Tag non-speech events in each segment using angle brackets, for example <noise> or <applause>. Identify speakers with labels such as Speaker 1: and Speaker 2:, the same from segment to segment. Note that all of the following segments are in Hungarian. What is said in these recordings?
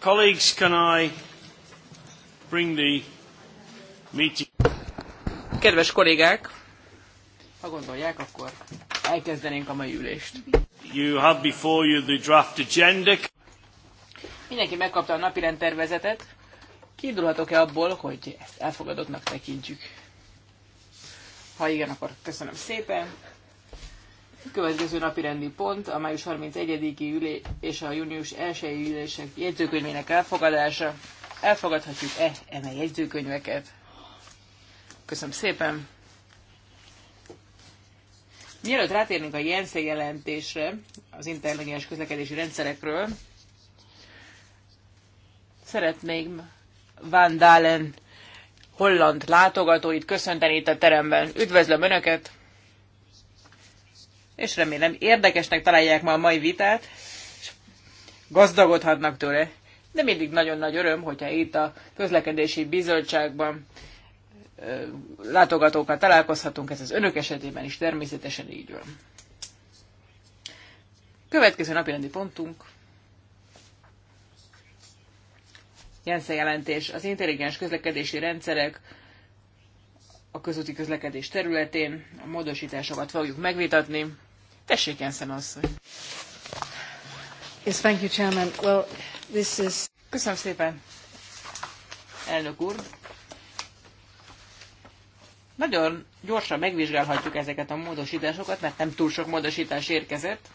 Speaker 1: Colleagues, can I bring the meeting? Kedves kollégák,
Speaker 2: ha gondolják, akkor elkezdenénk a mai ülést.
Speaker 1: You have before you the draft agenda.
Speaker 2: Mindenki megkapta a napi rendtervezetet. Kiindulhatok-e abból, hogy ezt elfogadottnak tekintjük? Ha igen, akkor köszönöm szépen. Következő napi rendi pont a május 31-i ülé és a június 1-i ülések jegyzőkönyvének elfogadása. Elfogadhatjuk-e eme jegyzőkönyveket? Köszönöm szépen! Mielőtt rátérnénk a Jensze jelentésre, az intelligens közlekedési rendszerekről, szeretnék Van Dalen holland látogatóit köszönteni itt a teremben. Üdvözlöm Önöket! és remélem érdekesnek találják ma a mai vitát, és gazdagodhatnak tőle. De mindig nagyon nagy öröm, hogyha itt a közlekedési bizottságban látogatókkal találkozhatunk, ez az önök esetében is természetesen így van. Következő napi rendi pontunk. Jensze jelentés. Az intelligens közlekedési rendszerek a közúti közlekedés területén a módosításokat fogjuk megvitatni. Tessék, asszony! Yes, thank you, Chairman. Well, this is... Köszönöm szépen, elnök úr! Nagyon gyorsan megvizsgálhatjuk ezeket a módosításokat, mert nem túl sok módosítás érkezett,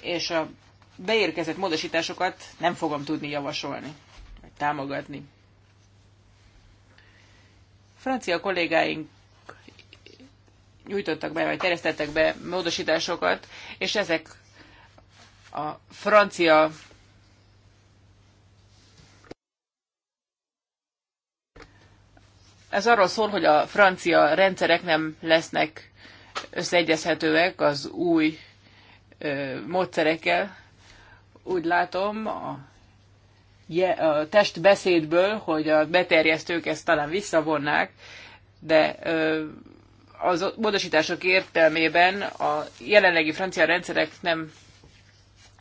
Speaker 2: és a beérkezett módosításokat nem fogom tudni javasolni, vagy támogatni. Francia kollégáink nyújtottak be, vagy terjesztettek be módosításokat, és ezek a francia Ez arról szól, hogy a francia rendszerek nem lesznek összeegyezhetőek az új ö, módszerekkel. Úgy látom a, je, a testbeszédből, hogy a beterjesztők ezt talán visszavonnák, de ö, az módosítások értelmében a jelenlegi francia rendszerek nem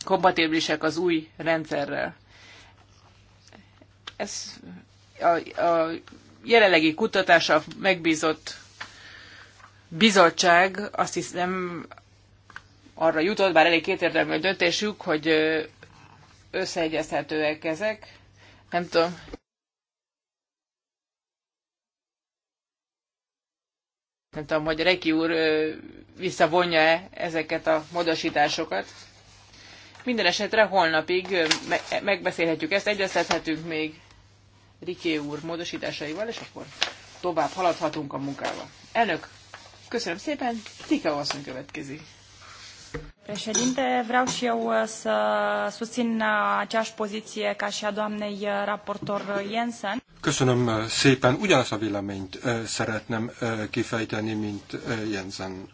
Speaker 2: kompatibilisek az új rendszerrel. Ez a, a jelenlegi kutatása megbízott bizottság azt hiszem arra jutott, bár elég kétértelmű döntésük, hogy összeegyezhetőek ezek. Nem tudom. nem tudom, hogy Reki úr visszavonja-e ezeket a módosításokat. Minden esetre holnapig megbeszélhetjük ezt, egyeztethetünk még Riké úr módosításaival, és akkor tovább haladhatunk a munkával. Elnök, köszönöm szépen, Tika Vasszony következik.
Speaker 3: Președinte, vreau și eu uh, să susțin uh, aceeași poziție ca și a doamnei uh, raportor Jensen.
Speaker 4: Köszönöm szépen, ugyanazt a véleményt szeretném kifejteni, mint Jensen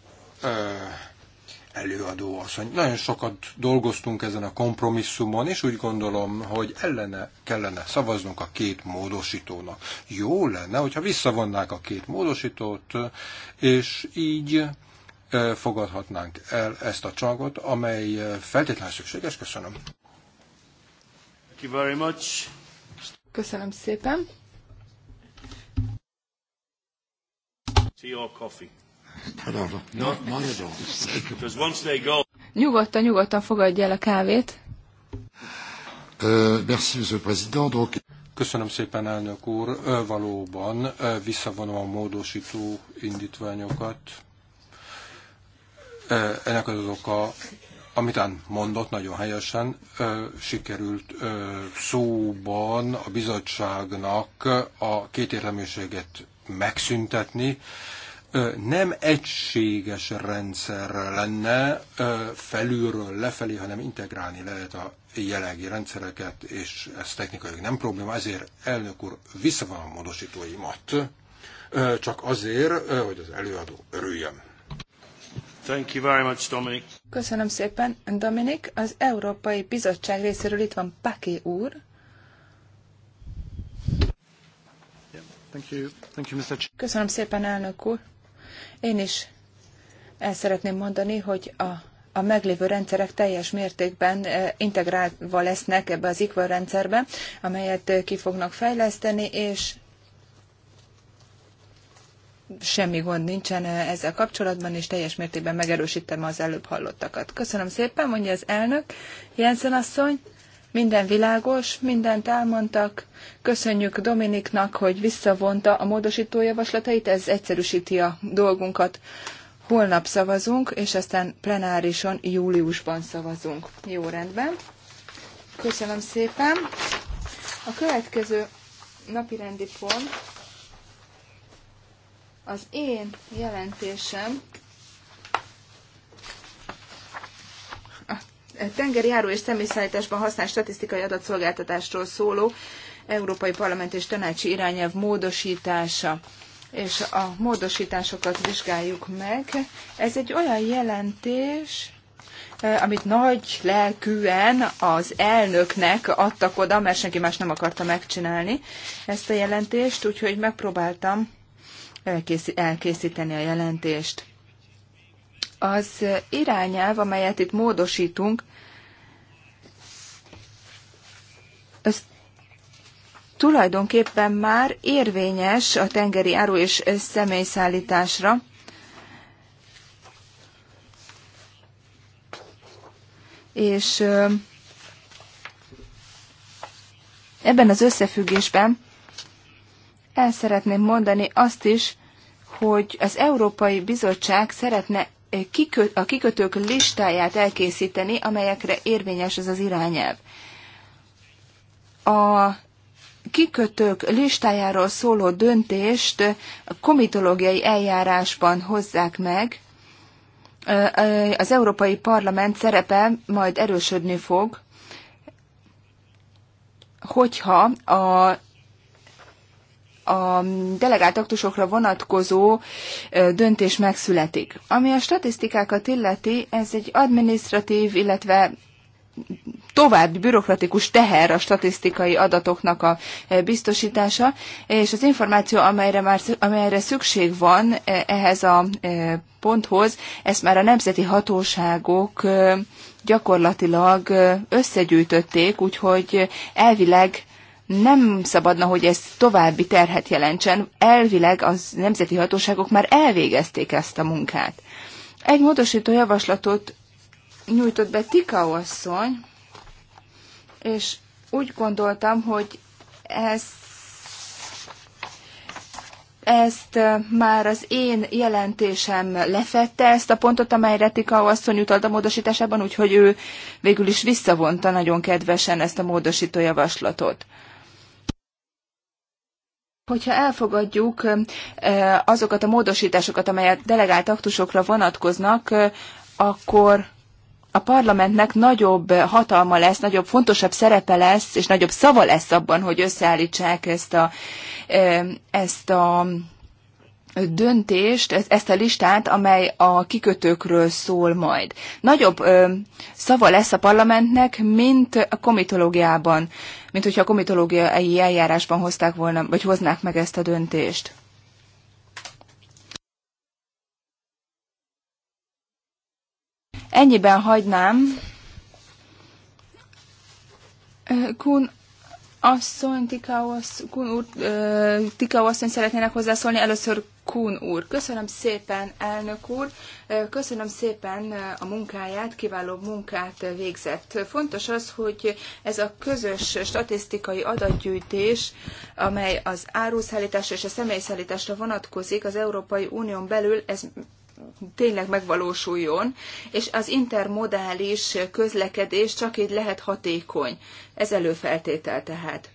Speaker 4: előadó asszony. Nagyon sokat dolgoztunk ezen a kompromisszumon, és úgy gondolom, hogy ellene kellene szavaznunk a két módosítónak. Jó lenne, hogyha visszavonnák a két módosítót, és így fogadhatnánk el ezt a csalgot, amely feltétlenül
Speaker 1: szükséges. Köszönöm. Thank you very much.
Speaker 3: Köszönöm szépen.
Speaker 1: Tea or coffee? Because once they go...
Speaker 3: Nyugodtan, nyugodtan fogadja el a kávét.
Speaker 4: Euh, merci, Monsieur le Président. Köszönöm szépen, elnök úr. Valóban visszavonom a módosító indítványokat ennek az oka, amit Ann mondott nagyon helyesen, sikerült szóban a bizottságnak a kétértelműséget megszüntetni, nem egységes rendszer lenne felülről lefelé, hanem integrálni lehet a jelenlegi rendszereket, és ez technikailag nem probléma, ezért elnök úr visszavon a módosítóimat, csak azért, hogy az előadó
Speaker 1: örüljön. Thank you very much, Dominic.
Speaker 3: Köszönöm szépen, Dominik. Az Európai Bizottság részéről itt van Paki úr. Thank you. Thank you, Mr. Köszönöm szépen, elnök úr. Én is el szeretném mondani, hogy a a meglévő rendszerek teljes mértékben eh, integrálva lesznek ebbe az IQL rendszerbe, amelyet eh, ki fognak fejleszteni, és semmi gond nincsen ezzel kapcsolatban, és teljes mértékben megerősítem az előbb hallottakat. Köszönöm szépen, mondja az elnök. Jensen asszony, minden világos, mindent elmondtak. Köszönjük Dominiknak, hogy visszavonta a módosító javaslatait, ez egyszerűsíti a dolgunkat. Holnap szavazunk, és aztán plenárison júliusban szavazunk. Jó rendben. Köszönöm szépen. A következő napirendi pont az én jelentésem a tengerjáró és személyszállításban használt statisztikai adatszolgáltatásról szóló Európai Parlament és Tanácsi irányelv módosítása és a módosításokat vizsgáljuk meg. Ez egy olyan jelentés, eh, amit nagy lelkűen az elnöknek adtak oda, mert senki más nem akarta megcsinálni ezt a jelentést, úgyhogy megpróbáltam elkészíteni a jelentést. Az irányelv, amelyet itt módosítunk, az tulajdonképpen már érvényes a tengeri áru és személyszállításra. És ebben az összefüggésben el szeretném mondani azt is, hogy az Európai Bizottság szeretne eh, a kikötők listáját elkészíteni, amelyekre érvényes ez az irányelv. A kikötők listájáról szóló döntést a komitológiai eljárásban hozzák meg. Eh, eh, az Európai Parlament szerepe majd erősödni fog, hogyha a a delegált aktusokra vonatkozó döntés megszületik. Ami a statisztikákat illeti, ez egy administratív, illetve további bürokratikus teher a statisztikai adatoknak a biztosítása, és az információ, amelyre, már, amelyre szükség van ehhez a ponthoz, ezt már a nemzeti hatóságok gyakorlatilag összegyűjtötték, úgyhogy elvileg nem szabadna, hogy ez további terhet jelentsen. Elvileg az nemzeti hatóságok már elvégezték ezt a munkát. Egy módosító javaslatot nyújtott be Tika asszony, és úgy gondoltam, hogy ez ezt már az én jelentésem lefette ezt a pontot, amelyre Tika asszony utalt a módosításában, úgyhogy ő végül is visszavonta nagyon kedvesen ezt a módosító javaslatot. Hogyha elfogadjuk azokat a módosításokat, amelyek delegált aktusokra vonatkoznak, akkor a parlamentnek nagyobb hatalma lesz, nagyobb, fontosabb szerepe lesz, és nagyobb szava lesz abban, hogy összeállítsák ezt a, ezt a döntést, ezt a listát, amely a kikötőkről szól majd. Nagyobb ö, szava lesz a parlamentnek, mint a komitológiában, mint hogyha a komitológiai eljárásban hozták volna, vagy hoznák meg ezt a döntést. Ennyiben hagynám. Kun asszony, Tikaosz, asszony szeretnének hozzászólni. Először Kun úr. Köszönöm szépen, elnök úr. Köszönöm szépen a munkáját, kiváló munkát végzett. Fontos az, hogy ez a közös statisztikai adatgyűjtés, amely az áruszállításra és a személyszállításra vonatkozik az Európai Unión belül, ez tényleg megvalósuljon, és az intermodális közlekedés csak így lehet hatékony. Ez előfeltétel tehát.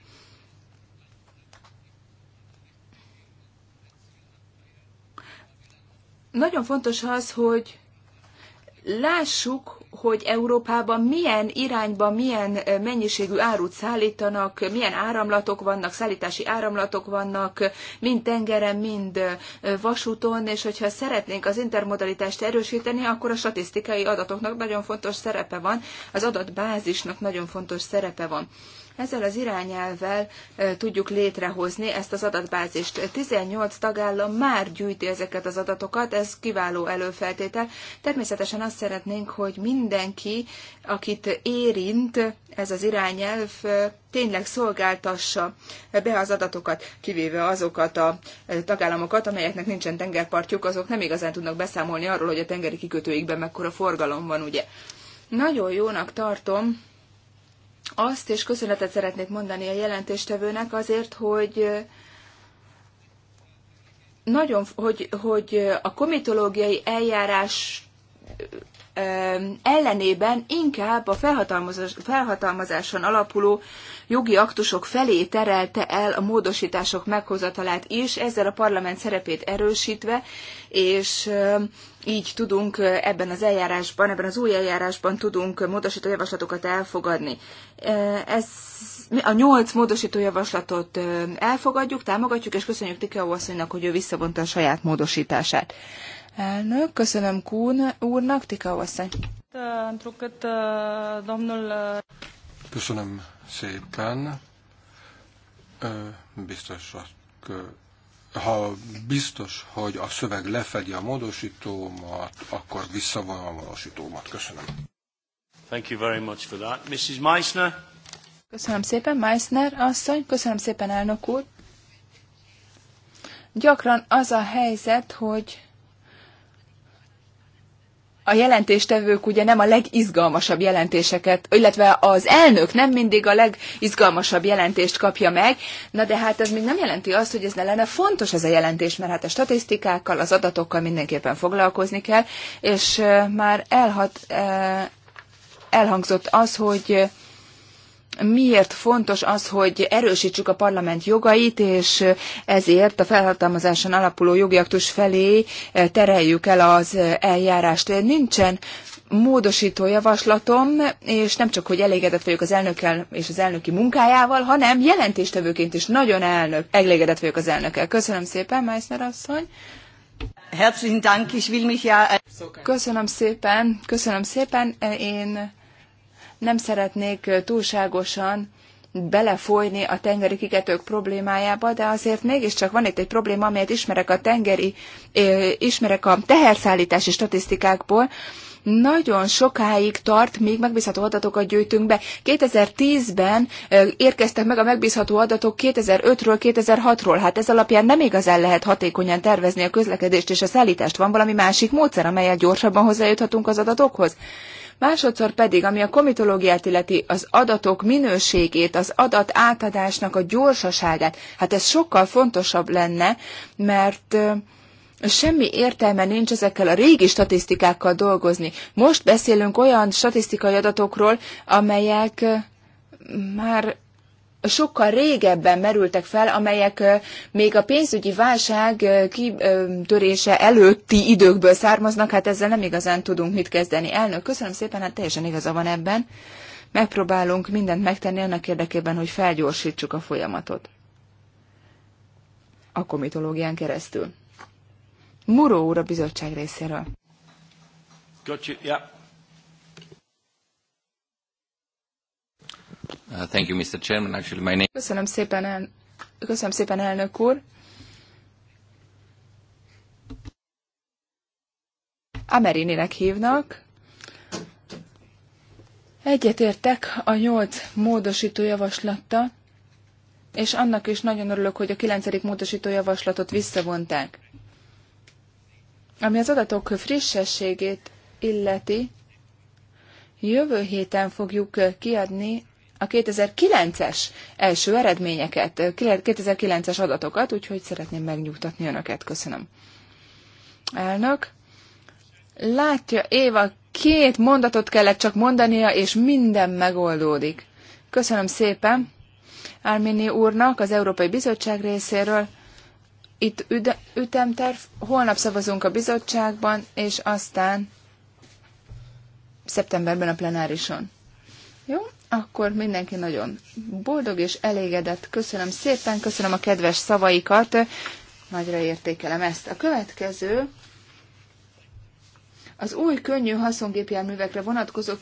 Speaker 3: Nagyon fontos az, hogy lássuk, hogy Európában milyen irányba, milyen mennyiségű árut szállítanak, milyen áramlatok vannak, szállítási áramlatok vannak, mind tengeren, mind vasúton, és hogyha szeretnénk az intermodalitást erősíteni, akkor a statisztikai adatoknak nagyon fontos szerepe van, az adatbázisnak nagyon fontos szerepe van. Ezzel az irányelvel tudjuk létrehozni ezt az adatbázist. 18 tagállam már gyűjti ezeket az adatokat, ez kiváló előfeltétel. Természetesen azt szeretnénk, hogy mindenki, akit érint ez az irányelv, tényleg szolgáltassa be az adatokat, kivéve azokat a tagállamokat, amelyeknek nincsen tengerpartjuk, azok nem igazán tudnak beszámolni arról, hogy a tengeri kikötőikben mekkora forgalom van, ugye. Nagyon jónak tartom, azt, és köszönetet szeretnék mondani a jelentéstevőnek azért, hogy nagyon, hogy, hogy a komitológiai eljárás ellenében inkább a felhatalmazáson alapuló jogi aktusok felé terelte el a módosítások meghozatalát is, ezzel a parlament szerepét erősítve, és így tudunk ebben az eljárásban, ebben az új eljárásban tudunk módosító javaslatokat elfogadni. Ez a nyolc módosító javaslatot elfogadjuk, támogatjuk, és köszönjük Tikeó asszonynak, hogy ő visszavonta a saját módosítását. Elnök, köszönöm Kún úrnak, Tika asszony. Uh, uh,
Speaker 4: köszönöm szépen. Biztos, ha biztos, hogy a szöveg lefedi a módosítómat, akkor visszavonom a módosítómat. Köszönöm.
Speaker 1: Thank you very much for that. Mrs. Meissner.
Speaker 3: Köszönöm szépen, Meissner asszony. Köszönöm szépen, elnök úr. Gyakran az a helyzet, hogy a jelentéstevők ugye nem a legizgalmasabb jelentéseket, illetve az elnök nem mindig a legizgalmasabb jelentést kapja meg, na de hát ez még nem jelenti azt, hogy ez ne lenne fontos ez a jelentés, mert hát a statisztikákkal, az adatokkal mindenképpen foglalkozni kell, és eh, már elhat, eh, elhangzott az, hogy miért fontos az, hogy erősítsük a parlament jogait, és ezért a felhatalmazáson alapuló jogi aktus felé eh, tereljük el az eljárást. Nincsen módosító javaslatom, és nem csak, hogy elégedett vagyok az elnökkel és az elnöki munkájával, hanem jelentéstevőként is nagyon elnök, elégedett vagyok az elnökkel. Köszönöm szépen, Meissner asszony. Herzlichen Dank, ich will mich ja... Köszönöm szépen, köszönöm szépen, én nem szeretnék túlságosan belefolyni a tengeri kiketők problémájába, de azért mégiscsak van itt egy probléma, amelyet ismerek a tengeri, ismerek a teherszállítási statisztikákból, nagyon sokáig tart, míg megbízható adatokat gyűjtünk be. 2010-ben érkeztek meg a megbízható adatok 2005-ről, 2006-ról. Hát ez alapján nem igazán lehet hatékonyan tervezni a közlekedést és a szállítást. Van valami másik módszer, amelyel gyorsabban hozzájuthatunk az adatokhoz? másodszor pedig, ami a komitológiát illeti, az adatok minőségét, az adat átadásnak a gyorsaságát. Hát ez sokkal fontosabb lenne, mert semmi értelme nincs ezekkel a régi statisztikákkal dolgozni. Most beszélünk olyan statisztikai adatokról, amelyek már sokkal régebben merültek fel, amelyek még a pénzügyi válság kitörése előtti időkből származnak, hát ezzel nem igazán tudunk mit kezdeni. Elnök, köszönöm szépen, hát teljesen igaza van ebben. Megpróbálunk mindent megtenni annak érdekében, hogy felgyorsítsuk a folyamatot. A komitológián keresztül. Muró úr a bizottság részéről.
Speaker 1: Got you. Yeah.
Speaker 4: Uh, thank you, Mr. Chairman. Actually, my name...
Speaker 3: Köszönöm szépen, el... Köszönöm szépen, elnök úr. Amerinének hívnak. Egyetértek a nyolc módosító javaslatta, és annak is nagyon örülök, hogy a kilencedik módosító javaslatot visszavonták. Ami az adatok frissességét illeti, jövő héten fogjuk kiadni a 2009-es első eredményeket, 2009-es adatokat, úgyhogy szeretném megnyugtatni önöket. Köszönöm. Elnök. Látja, Éva, két mondatot kellett csak mondania, és minden megoldódik. Köszönöm szépen Ármini úrnak az Európai Bizottság részéről. Itt ütemterv, holnap szavazunk a bizottságban, és aztán szeptemberben a plenárison. Jó, akkor mindenki nagyon boldog és elégedett. Köszönöm szépen, köszönöm a kedves szavaikat, nagyra értékelem ezt. A következő az új könnyű haszongépjárművekre vonatkozó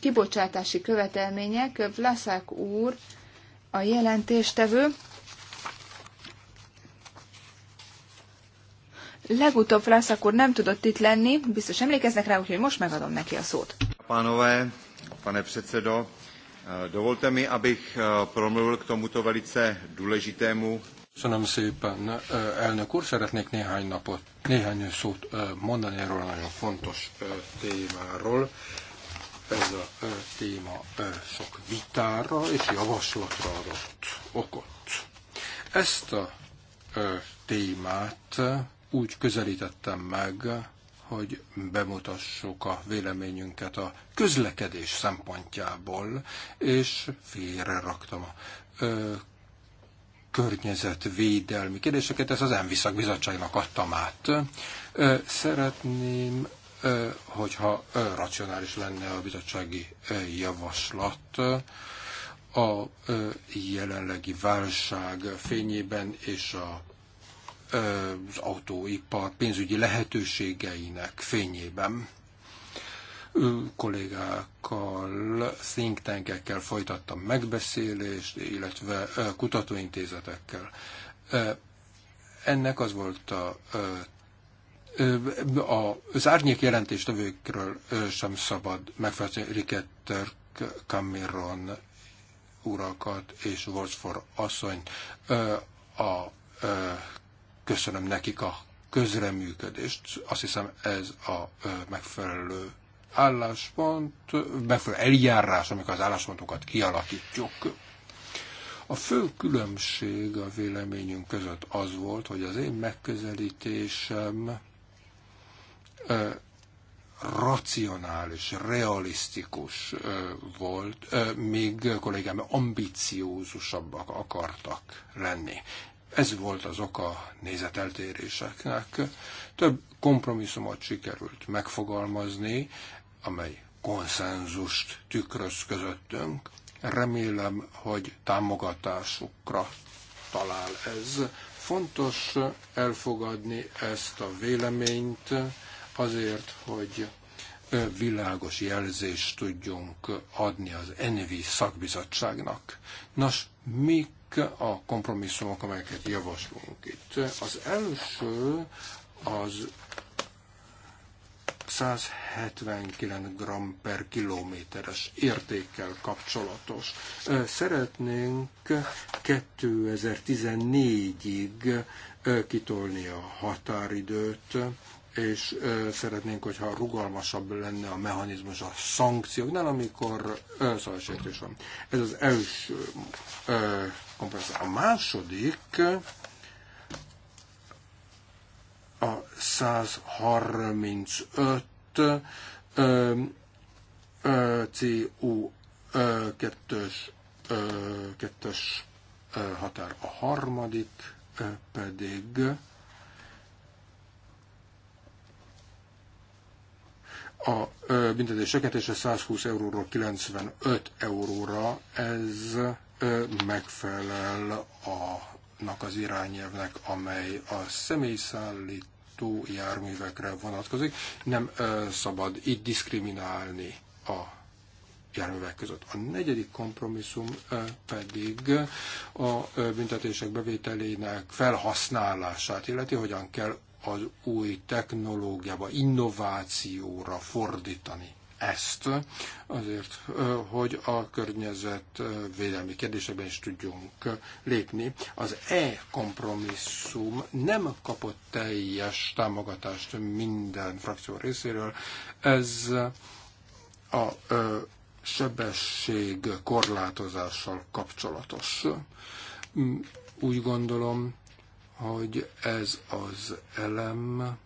Speaker 3: kibocsátási követelmények. Vlaszák úr a jelentéstevő. Legutóbb Vlaszák úr nem tudott itt lenni, biztos emlékeznek rá, úgyhogy most megadom neki a szót.
Speaker 4: Pánové, pane předsedo, Eh, dovolte mi, abych eh, promluvil k tomuto velice důležitému. Köszönöm szépen, eh, elnök úr, szeretnék néhány napot, néhány szót mondani erről a nagyon fontos témáról. Ez a téma sok vitára és javaslatra adott okot. Ezt a témát úgy közelítettem meg, hogy bemutassuk a véleményünket a közlekedés szempontjából, és félre raktam a ö, környezetvédelmi kérdéseket, ezt az Enviszak Bizottságnak adtam át. Ö, szeretném, ö, hogyha ö, racionális lenne a bizottsági ö, javaslat, ö, a jelenlegi válság fényében és a az autóipar pénzügyi lehetőségeinek fényében kollégákkal, think tankekkel folytattam megbeszélést, illetve kutatóintézetekkel. Ennek az volt a az árnyék jelentéstevőkről sem szabad megfelelni Riketter Cameron urakat és Wolfsfor asszony a Köszönöm nekik a közreműködést. Azt hiszem ez a megfelelő álláspont, megfelelő eljárás, amikor az álláspontokat kialakítjuk. A fő különbség a véleményünk között az volt, hogy az én megközelítésem ö, racionális, realisztikus ö, volt, ö, míg kollégám ambiciózusabbak akartak lenni. Ez volt az oka a nézeteltéréseknek. Több kompromisszumot sikerült megfogalmazni, amely konszenzust tükröz közöttünk. Remélem, hogy támogatásukra talál ez. Fontos elfogadni ezt a véleményt azért, hogy világos jelzést tudjunk adni az ENVI szakbizottságnak. Nos, mik a kompromisszumok, amelyeket javaslunk itt. Az első az 179 g per kilométeres értékkel kapcsolatos. Szeretnénk 2014-ig kitolni a határidőt és szeretnénk, hogyha rugalmasabb lenne a mechanizmus a szankcióknál, amikor szabadsértés van. Ez az első kompresszió. A második a 135 CO2-es kettes határ. A harmadik pedig a és a 120 euróról 95 euróra, ez megfelel annak az irányelvnek, amely a személyszállító járművekre vonatkozik. Nem szabad így diszkriminálni a járművek között. A negyedik kompromisszum pedig a büntetések bevételének felhasználását illeti, hogyan kell az új technológiába, innovációra fordítani ezt, azért, hogy a védelmi kérdésekben is tudjunk lépni. Az e-kompromisszum nem kapott teljes támogatást minden frakció részéről. Ez a sebesség korlátozással kapcsolatos. Hm, úgy gondolom, hogy ez az elem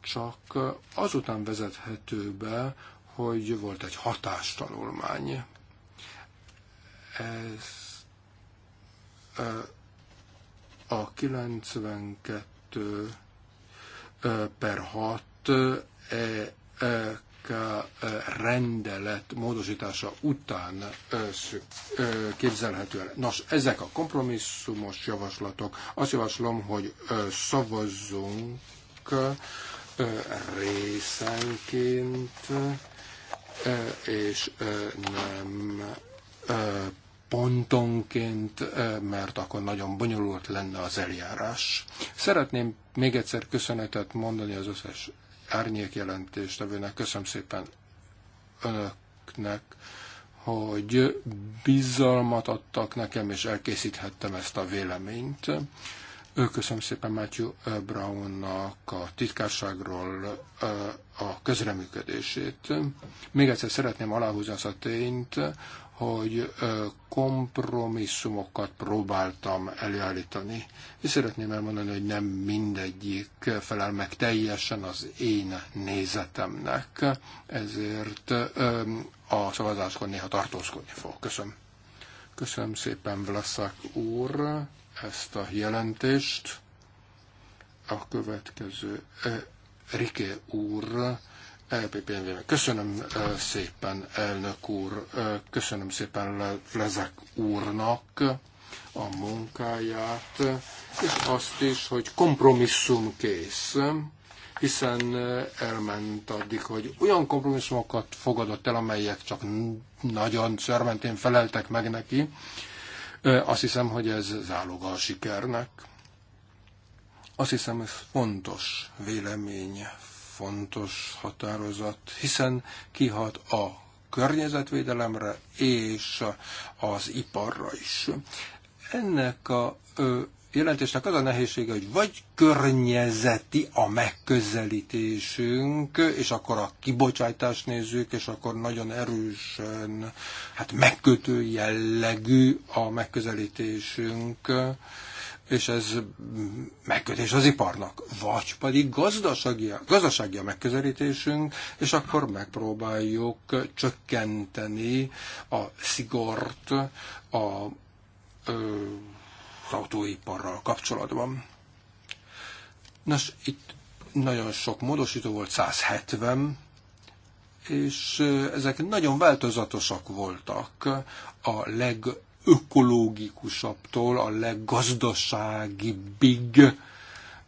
Speaker 4: csak azután vezethető be, hogy volt egy hatástanulmány. Ez a 92 per 6 rendelet módosítása után képzelhető el. Nos, ezek a kompromisszumos javaslatok. Azt javaslom, hogy szavazzunk részenként, és nem pontonként, mert akkor nagyon bonyolult lenne az eljárás. Szeretném még egyszer köszönetet mondani az összes árnyék jelentéstevőnek. Köszönöm szépen önöknek, hogy bizalmat adtak nekem, és elkészíthettem ezt a véleményt. Köszönöm szépen Matthew Brownnak a titkárságról a közreműködését. Még egyszer szeretném aláhúzni azt a tényt, hogy kompromisszumokat próbáltam előállítani. És szeretném elmondani, hogy nem mindegyik felel meg teljesen az én nézetemnek, ezért a szavazáskor néha tartózkodni fog. Köszönöm. Köszönöm szépen, Vlaszak úr, ezt a jelentést. A következő Rike úr E lppnv Köszönöm szépen, elnök úr, köszönöm szépen Lezek úrnak a munkáját, és azt is, hogy kompromisszum kész, hiszen elment addig, hogy olyan kompromisszumokat fogadott el, amelyek csak nagyon szörmentén feleltek meg neki. Azt hiszem, hogy ez záloga a sikernek. Azt hiszem, ez fontos vélemény, fontos határozat, hiszen kihat a környezetvédelemre és az iparra is. Ennek a jelentésnek az a nehézsége, hogy vagy környezeti a megközelítésünk, és akkor a kibocsátást nézzük, és akkor nagyon erősen, hát megkötő jellegű a megközelítésünk, és ez megkötés az iparnak, vagy pedig gazdasági, gazdasági a megközelítésünk, és akkor megpróbáljuk csökkenteni a szigort a, ö, az autóiparral kapcsolatban. Nos, itt nagyon sok módosító volt, 170, és ezek nagyon változatosak voltak a leg legökológikusabbtól a leggazdaságibbig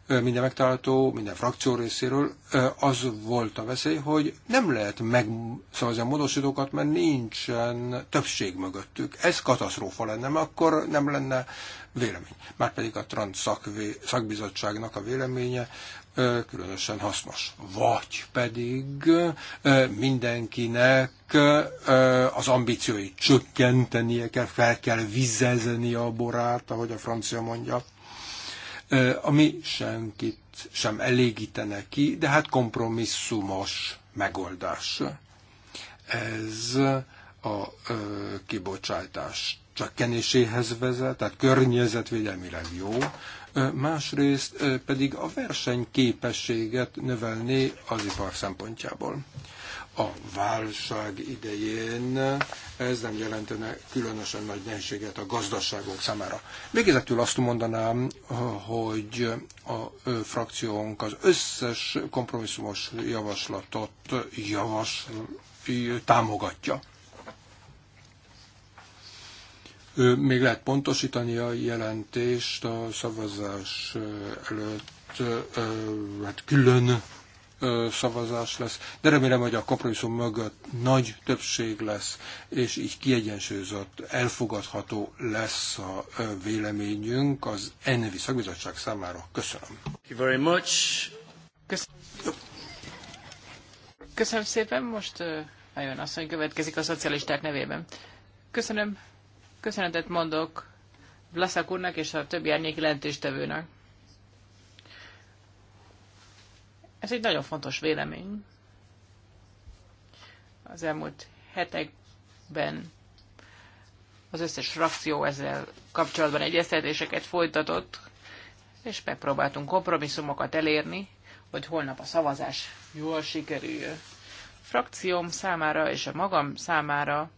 Speaker 4: minden megtalálható, minden frakció részéről, az volt a veszély, hogy nem lehet megszavazni a módosítókat, mert nincsen többség mögöttük. Ez katasztrófa lenne, mert akkor nem lenne vélemény. Márpedig a Trans szakbizottságnak a véleménye különösen hasznos. Vagy pedig mindenkinek az ambícióit csökkentenie kell, fel kell vizezni a borát, ahogy a francia mondja ami senkit sem elégítene ki, de hát kompromisszumos megoldás. Ez a kibocsátás csökkenéséhez vezet, tehát környezetvédelmileg jó, másrészt pedig a versenyképességet növelni az ipar szempontjából a válság idején ez nem jelentene különösen nagy nehézséget a gazdaságok számára. Végezetül azt mondanám, hogy a frakciónk az összes kompromisszumos javaslatot javas, támogatja. Még lehet pontosítani a jelentést a szavazás előtt, hát külön szavazás lesz, de remélem, hogy a kompromisszum mögött nagy többség lesz, és így kiegyensúlyozott, elfogadható lesz a véleményünk az ennevi szakbizottság számára. Köszönöm. Thank you very much. Köszönöm.
Speaker 2: Köszönöm szépen, most uh, Ajon asszony következik a szocialisták nevében. Köszönöm, köszönetet mondok Vlaszak úrnak és a többi árnyék jelentéstevőnek. Ez egy nagyon fontos vélemény. Az elmúlt hetekben az összes frakció ezzel kapcsolatban egyeztetéseket folytatott, és megpróbáltunk kompromisszumokat elérni, hogy holnap a szavazás jól sikerüljön. A frakcióm számára és a magam számára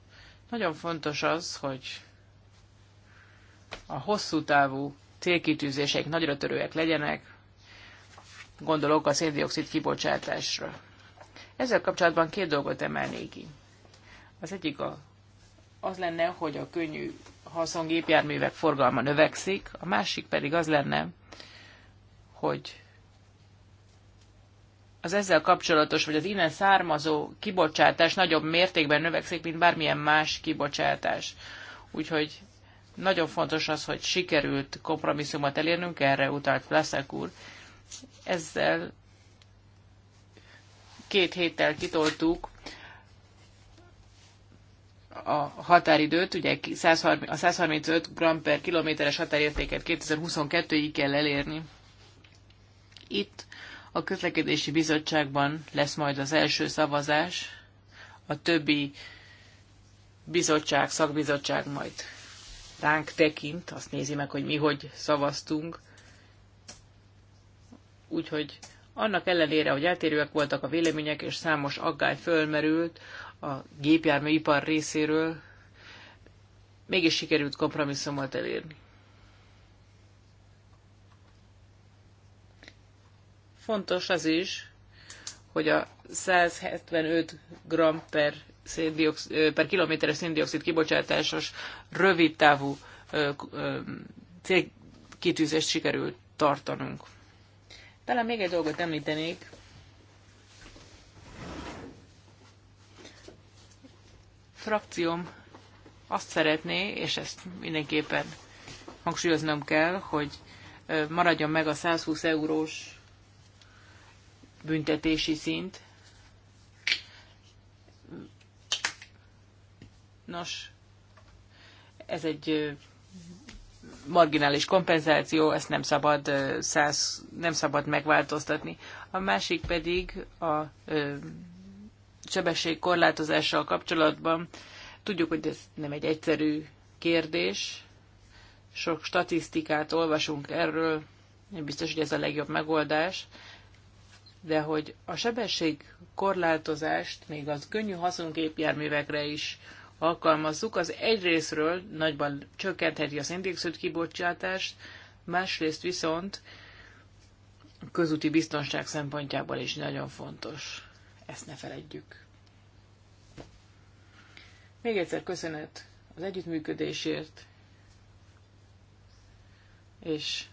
Speaker 2: nagyon fontos az, hogy a hosszú távú célkitűzések nagyra törőek legyenek, gondolok a széndiokszid kibocsátásra. Ezzel kapcsolatban két dolgot emelnék ki. Az egyik a, az lenne, hogy a könnyű haszongépjárművek forgalma növekszik, a másik pedig az lenne, hogy az ezzel kapcsolatos, vagy az innen származó kibocsátás nagyobb mértékben növekszik, mint bármilyen más kibocsátás. Úgyhogy nagyon fontos az, hogy sikerült kompromisszumot elérnünk, erre utalt Flaszek úr, ezzel két héttel kitoltuk a határidőt, ugye a 135 g per kilométeres határértéket 2022-ig kell elérni. Itt a közlekedési bizottságban lesz majd az első szavazás, a többi bizottság, szakbizottság majd ránk tekint, azt nézi meg, hogy mi hogy szavaztunk úgyhogy annak ellenére, hogy eltérőek voltak a vélemények, és számos aggály fölmerült a gépjárműipar részéről, mégis sikerült kompromisszumot elérni. Fontos az is, hogy a 175 g per, per kilométeres széndiokszid kibocsátásos rövid távú célkitűzést sikerült tartanunk. Talán még egy dolgot említenék. Frakcióm azt szeretné, és ezt mindenképpen hangsúlyoznom kell, hogy maradjon meg a 120 eurós büntetési szint. Nos, ez egy marginális kompenzáció, ezt nem szabad, száz, nem szabad megváltoztatni. A másik pedig a ö, sebesség korlátozással kapcsolatban tudjuk, hogy ez nem egy egyszerű kérdés. Sok statisztikát olvasunk erről, nem biztos, hogy ez a legjobb megoldás, de hogy a sebesség korlátozást még az könnyű haszonképjárművekre is alkalmazzuk, az egyrésztről nagyban csökkentheti a széndiokszid kibocsátást, másrészt viszont közúti biztonság szempontjából is nagyon fontos. Ezt ne feledjük. Még egyszer köszönet az együttműködésért, és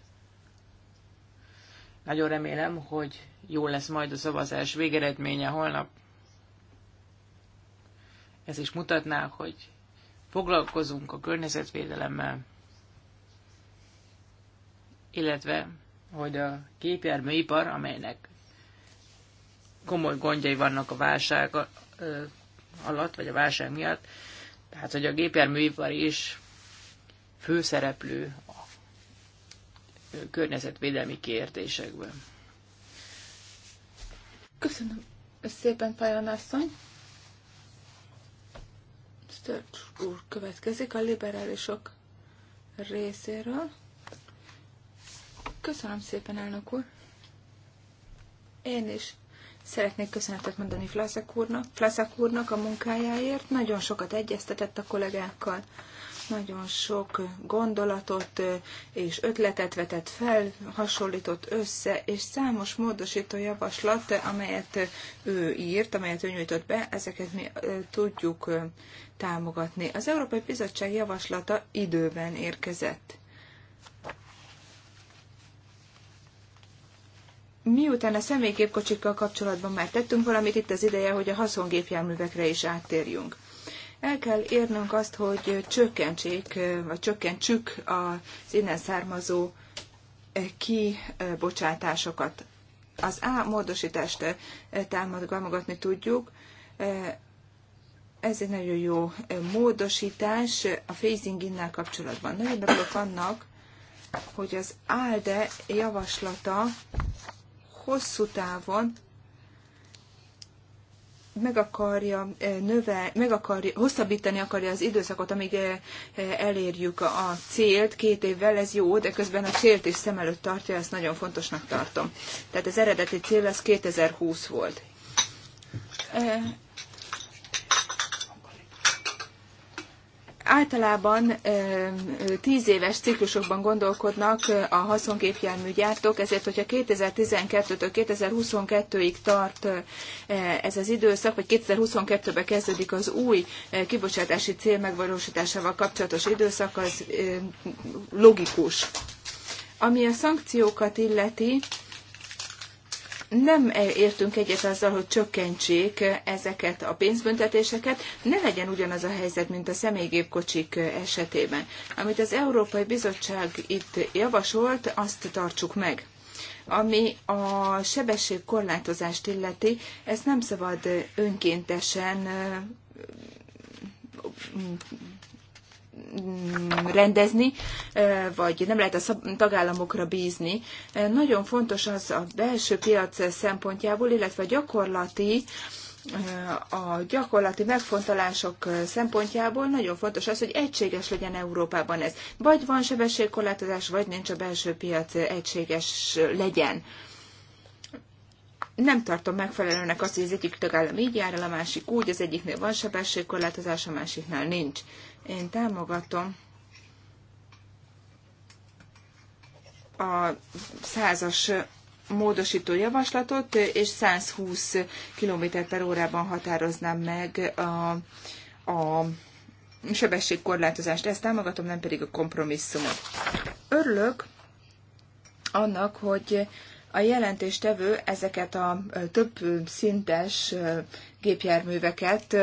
Speaker 2: nagyon remélem, hogy jó lesz majd a szavazás végeredménye holnap. Ez is mutatná, hogy foglalkozunk a környezetvédelemmel, illetve hogy a gépjárműipar, amelynek komoly gondjai vannak a válság alatt, vagy a válság miatt, tehát hogy a gépjárműipar is főszereplő a környezetvédelmi kérdésekben.
Speaker 3: Köszönöm szépen, Fajon asszony! Stört úr következik a liberálisok részéről. Köszönöm szépen, elnök úr. Én is szeretnék köszönetet mondani Flaszek úrnak, Flaszek úrnak a munkájáért. Nagyon sokat egyeztetett a kollégákkal nagyon sok gondolatot és ötletet vetett fel, hasonlított össze, és számos módosító javaslat, amelyet ő írt, amelyet ő nyújtott be, ezeket mi tudjuk támogatni. Az Európai Bizottság javaslata időben érkezett. Miután a személygépkocsikkal kapcsolatban már tettünk valamit, itt az ideje, hogy a haszongépjárművekre is áttérjünk. El kell érnünk azt, hogy csökkentsék, vagy csökkentsük az innen származó kibocsátásokat. Az A módosítást támogatni tudjuk. Ez egy nagyon jó módosítás a phasing innel kapcsolatban. Nagyon örülök annak, hogy az ALDE javaslata hosszú távon meg akarja növe, meg akarja, hosszabbítani akarja az időszakot, amíg elérjük a célt két évvel, ez jó, de közben a célt is szem előtt tartja, ezt nagyon fontosnak tartom. Tehát az eredeti cél az 2020 volt. Általában tíz éves ciklusokban gondolkodnak a haszongépjármű gyártók, ezért hogyha 2012-től 2022-ig tart ez az időszak, vagy 2022-ben kezdődik az új kibocsátási cél megvalósításával kapcsolatos időszak, az logikus. Ami a szankciókat illeti, nem értünk egyet azzal, hogy csökkentsék ezeket a pénzbüntetéseket, ne legyen ugyanaz a helyzet, mint a személygépkocsik esetében. Amit az Európai Bizottság itt javasolt, azt tartsuk meg. Ami a sebességkorlátozást illeti, ezt nem szabad önkéntesen rendezni, vagy nem lehet a tagállamokra bízni. Nagyon fontos az a belső piac szempontjából, illetve a gyakorlati a gyakorlati megfontolások szempontjából nagyon fontos az, hogy egységes legyen Európában ez. Vagy van sebességkorlátozás, vagy nincs a belső piac egységes legyen. Nem tartom megfelelőnek azt, hogy az egyik tagállam így jár el, a másik úgy, az egyiknél van sebességkorlátozás, a másiknál nincs. Én támogatom a százas módosító javaslatot, és 120 km per órában határoznám meg a, a sebességkorlátozást. Ezt támogatom, nem pedig a kompromisszumot. Örülök annak, hogy a jelentéstevő ezeket a több szintes gépjárműveket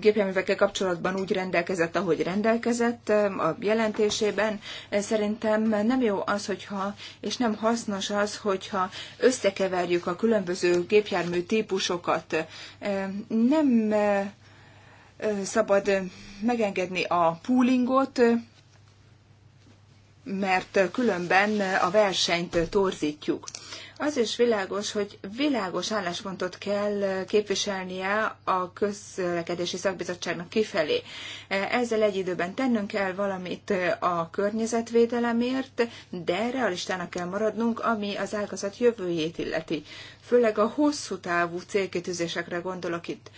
Speaker 3: gépjárművekkel kapcsolatban úgy rendelkezett, ahogy rendelkezett a jelentésében. Szerintem nem jó az, hogyha, és nem hasznos az, hogyha összekeverjük a különböző gépjármű típusokat. Nem szabad megengedni a poolingot, mert különben a versenyt torzítjuk. Az is világos, hogy világos álláspontot kell képviselnie a közlekedési szakbizottságnak kifelé. Ezzel egy időben tennünk kell valamit a környezetvédelemért, de realistának kell maradnunk, ami az ágazat jövőjét illeti. Főleg a hosszú távú célkitűzésekre gondolok itt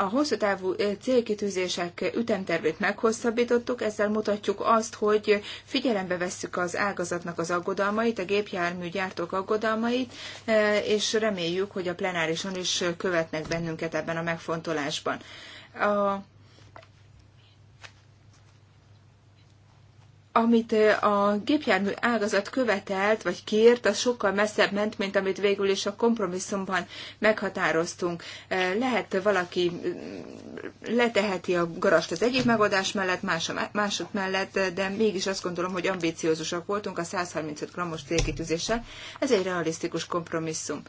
Speaker 3: a hosszú távú célkitűzések ütemtervét meghosszabbítottuk, ezzel mutatjuk azt, hogy figyelembe vesszük az ágazatnak az aggodalmait, a gépjárműgyártók aggodalmait, és reméljük, hogy a plenárison is követnek bennünket ebben a megfontolásban. A amit a gépjármű ágazat követelt, vagy kért, az sokkal messzebb ment, mint amit végül is a kompromisszumban meghatároztunk. Lehet valaki leteheti a garast az egyik megoldás mellett, más mások mellett, de mégis azt gondolom, hogy ambíciózusak voltunk a 135 grammos célkitűzéssel. Ez egy realisztikus kompromisszum.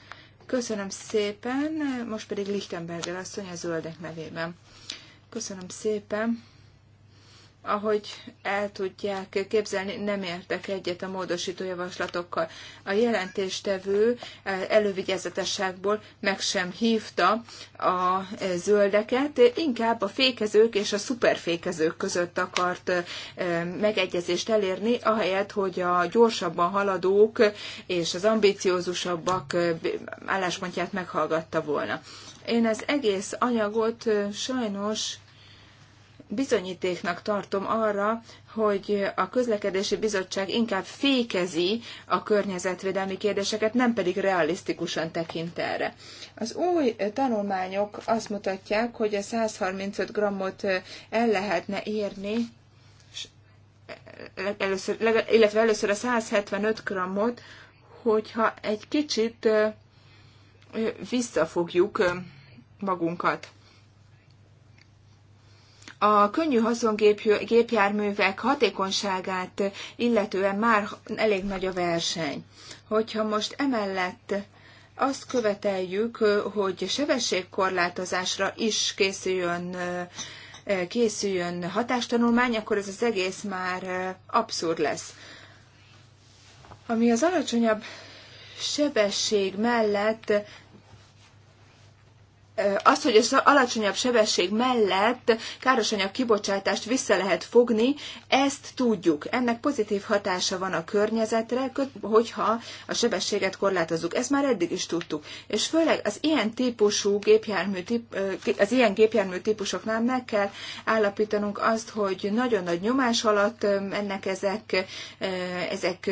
Speaker 3: Köszönöm szépen, most pedig Lichtenberger asszony a zöldek nevében. Köszönöm szépen ahogy el tudják képzelni, nem értek egyet a módosító javaslatokkal. A jelentéstevő eh, elővigyázatosságból meg sem hívta a eh, zöldeket, inkább a fékezők és a szuperfékezők között akart eh, megegyezést elérni, ahelyett, hogy a gyorsabban haladók és az ambiciózusabbak álláspontját meghallgatta volna. Én az egész anyagot sajnos bizonyítéknak tartom arra, hogy a közlekedési bizottság inkább fékezi a környezetvédelmi kérdéseket, nem pedig realisztikusan tekint erre. Az új tanulmányok azt mutatják, hogy a 135 grammot el lehetne érni, először, illetve először a 175 grammot, hogyha egy kicsit visszafogjuk magunkat a könnyű haszongépjárművek hatékonyságát illetően már elég nagy a verseny. Hogyha most emellett azt követeljük, hogy sebességkorlátozásra is készüljön készüljön hatástanulmány, akkor ez az egész már abszurd lesz. Ami az alacsonyabb sebesség mellett az, hogy az alacsonyabb sebesség mellett károsanyag kibocsátást vissza lehet fogni, ezt tudjuk. Ennek pozitív hatása van a környezetre, hogyha a sebességet korlátozzuk. Ezt már eddig is tudtuk. És főleg az ilyen típusú gépjármű, az ilyen gépjármű típusoknál meg kell állapítanunk azt, hogy nagyon nagy nyomás alatt mennek ezek, ezek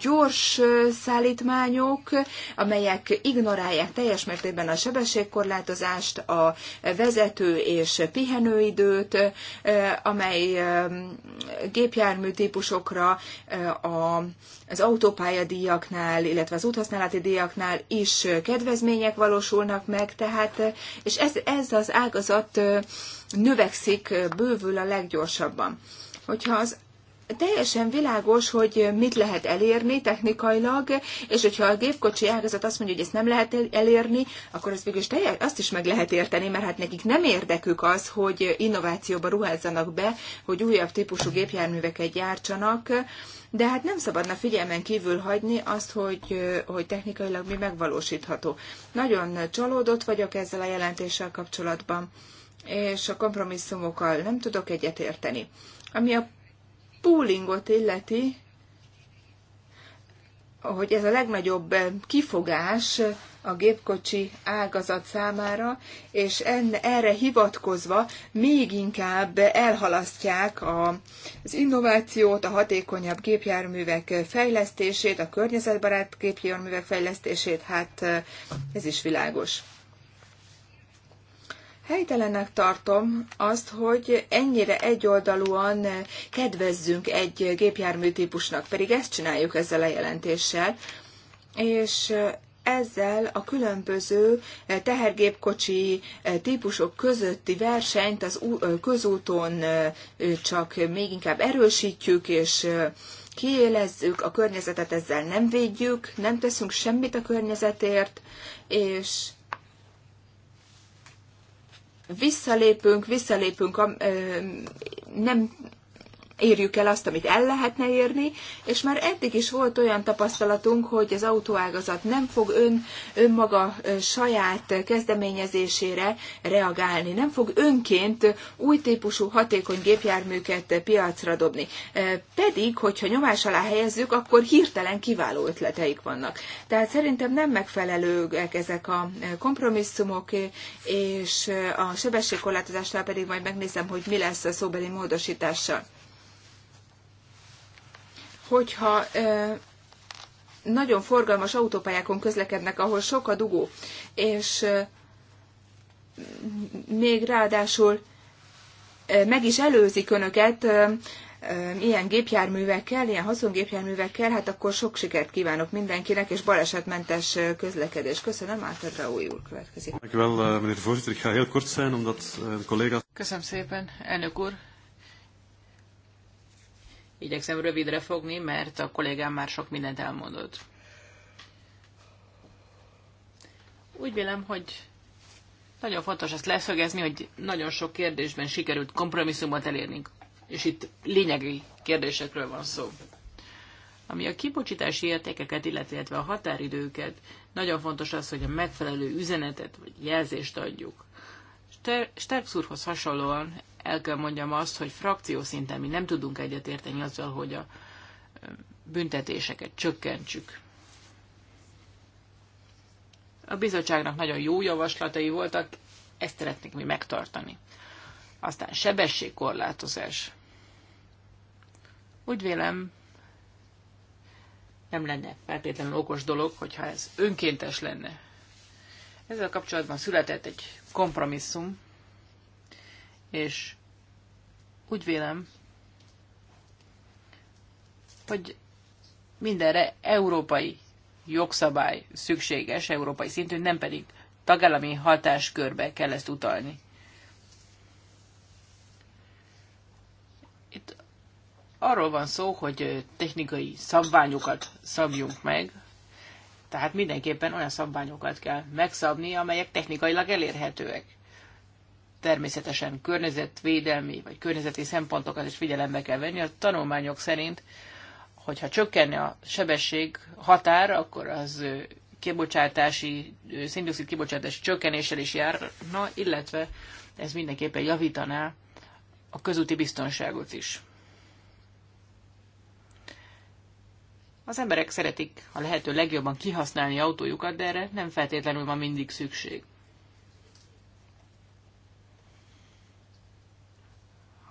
Speaker 3: gyors szállítmányok, amelyek ignorálják teljes mértékben a sebességkorlátozást, a vezető és pihenőidőt, amely gépjármű típusokra az autópályadíjaknál, illetve az úthasználati díjaknál is kedvezmények valósulnak meg, tehát, és ez, ez az ágazat növekszik, bővül a leggyorsabban. Hogyha az teljesen világos, hogy mit lehet elérni technikailag, és hogyha a gépkocsi ágazat azt mondja, hogy ezt nem lehet elérni, akkor ezt végül is teljes, azt is meg lehet érteni, mert hát nekik nem érdekük az, hogy innovációba ruházzanak be, hogy újabb típusú gépjárműveket gyártsanak, de hát nem szabadna figyelmen kívül hagyni azt, hogy, hogy technikailag mi megvalósítható. Nagyon csalódott vagyok ezzel a jelentéssel kapcsolatban, és a kompromisszumokkal nem tudok egyetérteni. Ami a poolingot illeti, hogy ez a legnagyobb eh, kifogás eh, a gépkocsi ágazat számára, és enne, erre hivatkozva még inkább elhalasztják a, az innovációt, a hatékonyabb gépjárművek fejlesztését, a környezetbarát gépjárművek fejlesztését, hát eh, ez is világos. Helytelennek tartom azt, hogy ennyire egyoldalúan kedvezzünk egy gépjármű típusnak, pedig ezt csináljuk ezzel a jelentéssel, és ezzel a különböző tehergépkocsi típusok közötti versenyt az közúton csak még inkább erősítjük, és kiélezzük, a környezetet ezzel nem védjük, nem teszünk semmit a környezetért, és visszalépünk, visszalépünk, nem érjük el azt, amit el lehetne érni, és már eddig is volt olyan tapasztalatunk, hogy az autóágazat nem fog ön, önmaga saját kezdeményezésére reagálni, nem fog önként új típusú hatékony gépjárműket piacra dobni. Pedig, hogyha nyomás alá helyezzük, akkor hirtelen kiváló ötleteik vannak. Tehát szerintem nem megfelelőek ezek a kompromisszumok, és a sebességkorlátozásnál pedig majd megnézem, hogy mi lesz a szóbeli módosítással hogyha nagyon forgalmas autópályákon közlekednek, ahol sok a dugó, és még ráadásul meg is előzik önöket ilyen gépjárművekkel, ilyen haszongépjárművekkel, hát akkor sok sikert kívánok mindenkinek, és balesetmentes közlekedés. Köszönöm, Átadra új úr következik.
Speaker 1: Eh, eh,
Speaker 3: Köszönöm szépen, elnök úr. Igyekszem
Speaker 2: rövidre fogni, mert a kollégám már sok mindent elmondott. Úgy vélem, hogy nagyon fontos ezt leszögezni, hogy nagyon sok kérdésben sikerült kompromisszumot elérni, És itt lényegi kérdésekről van szó. Ami a kibocsítási értékeket, illetve a határidőket, nagyon fontos az, hogy a megfelelő üzenetet vagy jelzést adjuk. Sterks hasonlóan el kell mondjam azt, hogy frakció szinten mi nem tudunk egyetérteni azzal, hogy a büntetéseket csökkentsük. A bizottságnak nagyon jó javaslatai voltak, ezt szeretnék mi megtartani. Aztán sebességkorlátozás. Úgy vélem, nem lenne feltétlenül okos dolog, hogyha ez önkéntes lenne. Ezzel kapcsolatban született egy kompromisszum, és úgy vélem, hogy mindenre európai jogszabály szükséges, európai szintű, nem pedig tagállami hatáskörbe kell ezt utalni. Itt arról van szó, hogy technikai szabványokat szabjunk meg, tehát mindenképpen olyan szabványokat kell megszabni, amelyek technikailag elérhetőek természetesen környezetvédelmi vagy környezeti szempontokat is figyelembe kell venni. A tanulmányok szerint, hogyha csökkenne a sebesség határ, akkor az kibocsátási, szindioxid kibocsátási csökkenéssel is járna, illetve ez mindenképpen javítaná a közúti biztonságot is. Az emberek szeretik a lehető legjobban kihasználni autójukat, de erre nem feltétlenül van mindig szükség.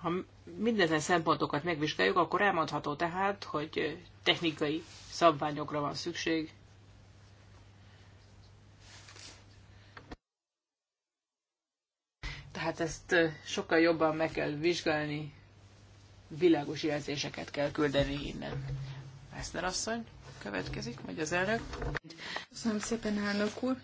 Speaker 2: ha mindezen szempontokat megvizsgáljuk, akkor elmondható tehát, hogy technikai szabványokra van szükség. Tehát ezt sokkal jobban meg kell vizsgálni, világos jelzéseket kell küldeni innen. Eszner asszony következik, vagy az elnök.
Speaker 3: Köszönöm szépen, elnök úr.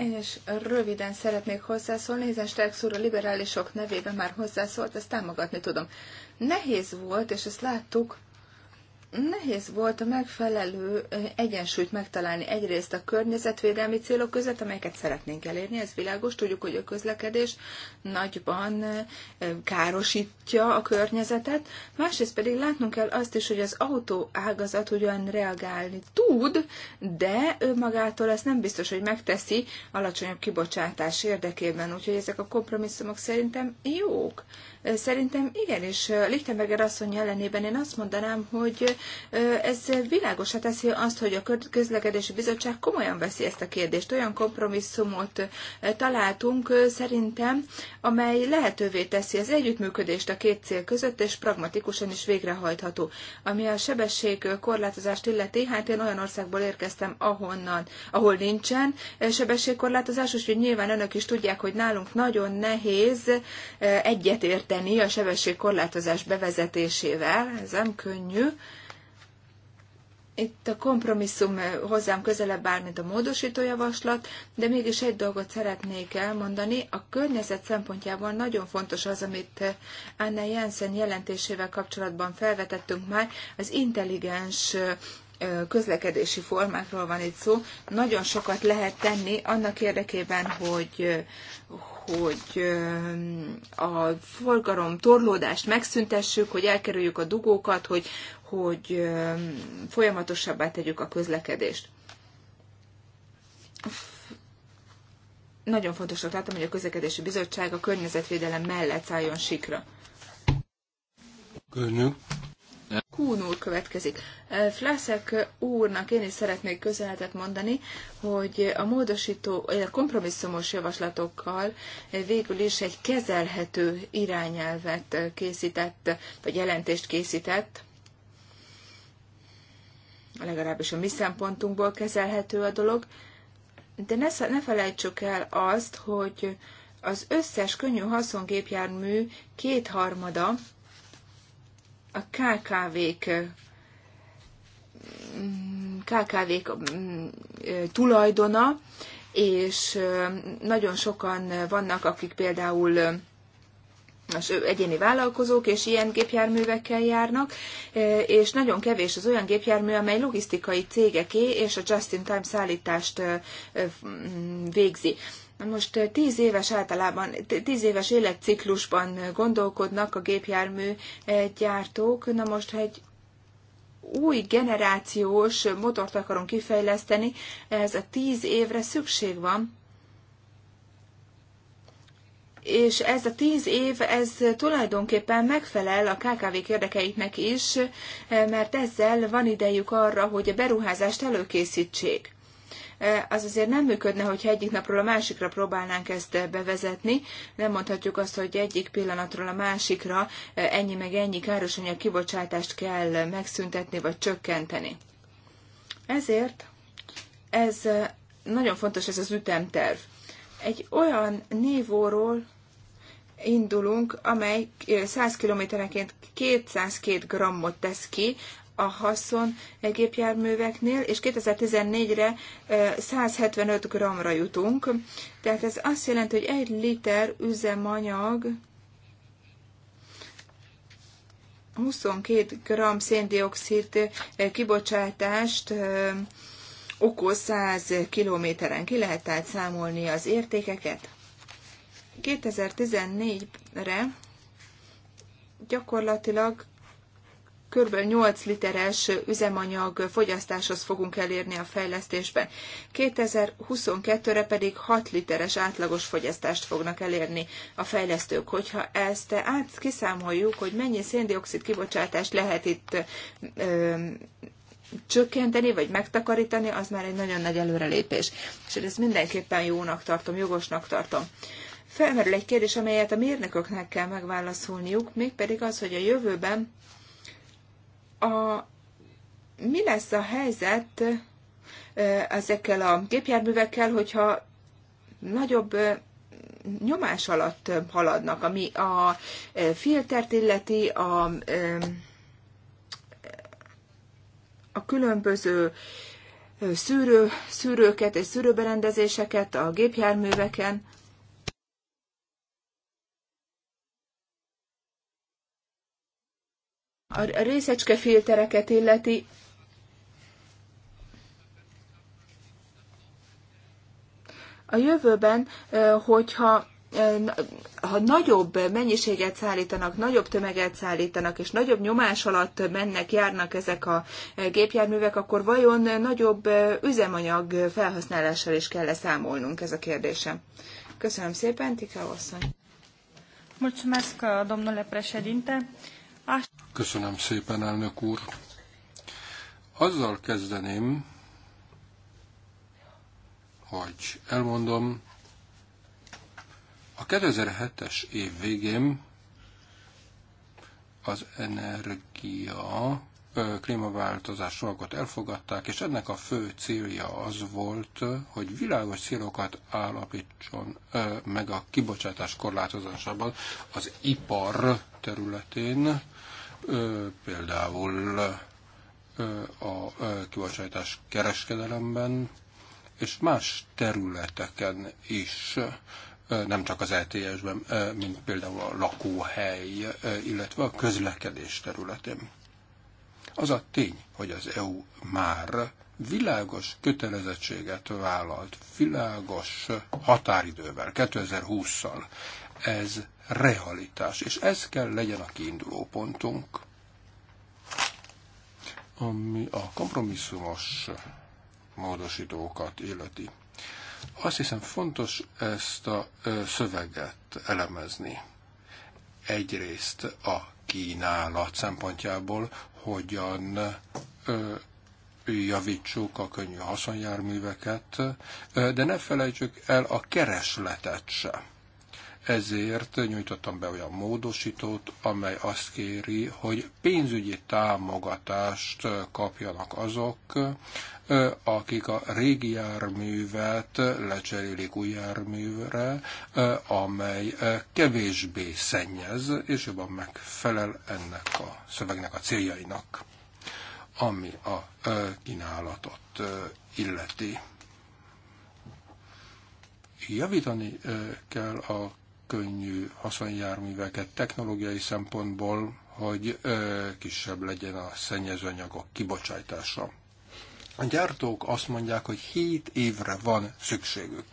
Speaker 3: Én is röviden szeretnék hozzászólni, hiszen Sterks úr a liberálisok nevében már hozzászólt, ezt támogatni tudom. Nehéz volt, és ezt láttuk, nehéz volt a megfelelő egyensúlyt megtalálni egyrészt a környezetvédelmi célok között, amelyeket szeretnénk elérni, ez világos, tudjuk, hogy a közlekedés nagyban károsítja a környezetet, másrészt pedig látnunk kell azt is, hogy az autóágazat ugyan reagálni tud, de ő magától ezt nem biztos, hogy megteszi alacsonyabb kibocsátás érdekében, úgyhogy ezek a kompromisszumok szerintem jók. Szerintem igen és Lichtenberger asszony ellenében én azt mondanám, hogy ez világosra teszi azt, hogy a közlekedési bizottság komolyan veszi ezt a kérdést. Olyan kompromisszumot találtunk szerintem, amely lehetővé teszi az együttműködést a két cél között, és pragmatikusan is végrehajtható. Ami a sebesség korlátozást illeti, hát én olyan országból érkeztem, ahonnan, ahol nincsen sebességkorlátozás, úgyhogy nyilván önök is tudják, hogy nálunk nagyon nehéz egyetérteni kezdeni a sebességkorlátozás bevezetésével, ez nem könnyű. Itt a kompromisszum hozzám közelebb áll, mint a módosító javaslat, de mégis egy dolgot szeretnék elmondani. A környezet szempontjából nagyon fontos az, amit Anna Jensen jelentésével kapcsolatban felvetettünk már, az intelligens közlekedési formákról van itt szó. Nagyon sokat lehet tenni annak érdekében, hogy, hogy a forgalom torlódást megszüntessük, hogy elkerüljük a dugókat, hogy, hogy folyamatosabbá tegyük a közlekedést. Nagyon fontosnak látom, hogy a közlekedési bizottság a környezetvédelem mellett szálljon sikra. Köszönöm. Kún úr következik. Flászek úrnak én is szeretnék köszönetet mondani, hogy a módosító, a kompromisszumos javaslatokkal végül is egy kezelhető irányelvet készített, vagy jelentést készített, legalábbis a mi szempontunkból kezelhető a dolog, de ne, ne felejtsük el azt, hogy az összes könnyű haszongépjármű kétharmada, a KKV-k mm, KKV-k mm, tulajdona, és nagyon sokan vannak, akik például egyéni vállalkozók, és ilyen gépjárművekkel járnak, és nagyon kevés az olyan gépjármű, amely logisztikai cégeké és a just-in-time szállítást mm, végzi. Most tíz éves általában, tíz éves életciklusban gondolkodnak a gépjármű gyártók. Na most, ha egy új generációs motort akarunk kifejleszteni, ez a tíz évre szükség van. És ez a tíz év, ez tulajdonképpen megfelel a KKV érdekeiknek is, mert ezzel van idejük arra, hogy a beruházást előkészítsék az azért nem működne, hogyha egyik napról a másikra próbálnánk ezt bevezetni. Nem mondhatjuk azt, hogy egyik pillanatról a másikra ennyi meg ennyi károsanyag kibocsátást kell megszüntetni vagy csökkenteni. Ezért ez nagyon fontos ez az ütemterv. Egy olyan névóról indulunk, amely 100 kilométerenként 202 grammot tesz ki a haszon járműveknél, és 2014-re 175 g-ra jutunk. Tehát ez azt jelenti, hogy egy liter üzemanyag 22 g széndiokszid kibocsátást okoz 100 kilométeren. Ki lehet tehát számolni az értékeket? 2014-re gyakorlatilag kb. 8 literes üzemanyag fogyasztáshoz fogunk elérni a fejlesztésben. 2022-re pedig 6 literes átlagos fogyasztást fognak elérni a fejlesztők. Hogyha ezt át kiszámoljuk, hogy mennyi széndiokszid kibocsátást lehet itt ö, csökkenteni, vagy megtakarítani, az már egy nagyon nagy előrelépés. És ezt mindenképpen jónak tartom, jogosnak tartom. Felmerül egy kérdés, amelyet a mérnököknek kell megválaszolniuk, mégpedig az, hogy a jövőben a, mi lesz a helyzet ezekkel a gépjárművekkel, hogyha nagyobb nyomás alatt haladnak, ami a filtert illeti, a, a különböző szűrő, szűrőket és szűrőberendezéseket a gépjárműveken. A filtereket illeti, a jövőben, hogyha ha nagyobb mennyiséget szállítanak, nagyobb tömeget szállítanak, és nagyobb nyomás alatt mennek, járnak ezek a gépjárművek, akkor vajon nagyobb üzemanyag felhasználással is kell számolnunk ez a kérdése. Köszönöm szépen, Tika asszony. Mulțumesc, domnule președinte.
Speaker 4: Köszönöm szépen, elnök úr. Azzal kezdeném, hogy elmondom, a 2007-es év végén az energia klímaváltozás alkot elfogadták, és ennek a fő célja az volt, hogy világos célokat állapítson meg a kibocsátás korlátozásában az ipar területén, például a kibocsátás kereskedelemben és más területeken is, nem csak az ETS-ben, mint például a lakóhely, illetve a közlekedés területén. Az a tény, hogy az EU már világos kötelezettséget vállalt, világos határidővel, 2020-szal. Ez realitás, és ez kell legyen a kiinduló pontunk, ami a kompromisszumos módosítókat illeti. Azt hiszem fontos ezt a szöveget elemezni. Egyrészt a kínálat szempontjából, hogyan javítsuk a könnyű haszonjárműveket, de ne felejtsük el a keresletet sem. Ezért nyújtottam be olyan módosítót, amely azt kéri, hogy pénzügyi támogatást kapjanak azok, akik a régi járművet lecserélik új járművre, amely kevésbé szennyez, és jobban megfelel ennek a szövegnek a céljainak, ami a kínálatot illeti javítani kell a könnyű haszonjárműveket technológiai szempontból, hogy kisebb legyen a szennyezőanyagok kibocsátása. A gyártók azt mondják, hogy 7 évre van szükségük.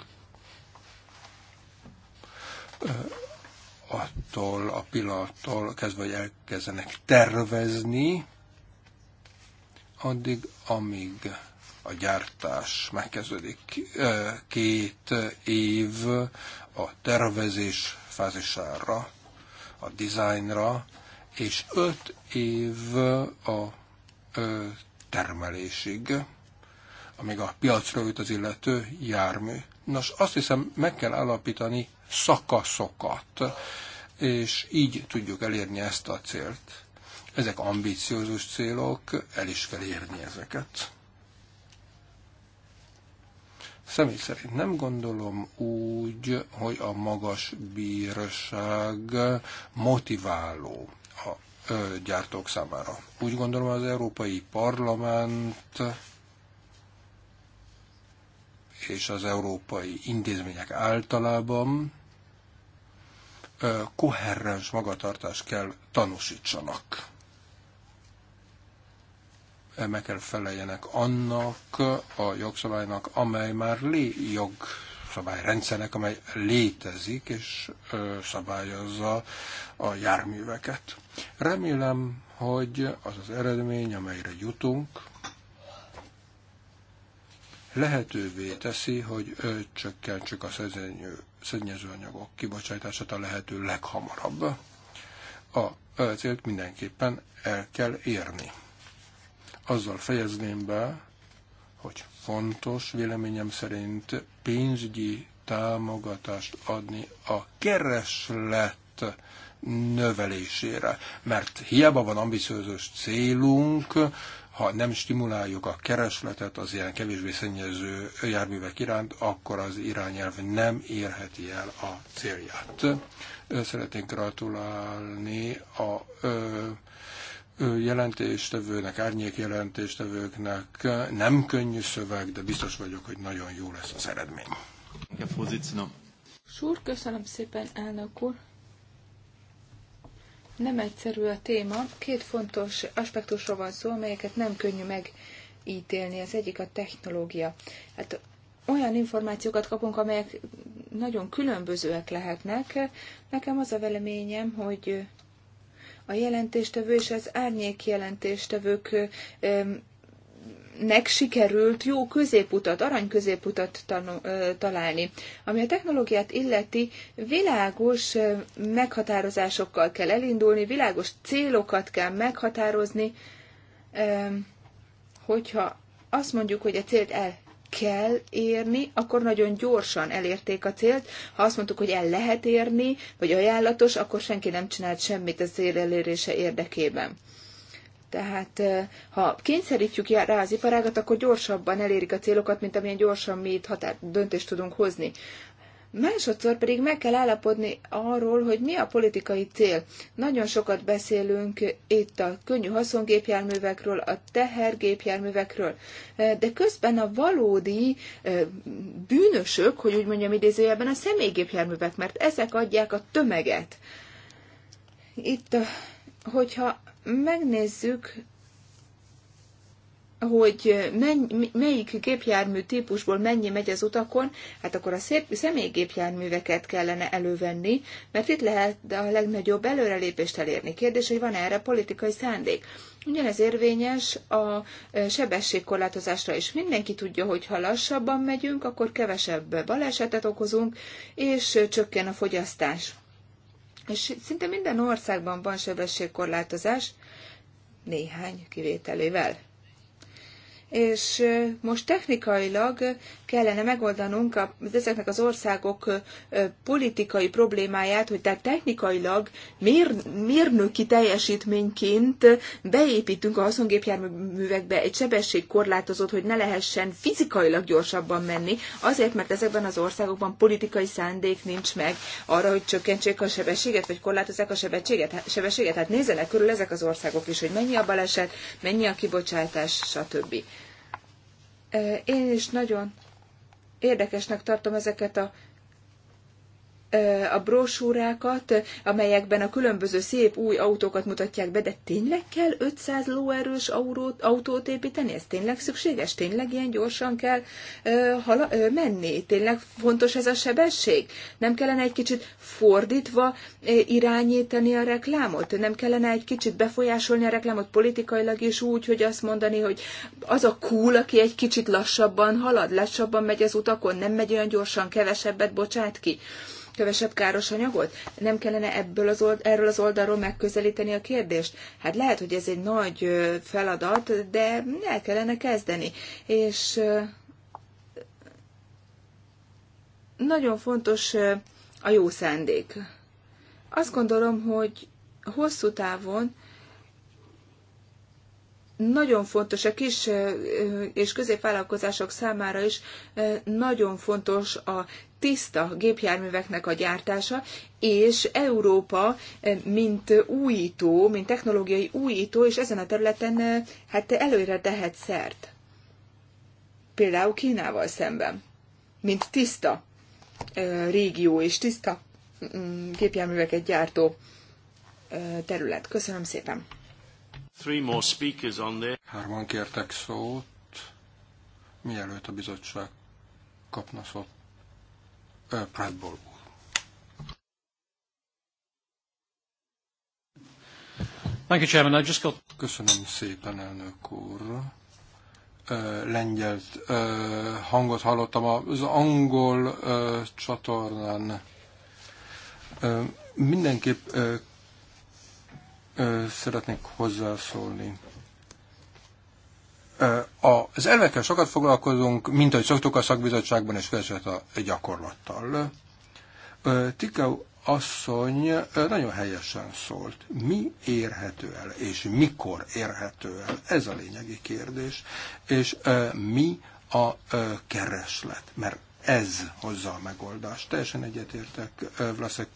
Speaker 4: Attól a pillanattól kezdve, hogy elkezdenek tervezni, addig, amíg a gyártás megkezdődik. Két év a tervezés fázisára, a dizájnra, és öt év a ö, termelésig, amíg a piacra jut az illető jármű. Nos, azt hiszem, meg kell állapítani szakaszokat, és így tudjuk elérni ezt a célt. Ezek ambiciózus célok, el is kell érni ezeket. Személy szerint nem gondolom úgy, hogy a magas bírság motiváló a gyártók számára. Úgy gondolom az Európai Parlament és az európai intézmények általában koherens magatartást kell tanúsítsanak meg kell feleljenek annak a jogszabálynak, amely már lé jogszabályrendszernek, amely létezik és szabályozza a járműveket. Remélem, hogy az az eredmény, amelyre jutunk, lehetővé teszi, hogy csökkentsük a szennyezőanyagok kibocsátását a lehető leghamarabb. A célt mindenképpen el kell érni azzal fejezném be, hogy fontos véleményem szerint pénzügyi támogatást adni a kereslet növelésére. Mert hiába van ambiciózus célunk, ha nem stimuláljuk a keresletet az ilyen kevésbé szennyező járművek iránt, akkor az irányelv nem érheti el a célját. Szeretnénk gratulálni a ö, jelentéstevőnek, árnyék jelentéstevőknek. Nem könnyű szöveg, de biztos vagyok, hogy nagyon jó lesz
Speaker 3: az eredmény. Súr, köszönöm szépen, elnök úr. Nem egyszerű a téma. Két fontos aspektusról van szó, amelyeket nem könnyű megítélni. Az egyik a technológia. Hát olyan információkat kapunk, amelyek nagyon különbözőek lehetnek. Nekem az a véleményem, hogy a jelentéstevő és az árnyék nek sikerült jó középutat, arany középutat találni. Ami a technológiát illeti, világos meghatározásokkal kell elindulni, világos célokat kell meghatározni, hogyha azt mondjuk, hogy a célt el kell érni, akkor nagyon gyorsan elérték a célt. Ha azt mondtuk, hogy el lehet érni, vagy ajánlatos, akkor senki nem csinált semmit a cél elérése érdekében. Tehát ha kényszerítjük rá az iparágat, akkor gyorsabban elérik a célokat, mint amilyen gyorsan mi itt határ döntést tudunk hozni. Másodszor pedig meg kell állapodni arról, hogy mi a politikai cél. Nagyon sokat beszélünk itt a könnyű haszongépjárművekről, a tehergépjárművekről, e, de közben a valódi e, bűnösök, hogy úgy mondjam idézőjelben, a személygépjárművek, mert ezek adják a tömeget. Itt, e, hogyha megnézzük hogy menny, melyik gépjármű típusból mennyi megy az utakon, hát akkor a szép, személygépjárműveket kellene elővenni, mert itt lehet a legnagyobb előrelépést elérni. Kérdés, hogy van -e erre politikai szándék. Ugyanez érvényes a e, sebességkorlátozásra is. Mindenki tudja, hogy ha lassabban megyünk, akkor kevesebb balesetet okozunk, és csökken a fogyasztás. És szinte minden országban van sebességkorlátozás, néhány kivételével és most technikailag kellene megoldanunk a, ezeknek az országok politikai problémáját, hogy tehát technikailag mér, mérnöki teljesítményként beépítünk a haszongépjárművekbe egy sebességkorlátozót, hogy ne lehessen fizikailag gyorsabban menni, azért, mert ezekben az országokban politikai szándék nincs meg arra, hogy csökkentsék a sebességet, vagy korlátozzák a sebességet. Hát, sebességet. Hát nézzenek körül ezek az országok is, hogy mennyi a baleset, mennyi a kibocsátás, stb. Én is nagyon érdekesnek tartom ezeket a a brosúrákat, amelyekben a különböző szép új autókat mutatják be, de tényleg kell 500 lóerős autót, építeni? Ez tényleg szükséges? Tényleg ilyen gyorsan kell hala, menni? Tényleg fontos ez a sebesség? Nem kellene egy kicsit fordítva irányítani a reklámot? Nem kellene egy kicsit befolyásolni a reklámot politikailag is úgy, hogy azt mondani, hogy az a cool, aki egy kicsit lassabban halad, lassabban megy az utakon, nem megy olyan gyorsan, kevesebbet bocsát ki? kevesebb káros anyagot? Nem kellene ebből az old, erről az oldalról megközelíteni a kérdést? Hát lehet, hogy ez egy nagy feladat, de el kellene kezdeni. És nagyon fontos a jó szándék. Azt gondolom, hogy hosszú távon nagyon fontos a kis és középvállalkozások számára is nagyon fontos a tiszta gépjárműveknek a gyártása, és Európa, mint újító, mint technológiai újító, és ezen a területen hát előre tehet szert. Például Kínával szemben, mint tiszta régió és tiszta mm, gépjárműveket gyártó terület. Köszönöm szépen!
Speaker 1: Three more speakers on
Speaker 4: there. Hárman kértek szót, mielőtt a bizottság kapna szót. Uh, Thank you, Chairman. I just got... Köszönöm szépen, elnök úr. lengyel hangot hallottam az angol csatornán. Mindenképp szeretnék hozzászólni. Az elvekkel sokat foglalkozunk, mint ahogy szoktuk a szakbizottságban, és között a gyakorlattal. Tikau asszony nagyon helyesen szólt. Mi érhető el, és mikor érhető el? Ez a lényegi kérdés. És mi a kereslet? Mert ez hozza a megoldást. Teljesen egyetértek Vlaszek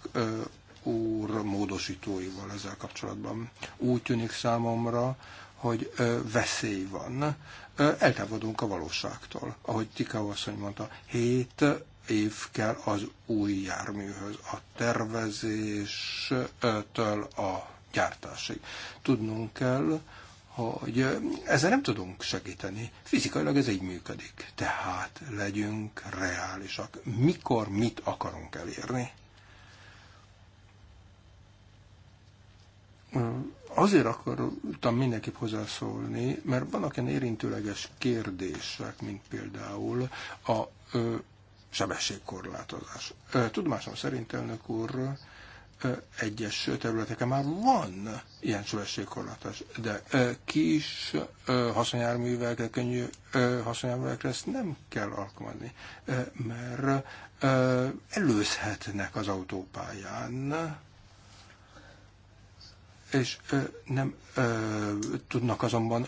Speaker 4: úr módosítóival ezzel kapcsolatban. Úgy tűnik számomra, hogy veszély van. Eltávolodunk a valóságtól. Ahogy Tika asszony mondta, hét év kell az új járműhöz, a tervezéstől a gyártásig. Tudnunk kell, hogy ezzel nem tudunk segíteni. Fizikailag ez így működik. Tehát legyünk reálisak. Mikor mit akarunk elérni? Azért akartam mindenképp hozzászólni, mert vannak ilyen érintőleges kérdések, mint például a ö, sebességkorlátozás. Tudomásom szerint, elnök úr, egyes területeken már van ilyen sebességkorlátozás, de kis haszonyárművekre, könnyű haszonyárművekre ezt nem kell alkalmazni, mert előzhetnek az autópályán, és nem tudnak azonban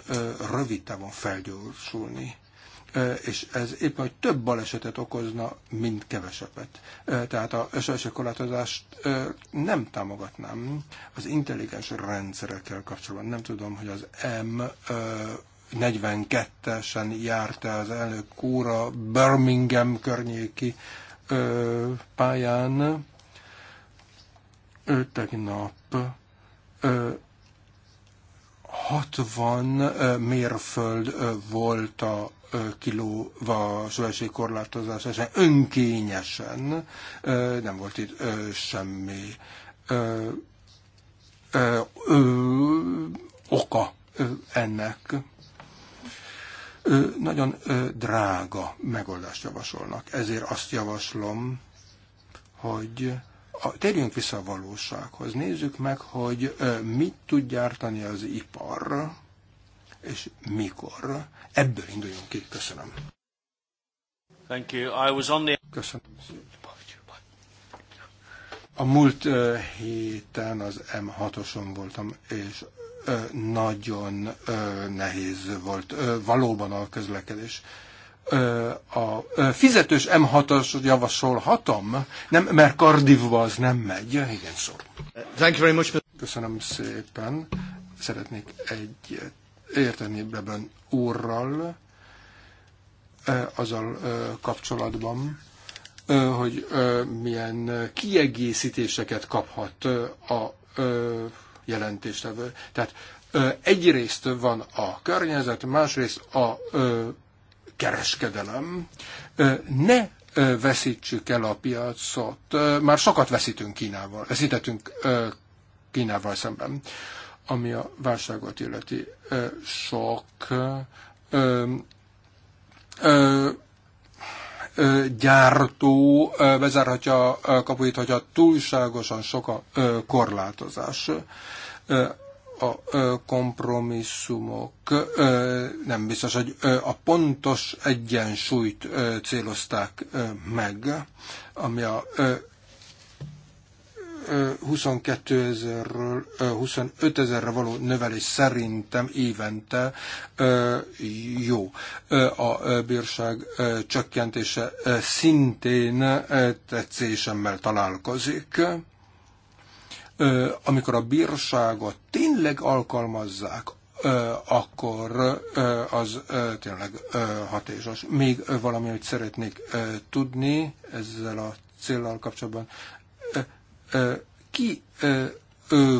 Speaker 4: rövid távon felgyorsulni és ez éppen, hogy több balesetet okozna, mint kevesebbet. Tehát a e ö, nem támogatnám. Az intelligens rendszerekkel kapcsolatban nem tudom, hogy az M 42-esen járta az elnök úr Birmingham környéki pályán. Ő tegnap 60 mérföld volt a kiló a korlátozás, és önkényesen nem volt itt semmi oka ennek nagyon drága megoldást javasolnak. Ezért azt javaslom, hogy a, térjünk vissza a valósághoz, nézzük meg, hogy mit tud gyártani az ipar, és mikor. Ebből induljunk ki. Köszönöm.
Speaker 1: Thank you. I was on the... Köszönöm
Speaker 4: A múlt héten az M6-oson voltam, és nagyon nehéz volt valóban a közlekedés a fizetős M6-os javasolhatom? Nem, mert Cardiffba az nem megy. Igen, szó. Thank you very much. Köszönöm szépen. Szeretnék egy érteni Beben úrral azzal kapcsolatban, hogy milyen kiegészítéseket kaphat a jelentéstevő. Tehát egyrészt van a környezet, másrészt a kereskedelem. Ne veszítsük el a piacot. Már sokat veszítünk Kínával, veszítettünk Kínával szemben, ami a válságot illeti. Sok gyártó bezárhatja kapuit, hogyha túlságosan sok a korlátozás a kompromisszumok nem biztos, hogy a pontos egyensúlyt célozták meg, ami a 22 ezerről 25 ezerre való növelés szerintem évente jó. A bírság csökkentése szintén tetszésemmel találkozik amikor a bírságot tényleg alkalmazzák, akkor az tényleg hatásos. Még valami, amit szeretnék tudni ezzel a célral kapcsolatban. Ki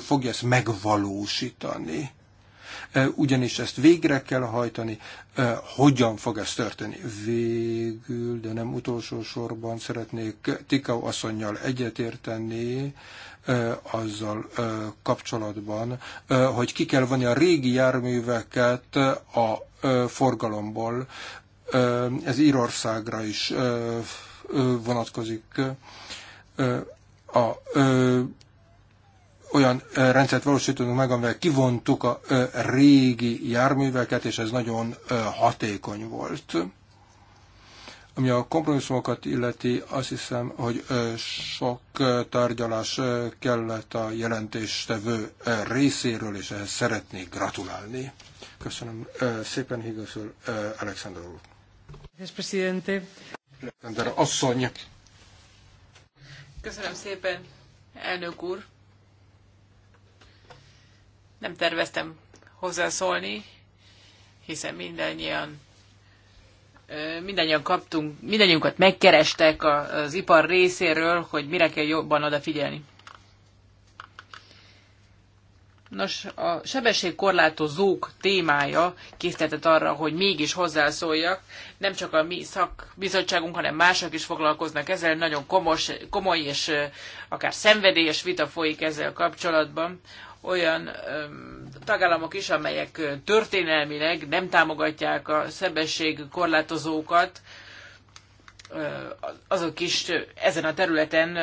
Speaker 4: fogja ezt megvalósítani? ugyanis ezt végre kell hajtani, hogyan fog ez történni. Végül, de nem utolsó sorban szeretnék Tikau asszonynal egyetérteni, azzal kapcsolatban, hogy ki kell vonni a régi járműveket a forgalomból. Ez Írországra is vonatkozik. A olyan rendszert valósítunk meg, amivel kivontuk a régi járműveket, és ez nagyon hatékony volt. Ami a kompromisszumokat illeti, azt hiszem, hogy sok tárgyalás kellett a jelentéstevő részéről, és ehhez szeretnék gratulálni. Köszönöm szépen, Higgaszul, Alexander úr. Alexander asszony.
Speaker 2: Köszönöm szépen, elnök úr. Nem terveztem hozzászólni, hiszen mindannyian mindannyian kaptunk, mindannyiunkat megkerestek az ipar részéről, hogy mire kell jobban odafigyelni. Nos, a sebességkorlátozók témája készített arra, hogy mégis hozzászóljak. Nem csak a mi szakbizottságunk, hanem mások is foglalkoznak ezzel. Nagyon komos, komoly és akár szenvedélyes vita folyik ezzel kapcsolatban. Olyan öm, tagállamok is, amelyek történelmileg nem támogatják a sebességkorlátozókat, azok is ezen a területen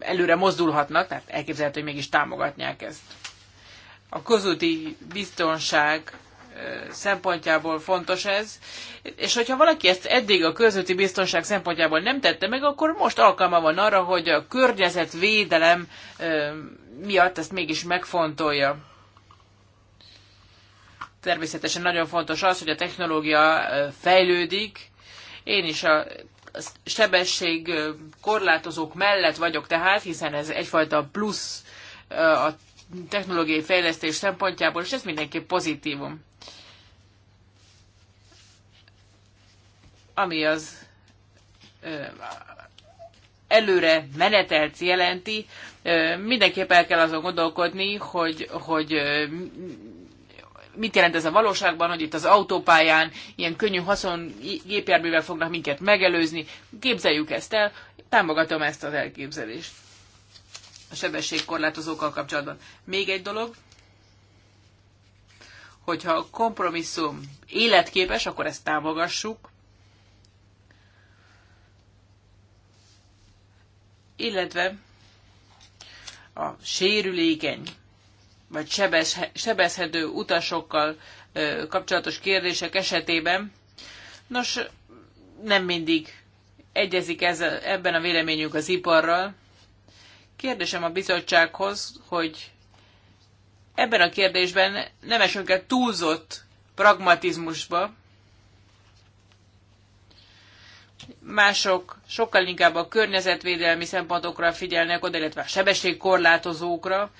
Speaker 2: előre mozdulhatnak, tehát elképzelhető, hogy mégis támogatják ezt a közúti biztonság szempontjából fontos ez, és hogyha valaki ezt eddig a közúti biztonság szempontjából nem tette meg, akkor most alkalma van arra, hogy a környezetvédelem miatt ezt mégis megfontolja. Természetesen nagyon fontos az, hogy a technológia fejlődik. Én is a sebesség korlátozók mellett vagyok tehát, hiszen ez egyfajta plusz a technológiai fejlesztés szempontjából, és ez mindenki pozitívum. Ami az előre menetelt jelenti, mindenképp el kell azon gondolkodni, hogy, hogy mit jelent ez a valóságban, hogy itt az autópályán ilyen könnyű haszon gépjárművel fognak minket megelőzni. Képzeljük ezt el, támogatom ezt az elképzelést a sebességkorlátozókkal kapcsolatban. Még egy dolog, hogyha a kompromisszum életképes, akkor ezt támogassuk, illetve a sérülékeny vagy sebezhető utasokkal kapcsolatos kérdések esetében, nos, nem mindig egyezik ez, ebben a véleményünk az iparral, Kérdésem a bizottsághoz, hogy ebben a kérdésben nem esünk el túlzott pragmatizmusba. Mások sokkal inkább a környezetvédelmi szempontokra figyelnek oda, illetve a sebességkorlátozókra.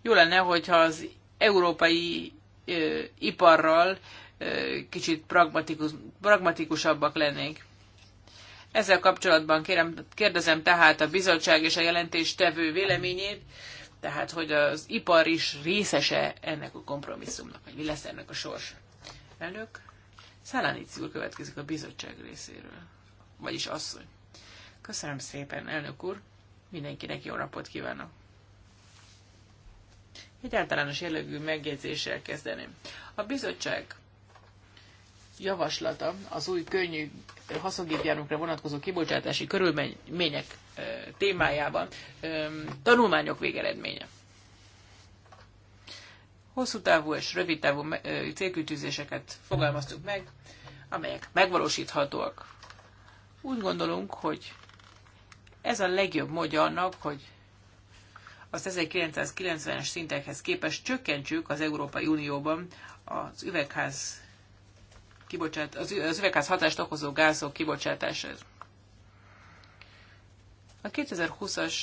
Speaker 2: Jó lenne, hogyha az európai ö, iparral ö, kicsit pragmatikus, pragmatikusabbak lennénk. Ezzel kapcsolatban kérem, kérdezem tehát a bizottság és a jelentéstevő véleményét, tehát hogy az ipar is részese ennek a kompromisszumnak, vagy mi lesz ennek a sors. Elnök, Szálánici úr következik a bizottság részéről, vagyis asszony. Köszönöm szépen, elnök úr, mindenkinek jó napot kívánok. Egy általános jellegű megjegyzéssel kezdeném. A bizottság javaslata az új könnyű haszongépjárműkre vonatkozó kibocsátási körülmények témájában tanulmányok végeredménye. Hosszú távú és rövid távú célkütőzéseket fogalmaztuk meg, amelyek megvalósíthatóak. Úgy gondolunk, hogy ez a legjobb módja annak, hogy az 1990-es szintekhez képest csökkentsük az Európai Unióban az üvegház kibocsát, az, az üvegház hatást okozó gázok kibocsátását. A 2020-as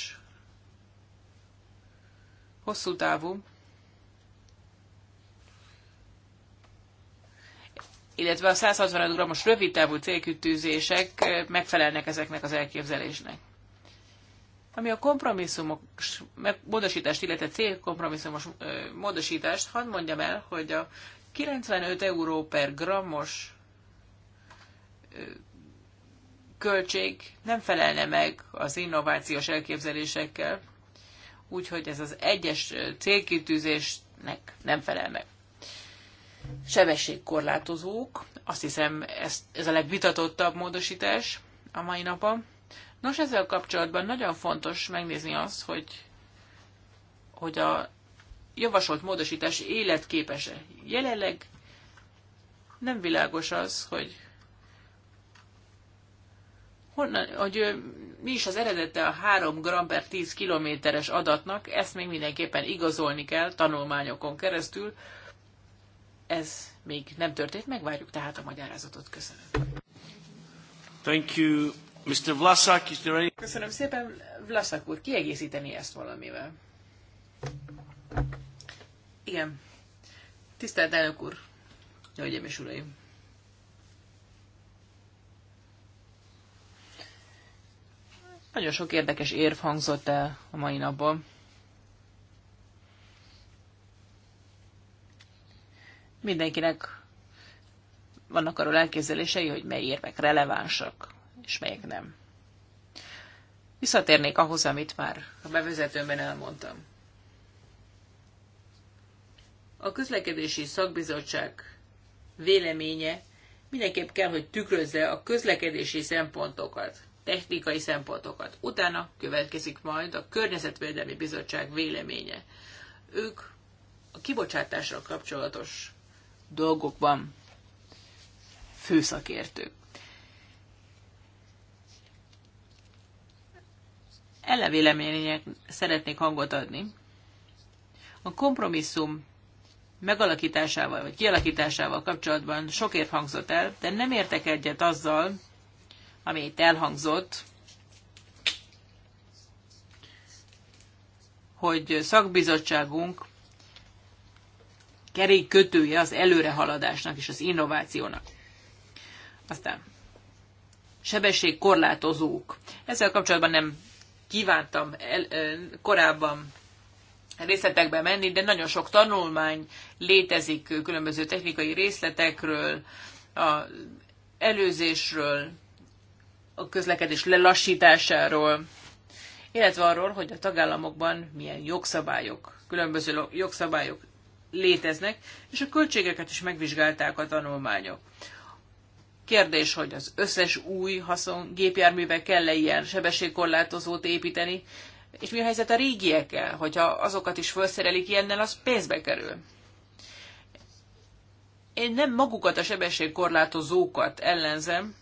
Speaker 2: hosszú távú, illetve a 165 g-os rövid távú célkütőzések megfelelnek ezeknek az elképzelésnek. Ami a kompromisszumok, módosítást, illetve célkompromisszumos módosítást, hadd mondjam el, hogy a 95 euró per grammos költség nem felelne meg az innovációs elképzelésekkel, úgyhogy ez az egyes célkitűzésnek nem felel meg. Sebességkorlátozók, azt hiszem ez, ez a legvitatottabb módosítás a mai napon. Nos, ezzel kapcsolatban nagyon fontos megnézni azt, hogy, hogy a javasolt módosítás életképes-e. Jelenleg nem világos az, hogy honnan, hogy mi is az eredete a 3 g per 10 kilométeres adatnak, ezt még mindenképpen igazolni kell tanulmányokon keresztül. Ez még nem történt, megvárjuk tehát a magyarázatot. Köszönöm.
Speaker 1: Thank you. Mr. Vlasak, is there any...
Speaker 2: Köszönöm szépen, Vlasak úr, kiegészíteni ezt valamivel. Igen. Tisztelt elnök úr, hölgyeim és uraim! Nagyon sok érdekes érv hangzott el a mai napban. Mindenkinek vannak arról elképzelései, hogy mely érvek relevánsak, és melyek nem. Visszatérnék ahhoz, amit már a bevezetőmben elmondtam. A közlekedési szakbizottság véleménye mindenképp kell, hogy tükrözze a közlekedési szempontokat, technikai szempontokat. Utána következik majd a Környezetvédelmi Bizottság véleménye. Ők a kibocsátásra kapcsolatos dolgokban főszakértők. ellenvélemények szeretnék hangot adni. A kompromisszum megalakításával vagy kialakításával kapcsolatban sok érv hangzott el, de nem értek egyet azzal, ami itt elhangzott, hogy szakbizottságunk kerék kötője az előrehaladásnak és az innovációnak. Aztán sebességkorlátozók. Ezzel kapcsolatban nem kívántam el, korábban részletekbe menni, de nagyon sok tanulmány létezik különböző technikai részletekről, a előzésről, a közlekedés lelassításáról, illetve arról, hogy a tagállamokban milyen jogszabályok, különböző jogszabályok léteznek, és a költségeket is megvizsgálták a tanulmányok. Kérdés, hogy az összes új haszon gépjárműve kell-e ilyen sebességkorlátozót építeni, és mi a helyzet a régiekkel? Hogyha azokat is felszerelik ilyennel, az pénzbe kerül. Én nem magukat a sebességkorlátozókat ellenzem,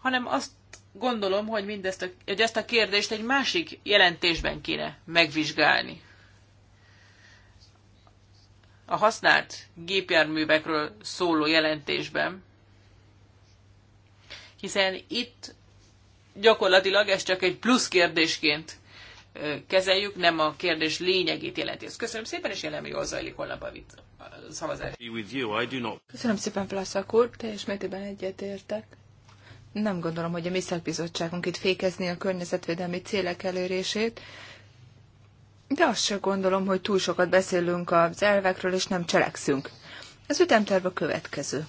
Speaker 2: hanem azt gondolom, hogy, mindezt a, hogy ezt a kérdést egy másik jelentésben kéne megvizsgálni. A használt gépjárművekről szóló jelentésben, hiszen itt gyakorlatilag ez csak egy plusz kérdésként kezeljük, nem a kérdés lényegét jelenti. Ezt köszönöm szépen, és jelenleg jól zajlik holnap a vicc
Speaker 1: szavazás.
Speaker 3: Köszönöm szépen, Flaszak úr, teljes mértékben egyetértek. Nem gondolom, hogy a mi Bizottságunk itt fékezni a környezetvédelmi célek elérését, de azt se gondolom, hogy túl sokat beszélünk az elvekről, és nem cselekszünk. Az ütemterv a következő.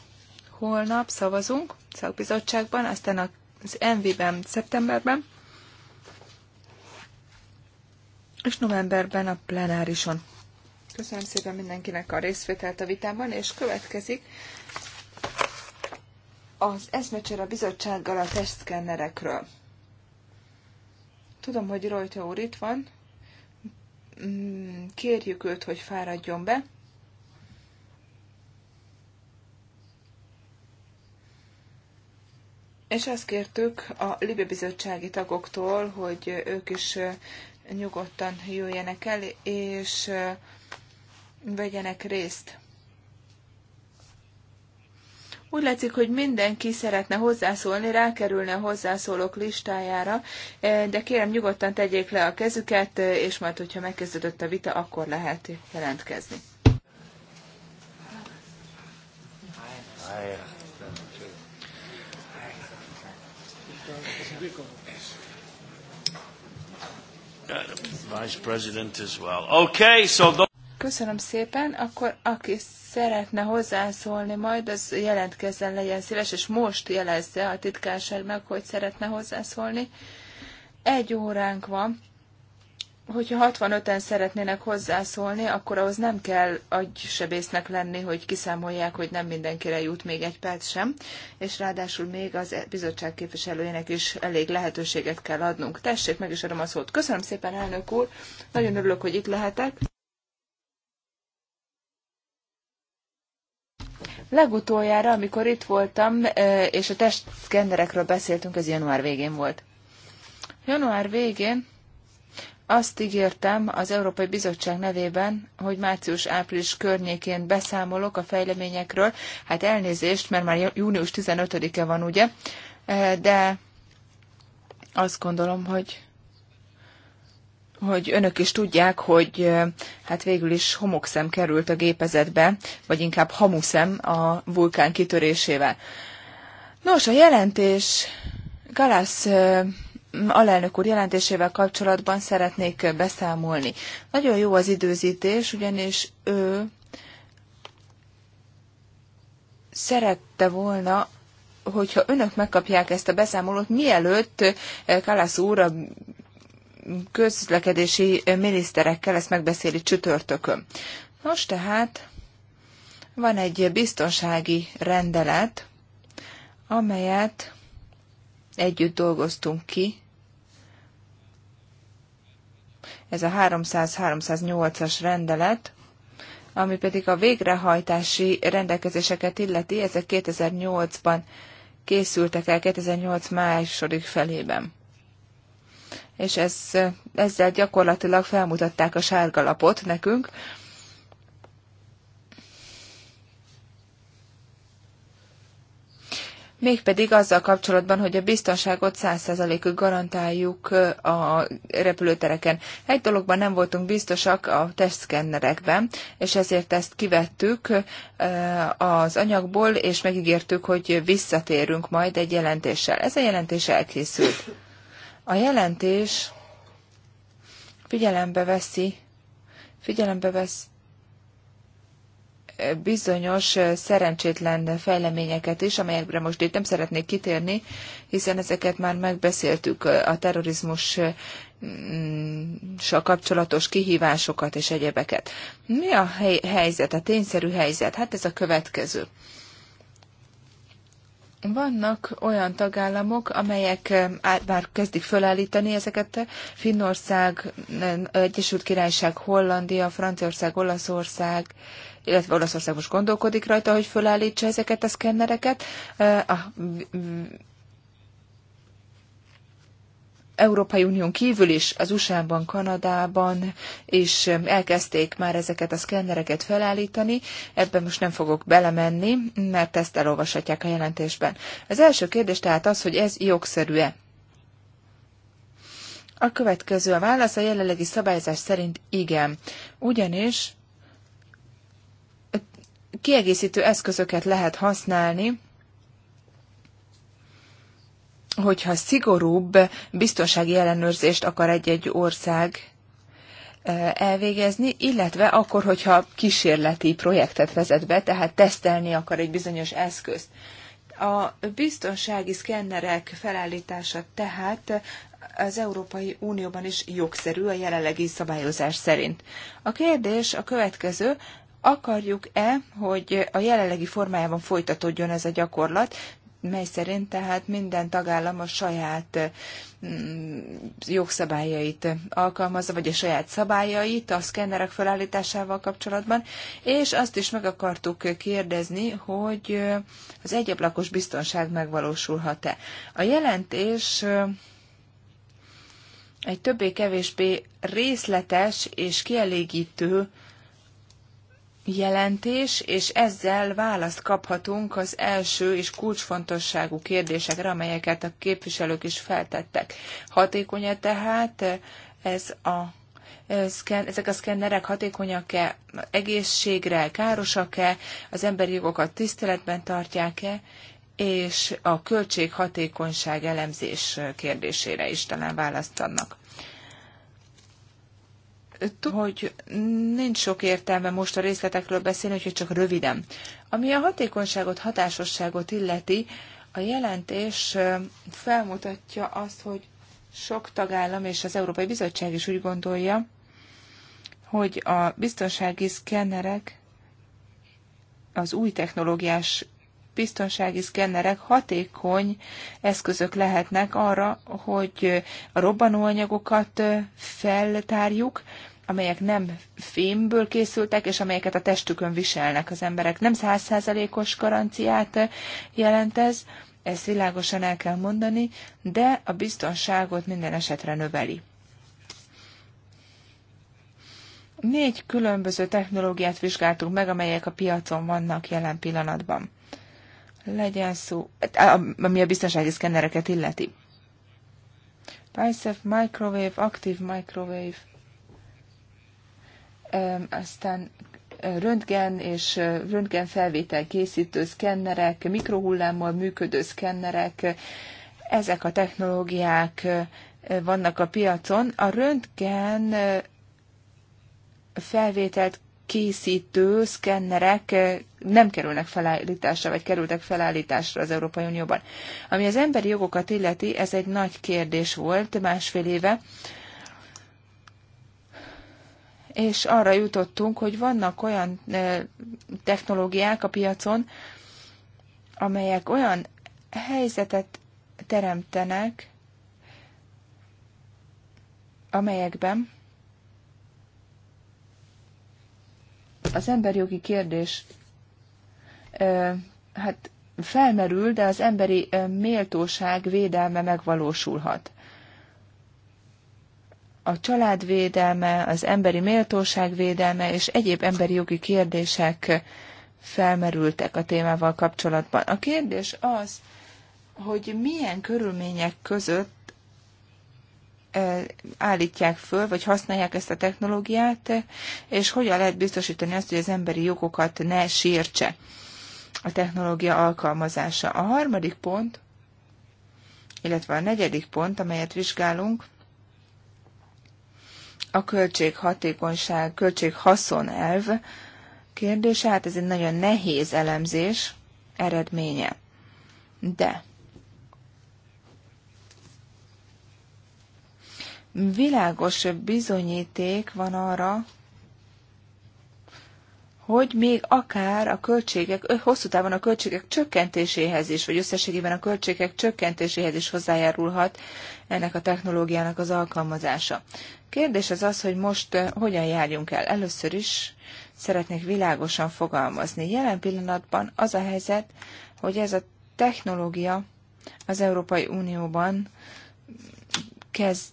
Speaker 3: Holnap szavazunk szakbizottságban, aztán a az MV-ben szeptemberben, és novemberben a plenárison. Köszönöm szépen mindenkinek a részvételt a vitában, és következik az eszmecsere a bizottsággal a testszkennerekről. Tudom, hogy Rojta úr itt van, mm, kérjük őt, hogy fáradjon be. És azt kértük a Libe bizottsági tagoktól, hogy ők is nyugodtan jöjjenek el, és vegyenek részt. Úgy látszik, hogy mindenki szeretne hozzászólni, rákerülne a hozzászólók listájára, de kérem nyugodtan tegyék le a kezüket, és majd, hogyha megkezdődött a vita, akkor lehet jelentkezni.
Speaker 1: Vice President as well. Okay, so the...
Speaker 3: Köszönöm szépen. Akkor aki szeretne hozzászólni majd, az jelentkezzen, legyen szíves, és most jelezze a titkárságnak, hogy szeretne hozzászólni. Egy óránk van hogyha 65-en szeretnének hozzászólni, akkor ahhoz nem kell agysebésznek lenni, hogy kiszámolják, hogy nem mindenkire jut még egy perc sem, és ráadásul még az bizottság képviselőjének is elég lehetőséget kell adnunk. Tessék, meg is adom a szót. Köszönöm szépen, elnök úr, nagyon örülök, hogy itt lehetek. Legutoljára, amikor itt voltam, e, és a testszkennerekről beszéltünk, az január végén volt. Január végén azt ígértem az Európai Bizottság nevében, hogy március-április környékén beszámolok a fejleményekről. Hát elnézést, mert már június 15-e van, ugye? Eh, de azt gondolom, hogy hogy önök is tudják, hogy eh, hát végül is homokszem került a gépezetbe, vagy inkább hamuszem a vulkán kitörésével. Nos, a jelentés Galász eh, alelnök úr jelentésével kapcsolatban szeretnék beszámolni. Nagyon jó az időzítés, ugyanis ő szerette volna hogyha önök megkapják ezt a beszámolót, mielőtt Kalász úr a közlekedési miniszterekkel ezt megbeszéli csütörtökön. Nos, tehát van egy biztonsági rendelet, amelyet együtt dolgoztunk ki ez a 300-308-as rendelet, ami pedig a végrehajtási rendelkezéseket illeti, ezek 2008-ban készültek el, 2008 második felében. És ez, ezzel gyakorlatilag felmutatták a sárgalapot nekünk, mégpedig azzal kapcsolatban, hogy a biztonságot 100%-ig garantáljuk a repülőtereken. Egy dologban nem voltunk biztosak a testszkennerekben, és ezért ezt kivettük az anyagból, és megígértük, hogy visszatérünk majd egy jelentéssel. Ez a jelentés elkészült. A jelentés figyelembe veszi, figyelembe veszi bizonyos szerencsétlen fejleményeket is, amelyekre most itt nem szeretnék kitérni, hiszen ezeket már megbeszéltük a terrorizmus mm, kapcsolatos kihívásokat és egyebeket. Mi a helyzet, a tényszerű helyzet? Hát ez a következő. Vannak olyan tagállamok, amelyek már kezdik fölállítani ezeket, Finnország, Egyesült Királyság, Hollandia, Franciaország, Olaszország, illetve Olaszország most gondolkodik rajta, hogy fölállítsa ezeket a szkennereket. A Európai Unión kívül is, az USA-ban, Kanadában is elkezdték már ezeket a szkennereket felállítani. Ebben most nem fogok belemenni, mert ezt elolvashatják a jelentésben. Az első kérdés tehát az, hogy ez jogszerű-e. A következő a válasz a jelenlegi szabályzás szerint igen, ugyanis kiegészítő eszközöket lehet használni, hogyha szigorúbb biztonsági ellenőrzést akar egy-egy ország e, elvégezni, illetve akkor, hogyha kísérleti projektet vezet be, tehát tesztelni akar egy bizonyos eszközt. A biztonsági szkennerek felállítása tehát az Európai Unióban is jogszerű a jelenlegi szabályozás szerint. A kérdés a következő, akarjuk-e, hogy a jelenlegi formájában folytatódjon ez a gyakorlat, mely szerint tehát minden tagállam a saját mm, jogszabályait alkalmazza, vagy a saját szabályait a szkennerek felállításával kapcsolatban, és azt is meg akartuk kérdezni, hogy az egyablakos biztonság megvalósulhat-e. A jelentés mm, egy többé-kevésbé részletes és kielégítő jelentés, és ezzel választ kaphatunk az első és kulcsfontosságú kérdésekre, amelyeket a képviselők is feltettek. Hatékony-e tehát ez a ezek a szkennerek hatékonyak-e, egészségre károsak-e, az emberi jogokat tiszteletben tartják-e, és a költséghatékonyság elemzés kérdésére is talán választ adnak hogy nincs sok értelme most a részletekről beszélni, úgyhogy csak röviden. Ami a hatékonyságot, hatásosságot illeti, a jelentés felmutatja azt, hogy sok tagállam és az Európai Bizottság is úgy gondolja, hogy a biztonsági szkennerek az új technológiás biztonsági szkennerek hatékony eszközök lehetnek arra, hogy a robbanóanyagokat feltárjuk, amelyek nem fémből készültek, és amelyeket a testükön viselnek az emberek. Nem százszázalékos garanciát jelent ez, ezt világosan el kell mondani, de a biztonságot minden esetre növeli. Négy különböző technológiát vizsgáltunk meg, amelyek a piacon vannak jelen pillanatban legyen szó, hát, ami a biztonsági szkennereket illeti. PISF microwave, active microwave, aztán röntgen és röntgen felvétel készítő szkennerek, mikrohullámmal működő szkennerek, ezek a technológiák vannak a piacon. A röntgen felvételt készítő szkennerek eh, nem kerülnek felállításra, vagy kerültek felállításra az Európai Unióban. Ami az emberi jogokat illeti, ez egy nagy kérdés volt másfél éve, és arra jutottunk, hogy vannak olyan eh, technológiák a piacon, amelyek olyan helyzetet teremtenek, amelyekben Az emberjogi kérdés hát felmerül, de az emberi méltóság védelme megvalósulhat. A család védelme, az emberi méltóság védelme és egyéb emberi jogi kérdések felmerültek a témával kapcsolatban. A kérdés az, hogy milyen körülmények között állítják föl, vagy használják ezt a technológiát, és hogyan lehet biztosítani azt, hogy az emberi jogokat ne sértse a technológia alkalmazása. A harmadik pont, illetve a negyedik pont, amelyet vizsgálunk, a költséghatékonyság, költséghaszon elv kérdése, hát ez egy nagyon nehéz elemzés eredménye. De világos bizonyíték van arra, hogy még akár a költségek, hosszú távon a költségek csökkentéséhez is, vagy összességében a költségek csökkentéséhez is hozzájárulhat ennek a technológiának az alkalmazása. Kérdés az az, hogy most hogyan járjunk el. Először is szeretnék világosan fogalmazni. Jelen pillanatban az a helyzet, hogy ez a technológia az Európai Unióban kezd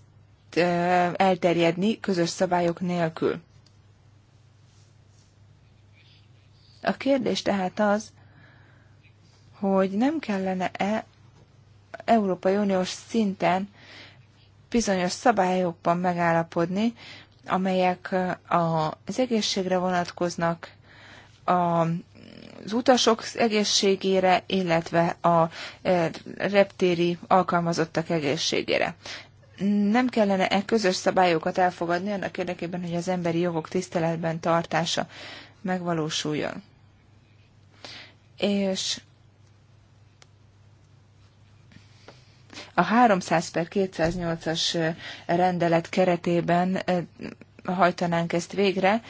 Speaker 3: elterjedni közös szabályok nélkül. A kérdés tehát az, hogy nem kellene-e Európai Uniós szinten bizonyos szabályokban megállapodni, amelyek az egészségre vonatkoznak, az utasok egészségére, illetve a reptéri alkalmazottak egészségére nem kellene e közös szabályokat elfogadni annak érdekében, hogy az emberi jogok tiszteletben tartása megvalósuljon. És a 300 per 208-as rendelet keretében hajtanánk ezt végre,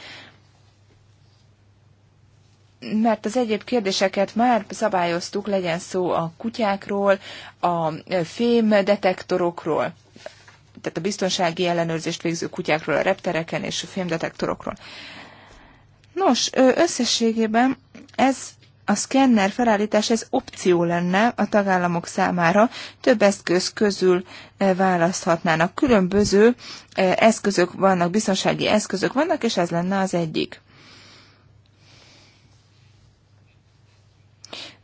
Speaker 3: mert az egyéb kérdéseket már szabályoztuk, legyen szó a kutyákról, a fém detektorokról tehát a biztonsági ellenőrzést végző kutyákról, a reptereken és a fémdetektorokról. Nos, összességében ez a szkenner felállítás ez opció lenne a tagállamok számára, több eszköz közül választhatnának. Különböző eszközök vannak, biztonsági eszközök vannak, és ez lenne az egyik.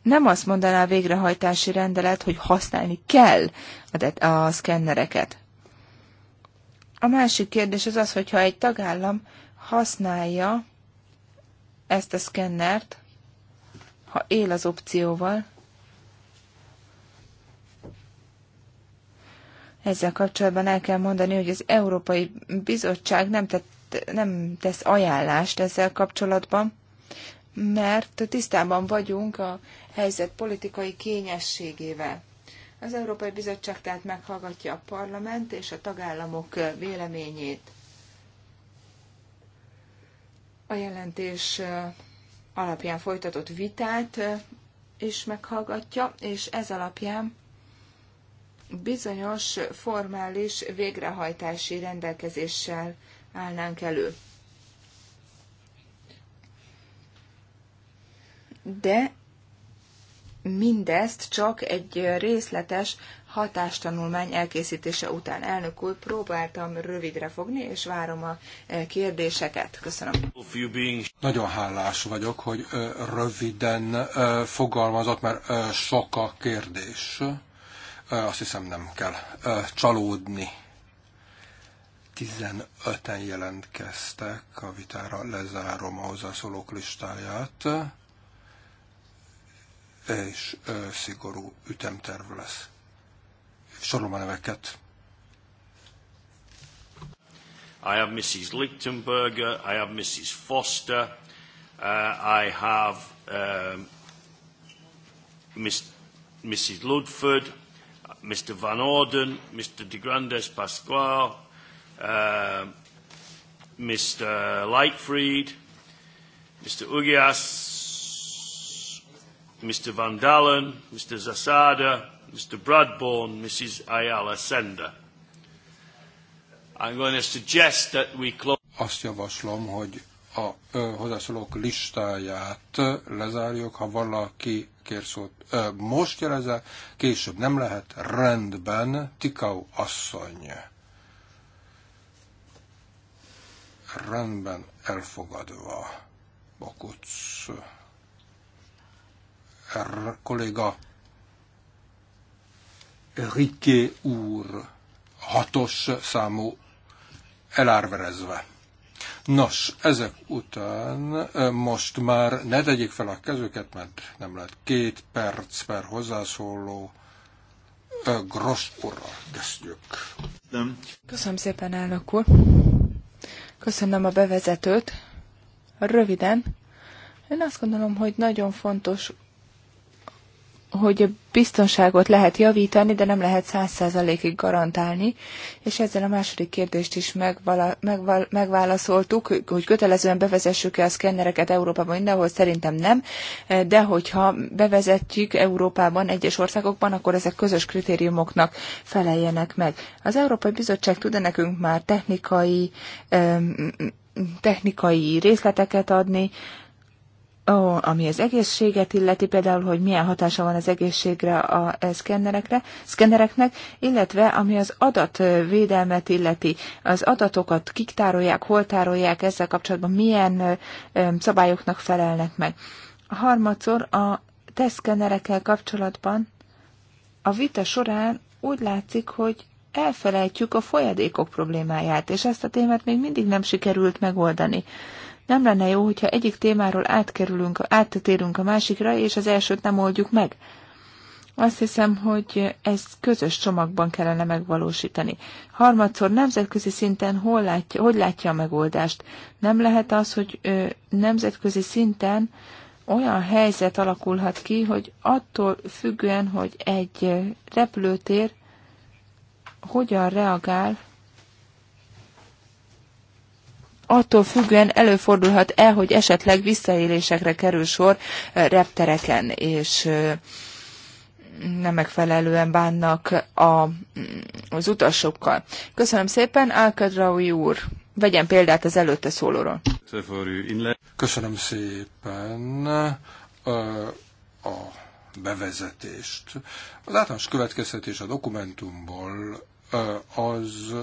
Speaker 3: Nem azt mondaná a végrehajtási rendelet, hogy használni kell a, de- a szkennereket. A másik kérdés az az, hogyha egy tagállam használja ezt a szkennert, ha él az opcióval, Ezzel kapcsolatban el kell mondani, hogy az Európai Bizottság nem, tett, nem tesz ajánlást ezzel kapcsolatban, mert tisztában vagyunk a helyzet politikai kényességével. Az Európai Bizottság tehát meghallgatja a parlament és a tagállamok véleményét. A jelentés alapján folytatott vitát is meghallgatja, és ez alapján bizonyos formális végrehajtási rendelkezéssel állnánk elő. De mindezt csak egy részletes hatástanulmány elkészítése után. Elnök úr, próbáltam rövidre fogni, és várom a e, kérdéseket. Köszönöm.
Speaker 4: Nagyon hálás vagyok, hogy e, röviden e, fogalmazott, mert sok a kérdés. Azt hiszem nem kell csalódni. 15-en jelentkeztek a vitára, lezárom a hozzászólók listáját és szigorú ütemterv lesz. Sorolom a neveket.
Speaker 1: I have Mrs. Lichtenberger, I have Mrs. Foster, uh, I have um, Miss, Mrs. Ludford, Mr. Van Orden, Mr. de Grandes Pasquale, uh, um, Mr. Lightfried, Mr. Ugias, Mr Van Dalen, Mr Zasada, Mr Bradbourne, Mrs Ayala Sender. I'm going to suggest that we close... Azt
Speaker 4: javaslom, hogy a ö, hozzászólók listáját lezárjuk, ha valaki kér szót ö, most jelezze, később nem lehet, rendben, Tikau asszony. Rendben elfogadva, Bakucs kolléga Riké úr hatos számú elárverezve. Nos, ezek után most már ne tegyék fel a kezüket, mert nem lehet két perc per hozzászóló Gross úrral kezdjük. Nem.
Speaker 3: Köszönöm szépen, elnök úr. Köszönöm a bevezetőt. Röviden, én azt gondolom, hogy nagyon fontos hogy a biztonságot lehet javítani, de nem lehet száz százalékig garantálni, és ezzel a második kérdést is megvala, megval, megválaszoltuk, hogy kötelezően bevezessük-e a szkennereket Európában mindenhol, szerintem nem, de hogyha bevezetjük Európában egyes országokban, akkor ezek közös kritériumoknak feleljenek meg. Az Európai Bizottság tud -e nekünk már technikai technikai részleteket adni, Ó, ami az egészséget illeti, például, hogy milyen hatása van az egészségre a e, szkennerekre, szkennereknek, illetve ami az adatvédelmet illeti, az adatokat kik tárolják, hol tárolják, ezzel kapcsolatban milyen szabályoknak felelnek meg. A harmadszor a teszkennerekkel kapcsolatban a vita során úgy látszik, hogy elfelejtjük a folyadékok problémáját, és ezt a témát még mindig nem sikerült megoldani. Nem lenne jó, hogyha egyik témáról átkerülünk, áttérünk a másikra, és az elsőt nem oldjuk meg. Azt hiszem, hogy ezt közös csomagban kellene megvalósítani. Harmadszor nemzetközi szinten hol látja, hogy látja a megoldást? Nem lehet az, hogy ö, nemzetközi szinten olyan helyzet alakulhat ki, hogy attól függően, hogy egy repülőtér hogyan reagál attól függően előfordulhat-e, hogy esetleg visszaélésekre kerül sor e, reptereken, és e, nem megfelelően bánnak a, az utasokkal. Köszönöm szépen, Alkadraui úr! Vegyen példát az előtte szólóról.
Speaker 4: Köszönöm szépen a bevezetést. Az általános következtetés a dokumentumból az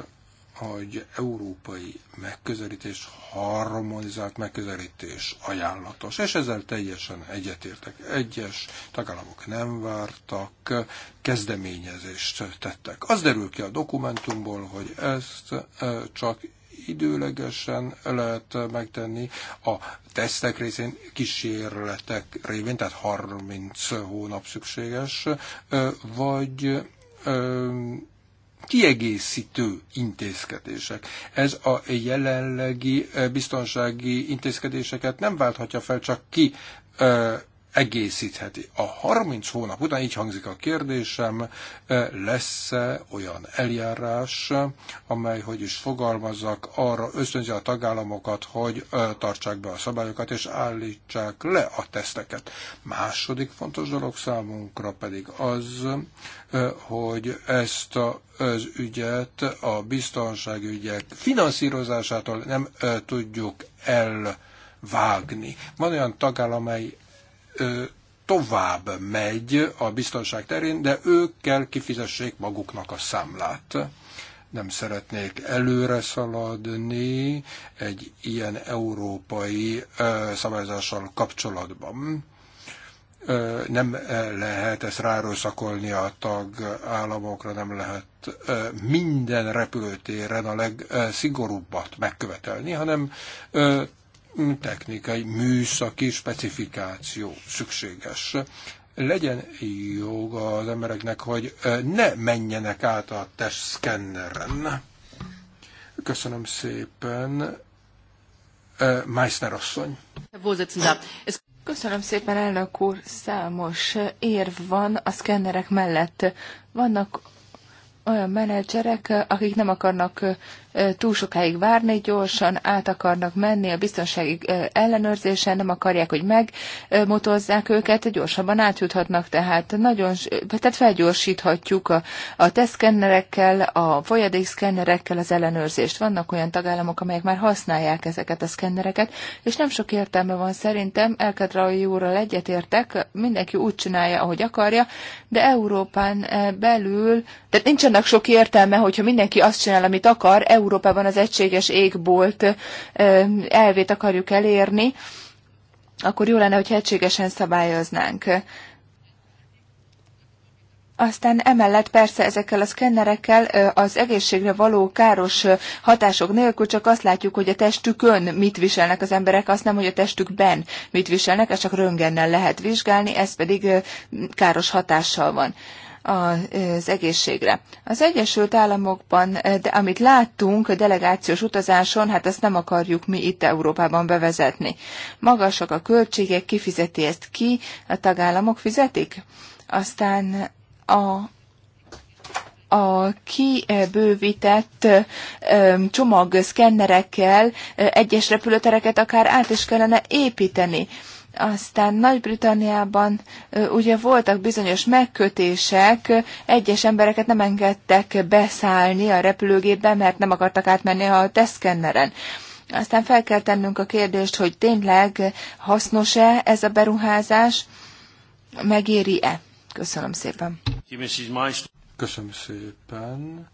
Speaker 4: hogy európai megközelítés, harmonizált megközelítés ajánlatos, és ezzel teljesen egyetértek. Egyes tagállamok nem vártak, kezdeményezést tettek. Az derül ki a dokumentumból, hogy ezt e, csak időlegesen lehet megtenni a tesztek részén, kísérletek révén, tehát 30 hónap szükséges, e, vagy e, kiegészítő intézkedések. Ez a jelenlegi eh, biztonsági intézkedéseket nem válthatja fel, csak ki eh, egészítheti. A 30 hónap után, így hangzik a kérdésem, lesz -e olyan eljárás, amely, hogy is fogalmazzak, arra ösztönzi a tagállamokat, hogy tartsák be a szabályokat, és állítsák le a teszteket. Második fontos dolog számunkra pedig az, hogy ezt az ügyet a biztonságügyek finanszírozásától nem tudjuk elvágni. Van olyan tagállam, amely tovább megy a biztonság terén, de ők kell kifizessék maguknak a számlát. Nem szeretnék előre szaladni egy ilyen európai szabályozással kapcsolatban nem lehet ezt ráerőszakolni a tagállamokra, nem lehet minden repülőtéren a legszigorúbbat megkövetelni, hanem technikai, műszaki specifikáció szükséges. Legyen joga az embereknek, hogy ne menjenek át a testszkenneren. Köszönöm szépen. Meissner
Speaker 3: asszony. Köszönöm szépen, elnök úr. Számos érv van a szkennerek mellett. Vannak olyan menedzserek, akik nem akarnak túl sokáig várni, gyorsan át akarnak menni a biztonsági ellenőrzésen, nem akarják, hogy megmotozzák őket, gyorsabban átjuthatnak, tehát nagyon, tehát felgyorsíthatjuk a, a teszkennerekkel, a folyadékszkennerekkel az ellenőrzést. Vannak olyan tagállamok, amelyek már használják ezeket a szkennereket, és nem sok értelme van szerintem, Elkedrai úrral egyetértek, mindenki úgy csinálja, ahogy akarja, de Európán belül, tehát nincsenek sok értelme, hogyha mindenki azt csinál, amit akar, Európán Európában az egységes égbolt elvét akarjuk elérni, akkor jó lenne, hogy egységesen szabályoznánk. Aztán emellett persze ezekkel a szkennerekkel az egészségre való káros hatások nélkül csak azt látjuk, hogy a testükön mit viselnek az emberek, azt nem, hogy a testükben mit viselnek, ezt csak röngennel lehet vizsgálni, ez pedig káros hatással van az egészségre. Az Egyesült Államokban, eh, de amit láttunk a delegációs utazáson, hát ezt nem akarjuk mi itt Európában bevezetni. Magasak a költségek, ki fizeti ezt ki, a tagállamok fizetik. Aztán a a kibővített eh, csomagszkennerekkel eh, egyes repülőtereket akár át is kellene építeni. Aztán Nagy-Britanniában ugye voltak bizonyos megkötések, egyes embereket nem engedtek beszállni a repülőgépbe, mert nem akartak átmenni a teszkenneren. Aztán fel kell tennünk a kérdést, hogy tényleg hasznos-e ez a beruházás, megéri-e? Köszönöm szépen.
Speaker 4: Köszönöm szépen.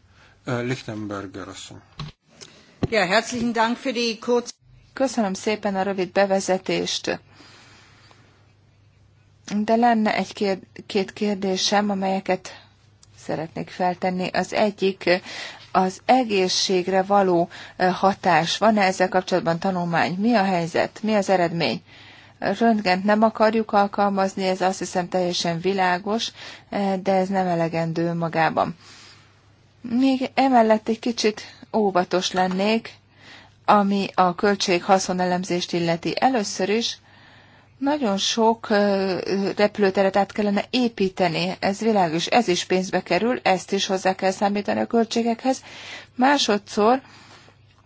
Speaker 4: Lichtenberger asszony.
Speaker 3: Ja, herzlichen Dank für die Köszönöm szépen a rövid bevezetést. De lenne egy két kérdésem, amelyeket szeretnék feltenni. Az egyik az egészségre való hatás. Van-e ezzel kapcsolatban tanulmány? Mi a helyzet? Mi az eredmény? Röntgent nem akarjuk alkalmazni, ez azt hiszem teljesen világos, de ez nem elegendő magában. Még emellett egy kicsit óvatos lennék, ami a költség haszonelemzést illeti. Először is nagyon sok repülőteret át kellene építeni, ez világos, ez is pénzbe kerül, ezt is hozzá kell számítani a költségekhez. Másodszor,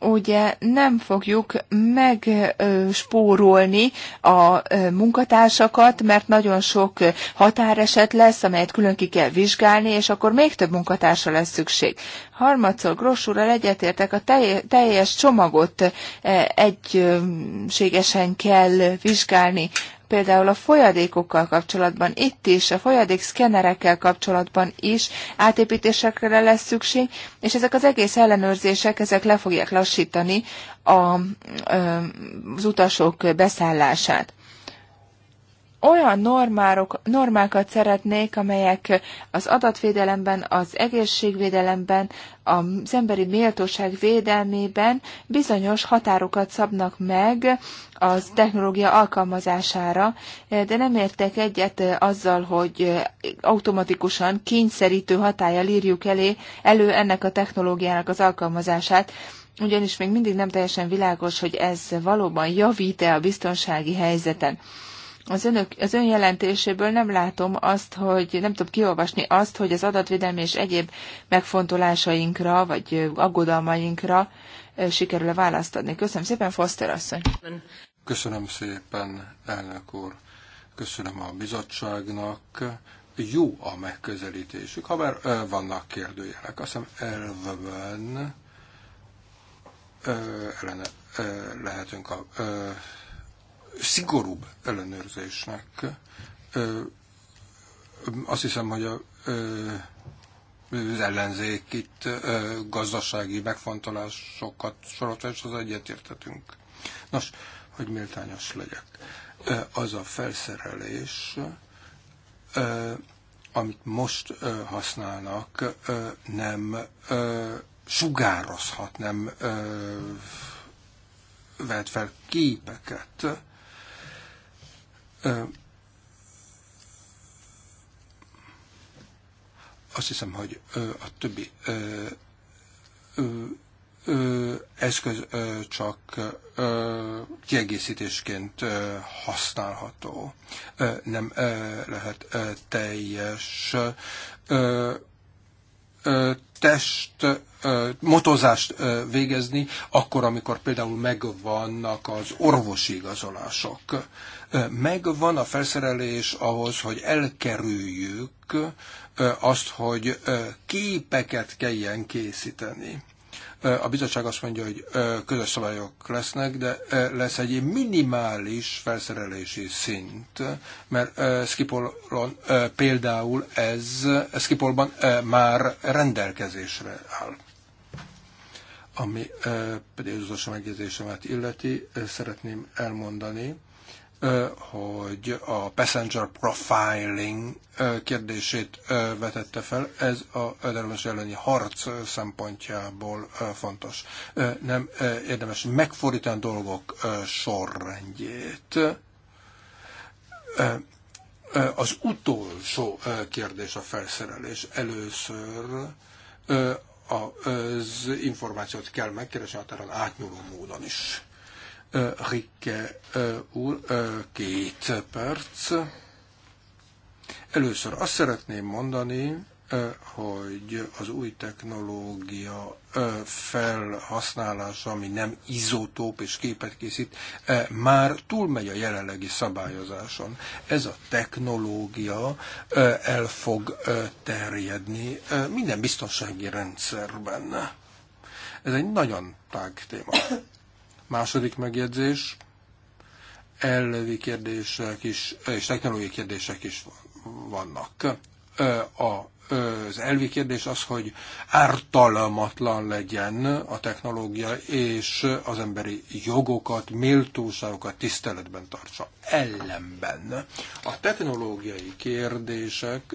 Speaker 3: ugye nem fogjuk megspórolni a munkatársakat, mert nagyon sok határeset lesz, amelyet külön ki kell vizsgálni, és akkor még több munkatársra lesz szükség. Harmadszor grossúrral egyetértek, a teljes csomagot egységesen kell vizsgálni például a folyadékokkal kapcsolatban, itt is, a folyadékszkenerekkel kapcsolatban is átépítésekre lesz szükség, és ezek az egész ellenőrzések, ezek le fogják lassítani a, az utasok beszállását olyan normárok, normákat szeretnék, amelyek az adatvédelemben, az egészségvédelemben, az emberi méltóság védelmében bizonyos határokat szabnak meg az technológia alkalmazására, de nem értek egyet azzal, hogy automatikusan kényszerítő hatállyal írjuk elé, elő ennek a technológiának az alkalmazását, ugyanis még mindig nem teljesen világos, hogy ez valóban javít-e a biztonsági helyzeten az, önök, az ön jelentéséből nem látom azt, hogy nem tudom kiolvasni azt, hogy az adatvédelmi és egyéb megfontolásainkra, vagy aggodalmainkra sikerül-e választ adni. Köszönöm szépen, Foster asszony.
Speaker 4: Köszönöm szépen, elnök úr. Köszönöm a bizottságnak. Jó a megközelítésük, ha már vannak kérdőjelek. Azt hiszem elvben ellene lehetünk a szigorúbb ellenőrzésnek. Azt hiszem, hogy a, az ellenzék itt gazdasági megfontolásokat sorolta, és az egyetértetünk. Nos, hogy méltányos legyek. Az a felszerelés, amit most használnak, nem sugározhat, nem vehet fel képeket, azt hiszem, hogy a többi eszköz csak kiegészítésként használható. Nem lehet teljes test, motozást végezni, akkor, amikor például megvannak az orvosi igazolások. Megvan a felszerelés ahhoz, hogy elkerüljük azt, hogy képeket kelljen készíteni. A bizottság azt mondja, hogy közös szabályok lesznek, de lesz egy minimális felszerelési szint, mert Skipolon például ez Skipolban már rendelkezésre áll. Ami pedig az utolsó megjegyzésemet illeti, szeretném elmondani, hogy a passenger profiling kérdését vetette fel. Ez a terrorizmus elleni harc szempontjából fontos. Nem érdemes megfordítani a dolgok sorrendjét. Az utolsó kérdés a felszerelés. Először az információt kell megkeresni teren átnyúló módon is Rikke úr, két perc. Először azt szeretném mondani, hogy az új technológia felhasználása, ami nem izotóp és képet készít, már túlmegy a jelenlegi szabályozáson. Ez a technológia el fog terjedni minden biztonsági rendszerben. Ez egy nagyon tág téma. Második megjegyzés, elvi kérdések is, és technológiai kérdések is vannak. A az elvi kérdés az, hogy ártalmatlan legyen a technológia, és az emberi jogokat, méltóságokat tiszteletben tartsa. Ellenben a technológiai kérdések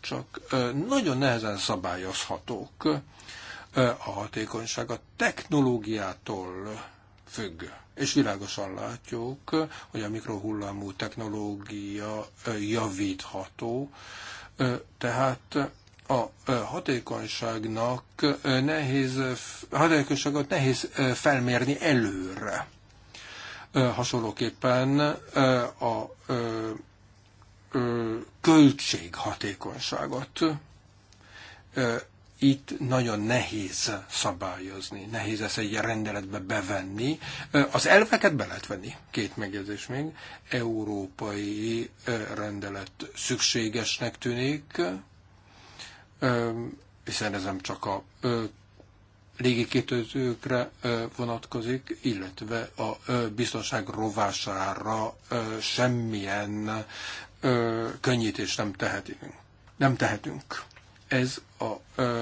Speaker 4: csak nagyon nehezen szabályozhatók. A hatékonyság a technológiától függ. És világosan látjuk, hogy a mikrohullámú technológia javítható, tehát a hatékonyságnak nehéz, hatékonyságot nehéz felmérni előre. Hasonlóképpen a költséghatékonyságot itt nagyon nehéz szabályozni, nehéz ezt egy rendeletbe bevenni. Az elveket be lehet venni, két megjegyzés még. Európai rendelet szükségesnek tűnik, hiszen ez nem csak a légikikötőkre vonatkozik, illetve a biztonság rovására semmilyen könnyítést nem tehetünk. Nem tehetünk ez a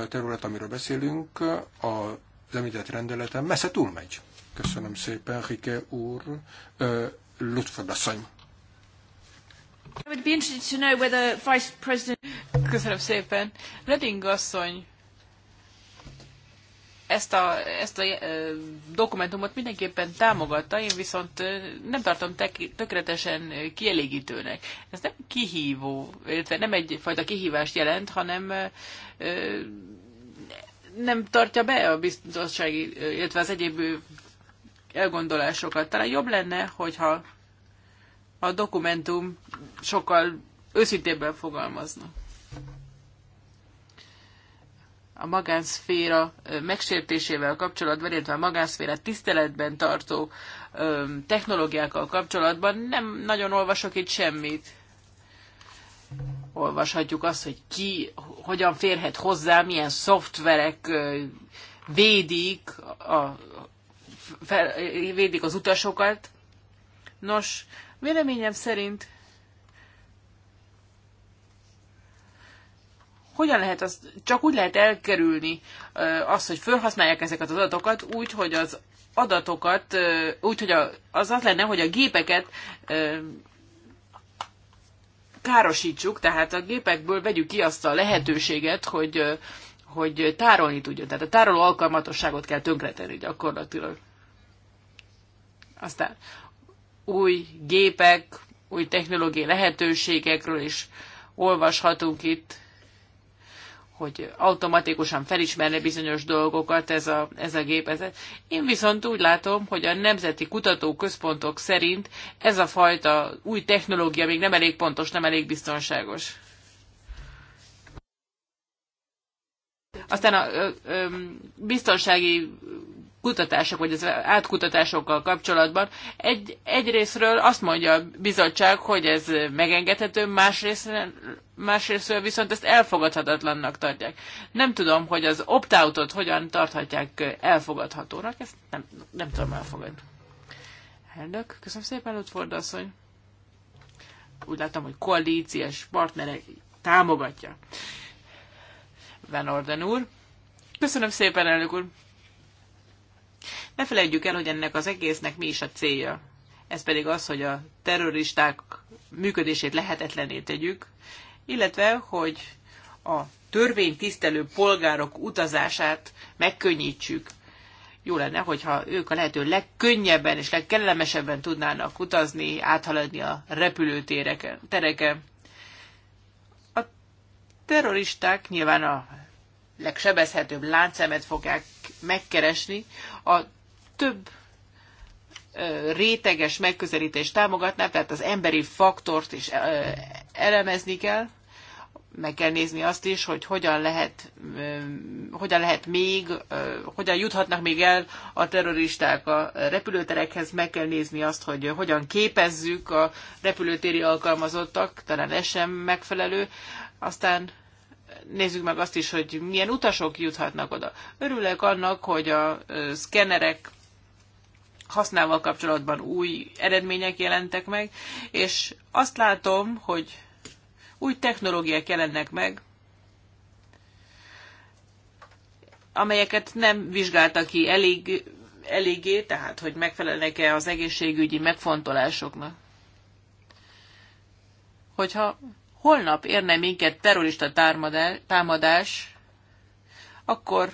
Speaker 4: terület, amiről beszélünk, az említett rendeleten messze túlmegy. Köszönöm szépen, Rike úr, Lutfordasszony.
Speaker 2: Köszönöm szépen. Reding asszony ezt a, ezt a dokumentumot mindenképpen támogatta, én viszont nem tartom teki, tökéletesen kielégítőnek. Ez nem kihívó, illetve nem egyfajta kihívást jelent, hanem nem tartja be a biztonsági, illetve az egyéb elgondolásokat. Talán jobb lenne, hogyha a dokumentum sokkal őszintébben fogalmazna a magánszféra megsértésével kapcsolatban, illetve a magánszféra tiszteletben tartó technológiákkal kapcsolatban nem nagyon olvasok itt semmit. Olvashatjuk azt, hogy ki hogyan férhet hozzá, milyen szoftverek védik, a, védik az utasokat. Nos, véleményem szerint Hogyan lehet az csak úgy lehet elkerülni azt, hogy felhasználják ezeket az adatokat úgy, hogy az adatokat, úgy, hogy az az lenne, hogy a gépeket károsítsuk, tehát a gépekből vegyük ki azt a lehetőséget, hogy, hogy tárolni tudjon. Tehát a tároló alkalmatosságot kell tönkretenni gyakorlatilag. Aztán új gépek, új technológiai lehetőségekről is olvashatunk itt hogy automatikusan felismerne bizonyos dolgokat ez a, ez a gépezet. Én viszont úgy látom, hogy a nemzeti kutatóközpontok szerint ez a fajta új technológia még nem elég pontos, nem elég biztonságos. Aztán a ö, ö, biztonsági kutatások, vagy az átkutatásokkal kapcsolatban. Egy, egyrésztről azt mondja a bizottság, hogy ez megengedhető, másrészt, más viszont ezt elfogadhatatlannak tartják. Nem tudom, hogy az opt-outot hogyan tarthatják elfogadhatónak, ezt nem, nem tudom elfogadni. Elnök, köszönöm szépen, Lutford asszony. Úgy látom, hogy koalíciás partnerek támogatja. Van Orden úr. Köszönöm szépen, elnök úr. Ne felejtjük el, hogy ennek az egésznek mi is a célja. Ez pedig az, hogy a terroristák működését lehetetlené tegyük, illetve, hogy a törvénytisztelő polgárok utazását megkönnyítsük. Jó lenne, hogyha ők a lehető legkönnyebben és legkellemesebben tudnának utazni, áthaladni a repülőtereken. A terroristák nyilván a legsebezhetőbb láncemet fogják megkeresni, a több réteges megközelítést támogatná, tehát az emberi faktort is elemezni kell, meg kell nézni azt is, hogy hogyan lehet, hogyan lehet még, hogyan juthatnak még el a terroristák a repülőterekhez, meg kell nézni azt, hogy hogyan képezzük a repülőtéri alkalmazottak, talán ez sem megfelelő. Aztán nézzük meg azt is, hogy milyen utasok juthatnak oda. Örülök annak, hogy a szkenerek hasznával kapcsolatban új eredmények jelentek meg, és azt látom, hogy új technológiák jelennek meg, amelyeket nem vizsgáltak ki elég, eléggé, tehát hogy megfelelnek-e az egészségügyi megfontolásoknak. Hogyha holnap érne minket terrorista támadás, akkor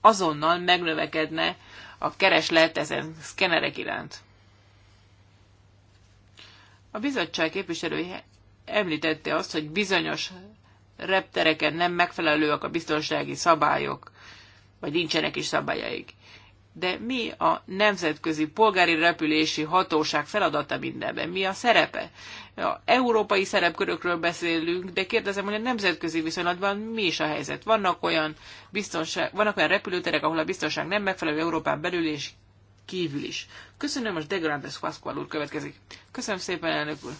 Speaker 2: azonnal megnövekedne a kereslet ezen szkenerek iránt. A bizottság képviselői említette azt, hogy bizonyos reptereken nem megfelelőek a biztonsági szabályok, vagy nincsenek is szabályaik. De mi a Nemzetközi Polgári Repülési Hatóság feladata mindenben? Mi a szerepe? a európai szerepkörökről beszélünk, de kérdezem, hogy a nemzetközi viszonylatban mi is a helyzet? Vannak olyan, biztonság, vannak olyan repülőterek, ahol a biztonság nem megfelelő Európán belül és kívül is. Köszönöm, most Degrandes Grandes úr következik. Köszönöm szépen, elnök úr.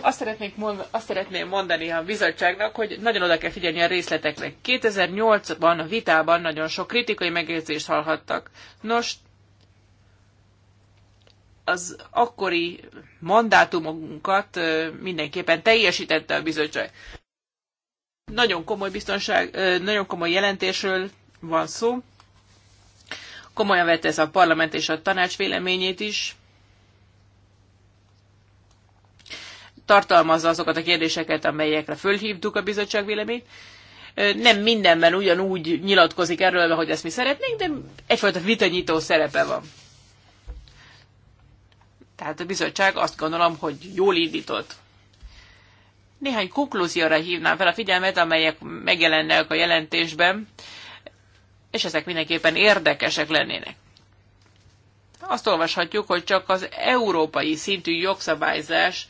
Speaker 2: Azt, szeretnék mondani, azt szeretném mondani a bizottságnak, hogy nagyon oda kell figyelni a részletekre. 2008-ban a vitában nagyon sok kritikai megjegyzést hallhattak. Nos, az akkori mandátumunkat mindenképpen teljesítette a bizottság. Nagyon komoly biztonság, nagyon komoly jelentésről van szó. Komolyan vette ez a parlament és a tanács véleményét is. Tartalmazza azokat a kérdéseket, amelyekre fölhívtuk a bizottság véleményt nem mindenben ugyanúgy nyilatkozik erről, ahogy ezt mi szeretnénk, de egyfajta vitanyító szerepe van. Tehát a bizottság azt gondolom, hogy jól indított. Néhány konklúzióra hívnám fel a figyelmet, amelyek megjelennek a jelentésben, és ezek mindenképpen érdekesek lennének. Azt olvashatjuk, hogy csak az európai szintű jogszabályzás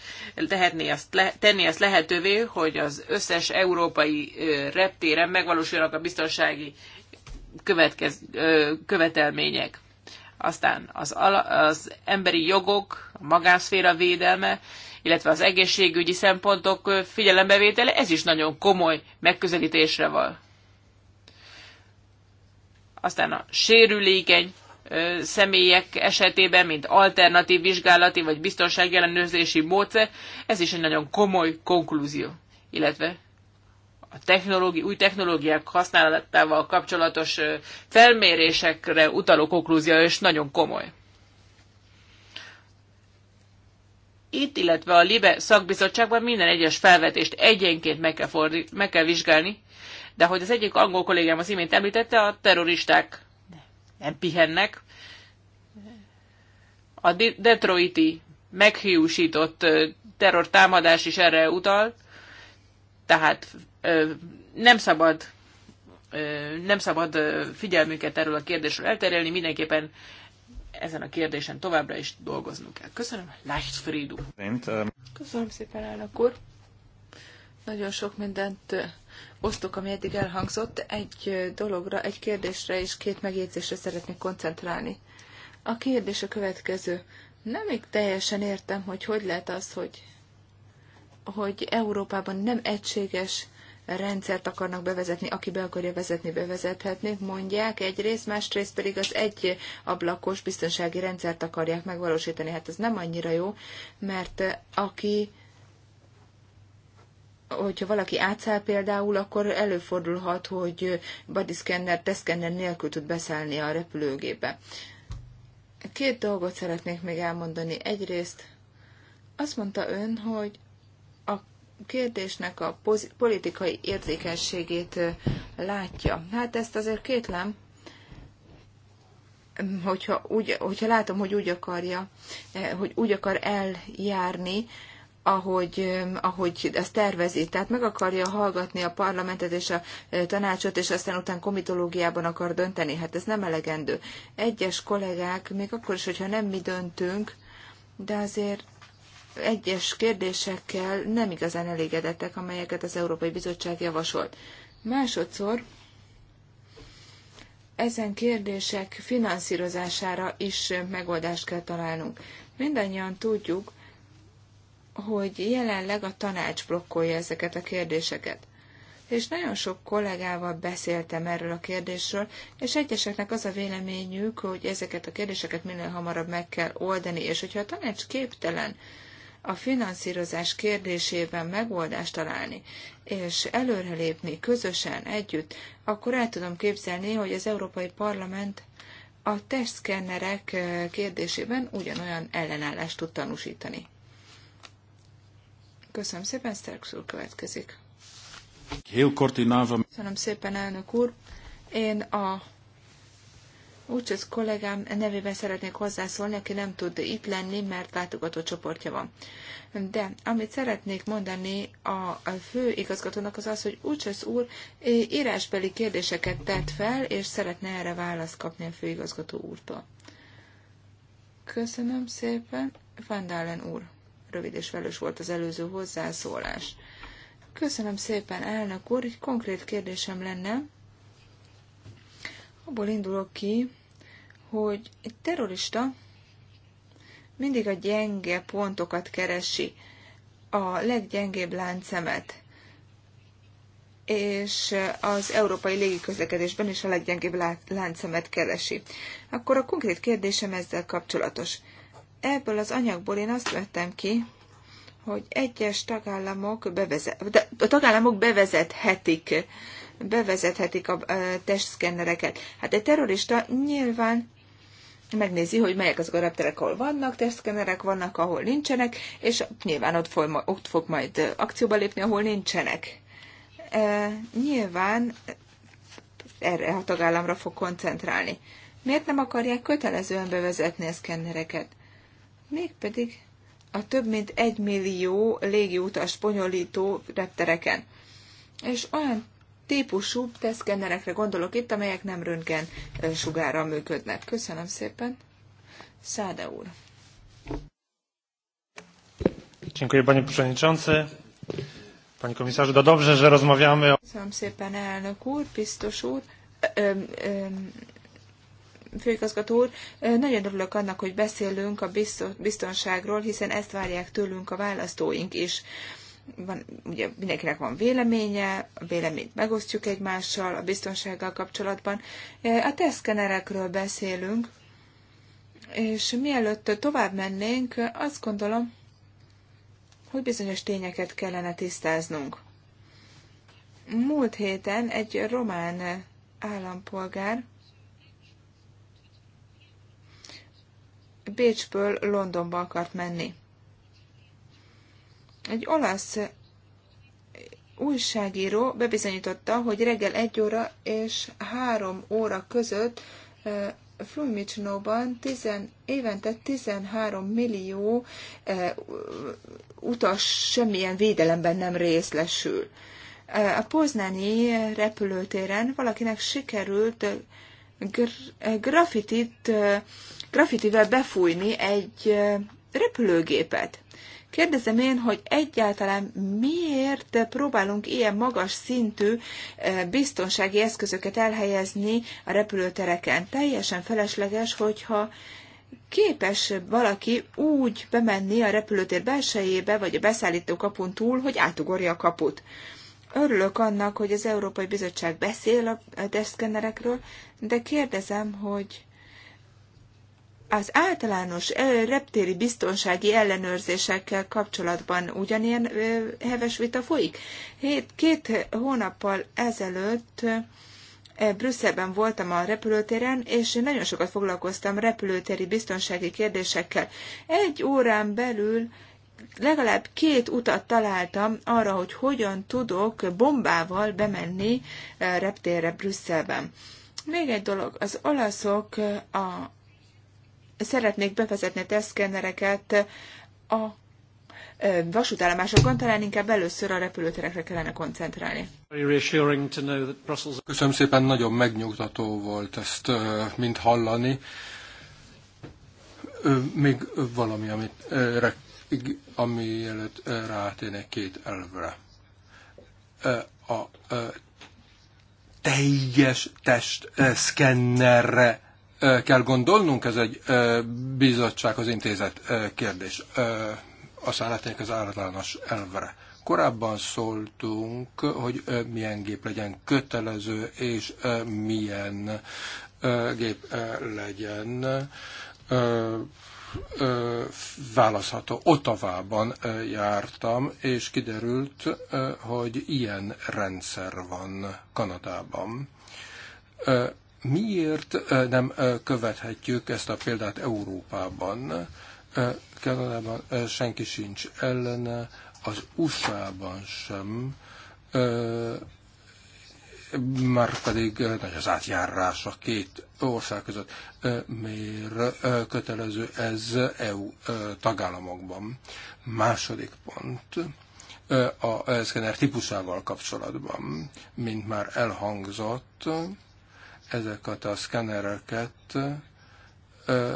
Speaker 2: tehetné azt le, tenni azt lehetővé, hogy az összes európai reptéren megvalósuljanak a biztonsági következ, követelmények aztán az, az emberi jogok, a magánszféra védelme, illetve az egészségügyi szempontok figyelembevétele, ez is nagyon komoly megközelítésre van. Aztán a sérülékeny személyek esetében, mint alternatív vizsgálati vagy biztonságellenőrzési módszer, ez is egy nagyon komoly konklúzió. Illetve a technológi, új technológiák használatával kapcsolatos felmérésekre utaló konklúzia, és nagyon komoly. Itt, illetve a LIBE szakbizottságban minden egyes felvetést egyenként meg kell, fordít, meg kell vizsgálni, de hogy az egyik angol kollégám az imént említette, a terroristák nem pihennek. A detroiti meghiúsított terrortámadás is erre utal, tehát nem szabad nem szabad figyelmüket erről a kérdésről elterelni, mindenképpen ezen a kérdésen továbbra is dolgoznunk kell. Köszönöm, Leichtfriedu.
Speaker 3: Köszönöm szépen, elnök úr. Nagyon sok mindent osztok, ami eddig elhangzott. Egy dologra, egy kérdésre és két megjegyzésre szeretnék koncentrálni. A kérdés a következő. Nem még teljesen értem, hogy hogy lehet az, hogy, hogy Európában nem egységes rendszert akarnak bevezetni, aki be akarja vezetni, bevezethetni, mondják egyrészt, másrészt pedig az egy ablakos biztonsági rendszert akarják megvalósítani. Hát ez nem annyira jó, mert aki hogyha valaki átszáll például, akkor előfordulhat, hogy test scanner nélkül tud beszállni a repülőgébe. Két dolgot szeretnék még elmondani. Egyrészt azt mondta ön, hogy kérdésnek a politikai érzékenységét látja. Hát ezt azért kétlem, hogyha, úgy, hogyha látom, hogy úgy akarja, hogy úgy akar eljárni, ahogy, ahogy ezt tervezi. Tehát meg akarja hallgatni a parlamentet és a tanácsot, és aztán után komitológiában akar dönteni. Hát ez nem elegendő. Egyes kollégák, még akkor is, hogyha nem mi döntünk, de azért egyes kérdésekkel nem igazán elégedettek, amelyeket az Európai Bizottság javasolt. Másodszor ezen kérdések finanszírozására is megoldást kell találnunk. Mindannyian tudjuk, hogy jelenleg a tanács blokkolja ezeket a kérdéseket. És nagyon sok kollégával beszéltem erről a kérdésről, és egyeseknek az a véleményük, hogy ezeket a kérdéseket minél hamarabb meg kell oldani, és hogyha a tanács képtelen a finanszírozás kérdésében megoldást találni, és előrelépni közösen, együtt, akkor el tudom képzelni, hogy az Európai Parlament a testszkennerek eh, kérdésében ugyanolyan ellenállást tud tanúsítani. Köszönöm szépen, Sterkszul úr következik. Köszönöm szépen, elnök úr. Én a Úgyhogy kollégám nevében szeretnék hozzászólni, aki nem tud itt lenni, mert látogató csoportja van. De amit szeretnék mondani a fő igazgatónak az az, hogy Úcsasz úr írásbeli kérdéseket tett fel, és szeretne erre választ kapni a főigazgató úrtól. Köszönöm szépen. Van úr. Rövid és velős volt az előző hozzászólás. Köszönöm szépen, elnök úr. Egy konkrét kérdésem lenne abból indulok ki, hogy egy terrorista mindig a gyenge pontokat keresi, a leggyengébb láncemet, és az európai légiközlekedésben is a leggyengébb láncemet keresi. Akkor a konkrét kérdésem ezzel kapcsolatos. Ebből az anyagból én azt vettem ki, hogy egyes tagállamok, bevezet, de a tagállamok bevezethetik bevezethetik a testszkennereket. Hát egy terrorista nyilván megnézi, hogy melyek azok a repterek, ahol vannak testszkennerek, vannak, ahol nincsenek, és nyilván ott fog, ott fog majd akcióba lépni, ahol nincsenek. E, nyilván erre a tagállamra fog koncentrálni. Miért nem akarják kötelezően bevezetni a szkennereket? Mégpedig a több mint egy millió légiutas bonyolító reptereken. És olyan típusú teszkennerekre gondolok itt, amelyek nem röntgen sugárral működnek. Köszönöm szépen. Száde úr.
Speaker 1: Dziękuję panie przewodniczący. Panie komisarzu, to dobrze, że rozmawiamy o...
Speaker 3: Köszönöm szépen, elnök úr, biztos úr. Ö, ö, ö, főigazgató úr, nagyon örülök annak, hogy beszélünk a biztonságról, hiszen ezt várják tőlünk a választóink is. Ö, van, ugye mindenkinek van véleménye, a véleményt megosztjuk egymással a biztonsággal kapcsolatban. E, a teszkenerekről beszélünk, és mielőtt tovább mennénk, azt gondolom, hogy bizonyos tényeket kellene tisztáznunk. Múlt héten egy román állampolgár Bécsből Londonba akart menni. Egy olasz újságíró bebizonyította, hogy reggel egy óra és három óra között Flumicsnóban tizen, évente 13 millió utas semmilyen védelemben nem részlesül. A poznani repülőtéren valakinek sikerült gr- grafitit, grafitivel befújni egy repülőgépet. Kérdezem én, hogy egyáltalán miért próbálunk ilyen magas szintű eh, biztonsági eszközöket elhelyezni a repülőtereken? Teljesen felesleges, hogyha képes valaki úgy bemenni a repülőtér belsejébe, vagy a beszállító kapun túl, hogy átugorja a kaput. Örülök annak, hogy az Európai Bizottság beszél a deszkennerekről, de kérdezem, hogy az általános reptéri biztonsági ellenőrzésekkel kapcsolatban ugyanilyen heves vita folyik. Hét, két hónappal ezelőtt Brüsszelben voltam a repülőtéren, és nagyon sokat foglalkoztam repülőtéri biztonsági kérdésekkel. Egy órán belül legalább két utat találtam arra, hogy hogyan tudok bombával bemenni reptérre Brüsszelben. Még egy dolog, az olaszok a szeretnék bevezetni a tesztkennereket a vasútállomásokon, talán inkább először a repülőterekre kellene koncentrálni.
Speaker 4: Köszönöm szépen, nagyon megnyugtató volt ezt mind hallani. Még valami, amit, ami előtt rátérnek két elvre. A teljes test szkennerre kell gondolnunk, ez egy bizottsághoz intézett kérdés. A letérjük az általános elvre. Korábban szóltunk, hogy milyen gép legyen kötelező, és milyen gép legyen választható. Otavában jártam, és kiderült, hogy ilyen rendszer van Kanadában Miért nem követhetjük ezt a példát Európában? Kanadában senki sincs ellene, az USA-ban sem, már pedig nagy az átjárás a két ország között. Miért kötelező ez EU tagállamokban?
Speaker 3: Második
Speaker 4: pont a szkenner típusával kapcsolatban, mint már elhangzott, ezeket a szkennereket ö,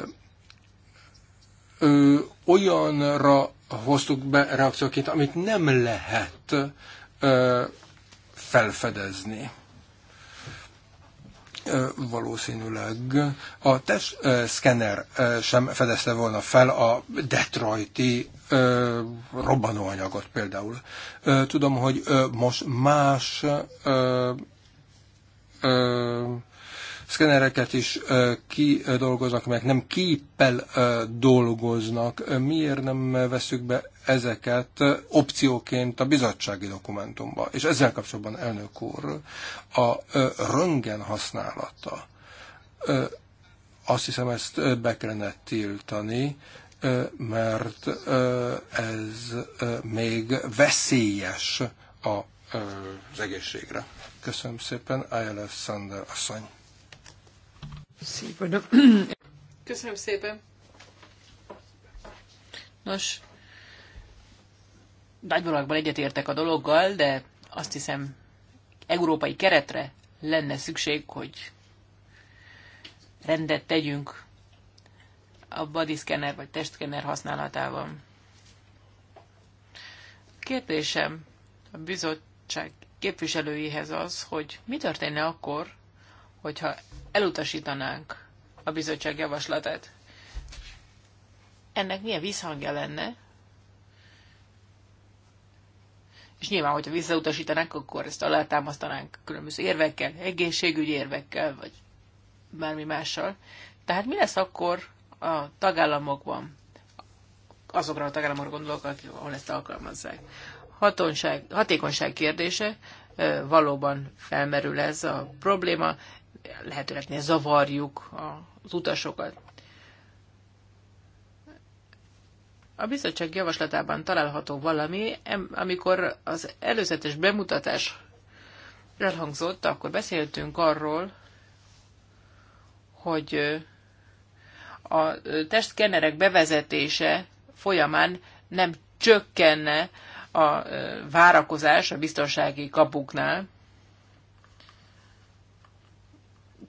Speaker 4: ö, olyanra hoztuk be reakcióként, amit nem lehet ö, felfedezni. Ö, valószínűleg a test szkenner sem fedezte volna fel a detroiti ö, robbanóanyagot például. Ö, tudom, hogy ö, most más ö, ö, szkenereket is kidolgoznak, meg nem képpel dolgoznak. Miért nem veszük be ezeket opcióként a bizottsági dokumentumba? És ezzel kapcsolatban, elnök úr, a röngen használata, azt hiszem ezt be kellene tiltani, mert ez még veszélyes a az egészségre. Köszönöm szépen, ILF Sander asszony.
Speaker 2: Köszönöm szépen. Nos, nagyvonalakban egyetértek a dologgal, de azt hiszem, európai keretre lenne szükség, hogy rendet tegyünk a scanner vagy testszkenner használatában. Kérdésem a bizottság képviselőihez az, hogy mi történne akkor, hogyha elutasítanánk a bizottság javaslatát. Ennek milyen visszhangja lenne? És nyilván, hogyha visszautasítanánk, akkor ezt alátámasztanánk különböző érvekkel, egészségügyi érvekkel, vagy bármi mással. Tehát mi lesz akkor a tagállamokban? Azokra a tagállamokra gondolok, akik, ahol ezt alkalmazzák. Hatonság, hatékonyság kérdése, valóban felmerül ez a probléma lehetőleg ne zavarjuk az utasokat. A bizottság javaslatában található valami, amikor az előzetes bemutatás elhangzott, akkor beszéltünk arról, hogy a testkenerek bevezetése folyamán nem csökkenne a várakozás a biztonsági kapuknál.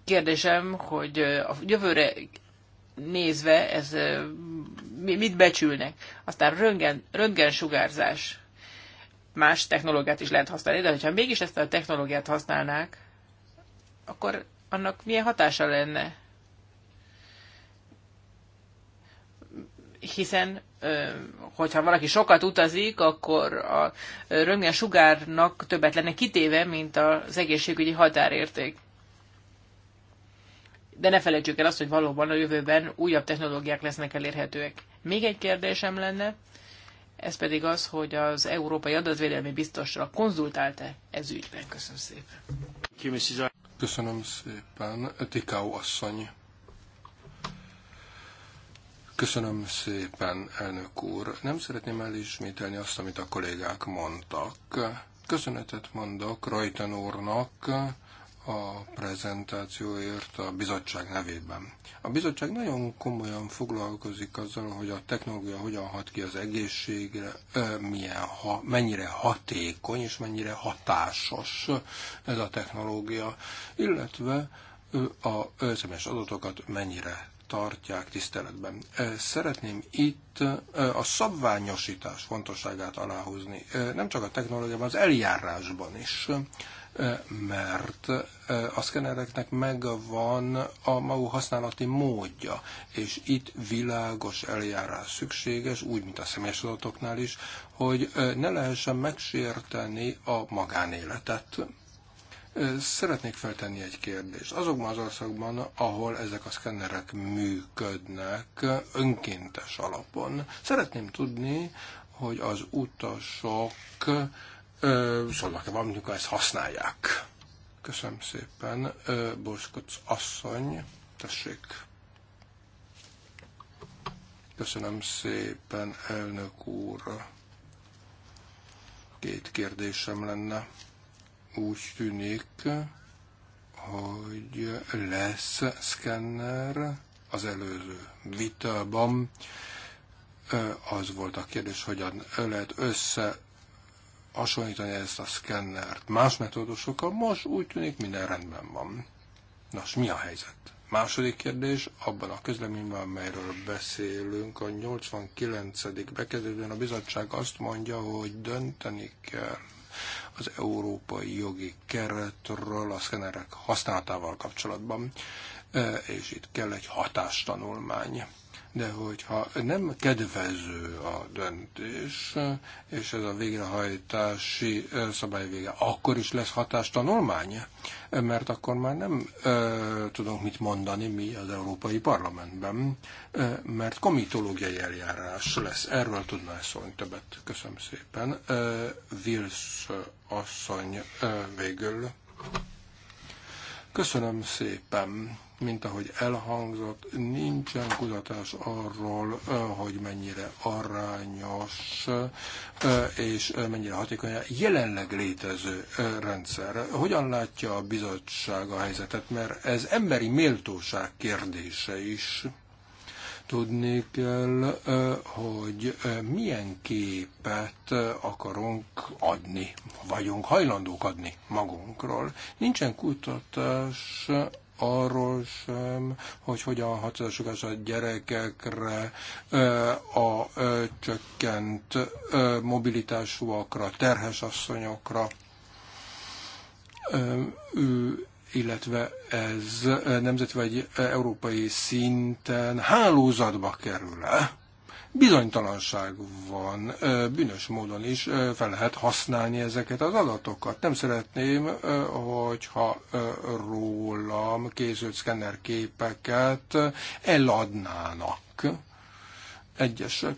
Speaker 2: Kérdésem, hogy a jövőre nézve ez mit becsülnek. Aztán röntgen, röntgensugárzás. Más technológiát is lehet használni, de hogyha mégis ezt a technológiát használnák, akkor annak milyen hatása lenne? Hiszen, hogyha valaki sokat utazik, akkor a röntgen sugárnak többet lenne kitéve, mint az egészségügyi határérték de ne felejtsük el azt, hogy valóban a jövőben újabb technológiák lesznek elérhetőek. Még egy kérdésem lenne, ez pedig az, hogy az Európai Adatvédelmi Biztosra konzultált-e ez ügyben. Köszönöm
Speaker 4: szépen. Köszönöm szépen, Tikau asszony. Köszönöm szépen, elnök úr. Nem szeretném elismételni azt, amit a kollégák mondtak. Köszönetet mondok Rajten úrnak a prezentációért a bizottság nevében. A bizottság nagyon komolyan foglalkozik azzal, hogy a technológia hogyan hat ki az egészségre, milyen, ha, mennyire hatékony és mennyire hatásos ez a technológia, illetve a személyes adatokat mennyire tartják tiszteletben. Szeretném itt a szabványosítás fontosságát aláhúzni, nem csak a technológiában, az eljárásban is mert a szkennereknek megvan a maguk használati módja, és itt világos eljárás szükséges, úgy, mint a személyes adatoknál is, hogy ne lehessen megsérteni a magánéletet. Szeretnék feltenni egy kérdést. Azokban az országban, ahol ezek a szkennerek működnek önkéntes alapon, szeretném tudni, hogy az utasok vannak-e van, amikor ezt használják. Köszönöm szépen. Borskoc asszony, tessék. Köszönöm szépen, elnök úr. Két kérdésem lenne. Úgy tűnik, hogy lesz szkenner az előző vitában. Az volt a kérdés, hogyan lehet össze hasonlítani ezt a szkennert más metódusokkal, most úgy tűnik minden rendben van. Nos, mi a helyzet? Második kérdés, abban a közleményben, amelyről beszélünk, a 89. bekezdődően a bizottság azt mondja, hogy dönteni kell az európai jogi keretről a szkenerek használatával kapcsolatban, és itt kell egy hatástanulmány de hogyha nem kedvező a döntés, és ez a végrehajtási szabály vége, akkor is lesz hatástanulmány, mert akkor már nem ö, tudunk mit mondani mi az Európai Parlamentben, ö, mert komitológiai eljárás lesz. Erről tudná szólni többet. Köszönöm szépen. Ö, Vils asszony ö, végül. Köszönöm szépen mint ahogy elhangzott, nincsen kutatás arról, hogy mennyire arányos és mennyire hatékony a jelenleg létező rendszer. Hogyan látja a bizottság a helyzetet, mert ez emberi méltóság kérdése is. Tudni kell, hogy milyen képet akarunk adni, vagyunk hajlandók adni magunkról. Nincsen kutatás arról sem, hogy hogyan hatásuk a gyerekekre a csökkent mobilitásúakra, terhes asszonyokra, illetve ez nemzeti vagy európai szinten hálózatba kerül-e bizonytalanság van, bűnös módon is fel lehet használni ezeket az adatokat. Nem szeretném, hogyha rólam készült szkenner képeket eladnának egyesek.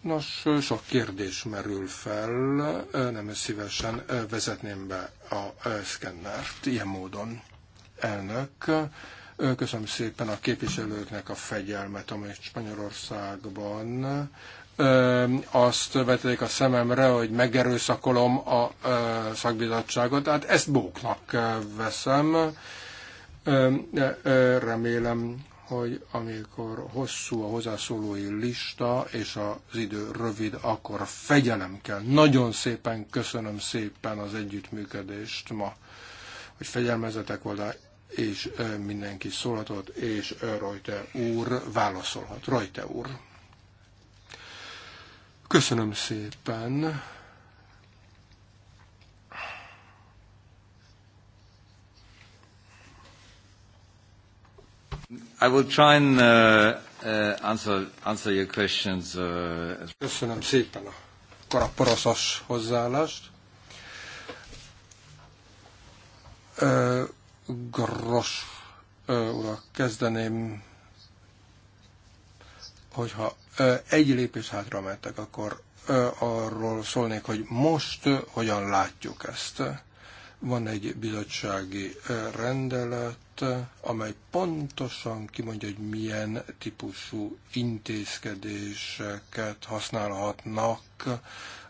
Speaker 4: Nos, sok kérdés merül fel, nem szívesen vezetném be a szkennert ilyen módon. Elnök, Köszönöm szépen a képviselőknek a fegyelmet, amely Spanyolországban azt vetelik a szememre, hogy megerőszakolom a szakbizottságot, hát ezt bóknak veszem. Remélem, hogy amikor hosszú a hozzászólói lista, és az idő rövid, akkor fegyelem kell. Nagyon szépen köszönöm szépen az együttműködést ma, hogy fegyelmezetek voltál és mindenki szólhatott, és Rajte úr válaszolhat. Rajte úr. Köszönöm szépen.
Speaker 3: I will try and uh, uh, answer, answer your questions. Uh...
Speaker 4: Köszönöm szépen a karaparaszas hozzáállást. Uh, Gross ura kezdeném, hogyha egy lépés hátra mentek, akkor arról szólnék, hogy most hogyan látjuk ezt. Van egy bizottsági rendelet, amely pontosan kimondja, hogy milyen típusú intézkedéseket használhatnak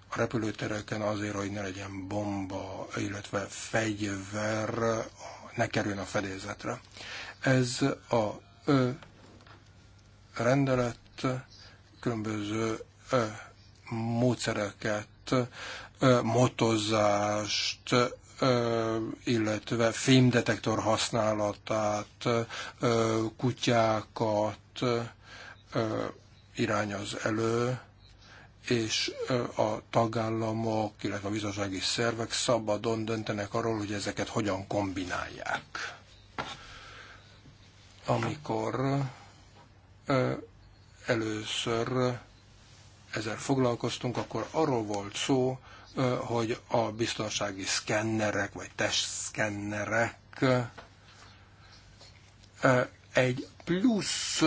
Speaker 4: a repülőtereken azért, hogy ne legyen bomba, illetve fegyver ne kerüljön a fedélzetre. Ez a ö, rendelet különböző ö, módszereket, ö, motozást, ö, illetve fémdetektor használatát, ö, kutyákat ö, irányoz elő, és a tagállamok, illetve a bizottsági szervek szabadon döntenek arról, hogy ezeket hogyan kombinálják. Amikor először ezzel foglalkoztunk, akkor arról volt szó, hogy a biztonsági szkennerek vagy testszkennerek egy plusz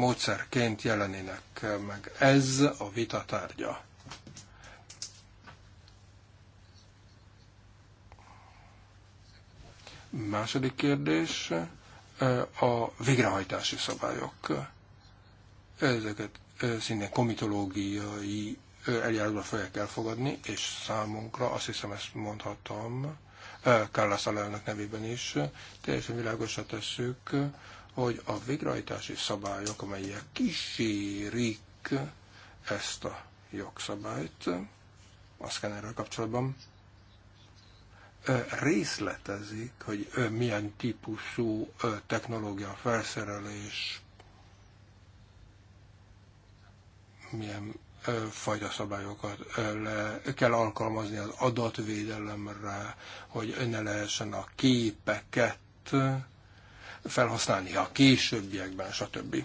Speaker 4: módszerként jelenének meg. Ez a vita tárgya. Második kérdés a végrehajtási szabályok. Ezeket szinte komitológiai eljárásba fogják elfogadni, és számunkra, azt hiszem ezt mondhatom, Carlos alelnök nevében is, teljesen világosra tesszük, hogy a végrehajtási szabályok, amelyek kísérik ezt a jogszabályt a szkennerrel kapcsolatban, részletezik, hogy milyen típusú technológia felszerelés, milyen fajta szabályokat le kell alkalmazni az adatvédelemre, hogy ne lehessen a képeket felhasználni a későbbiekben, stb.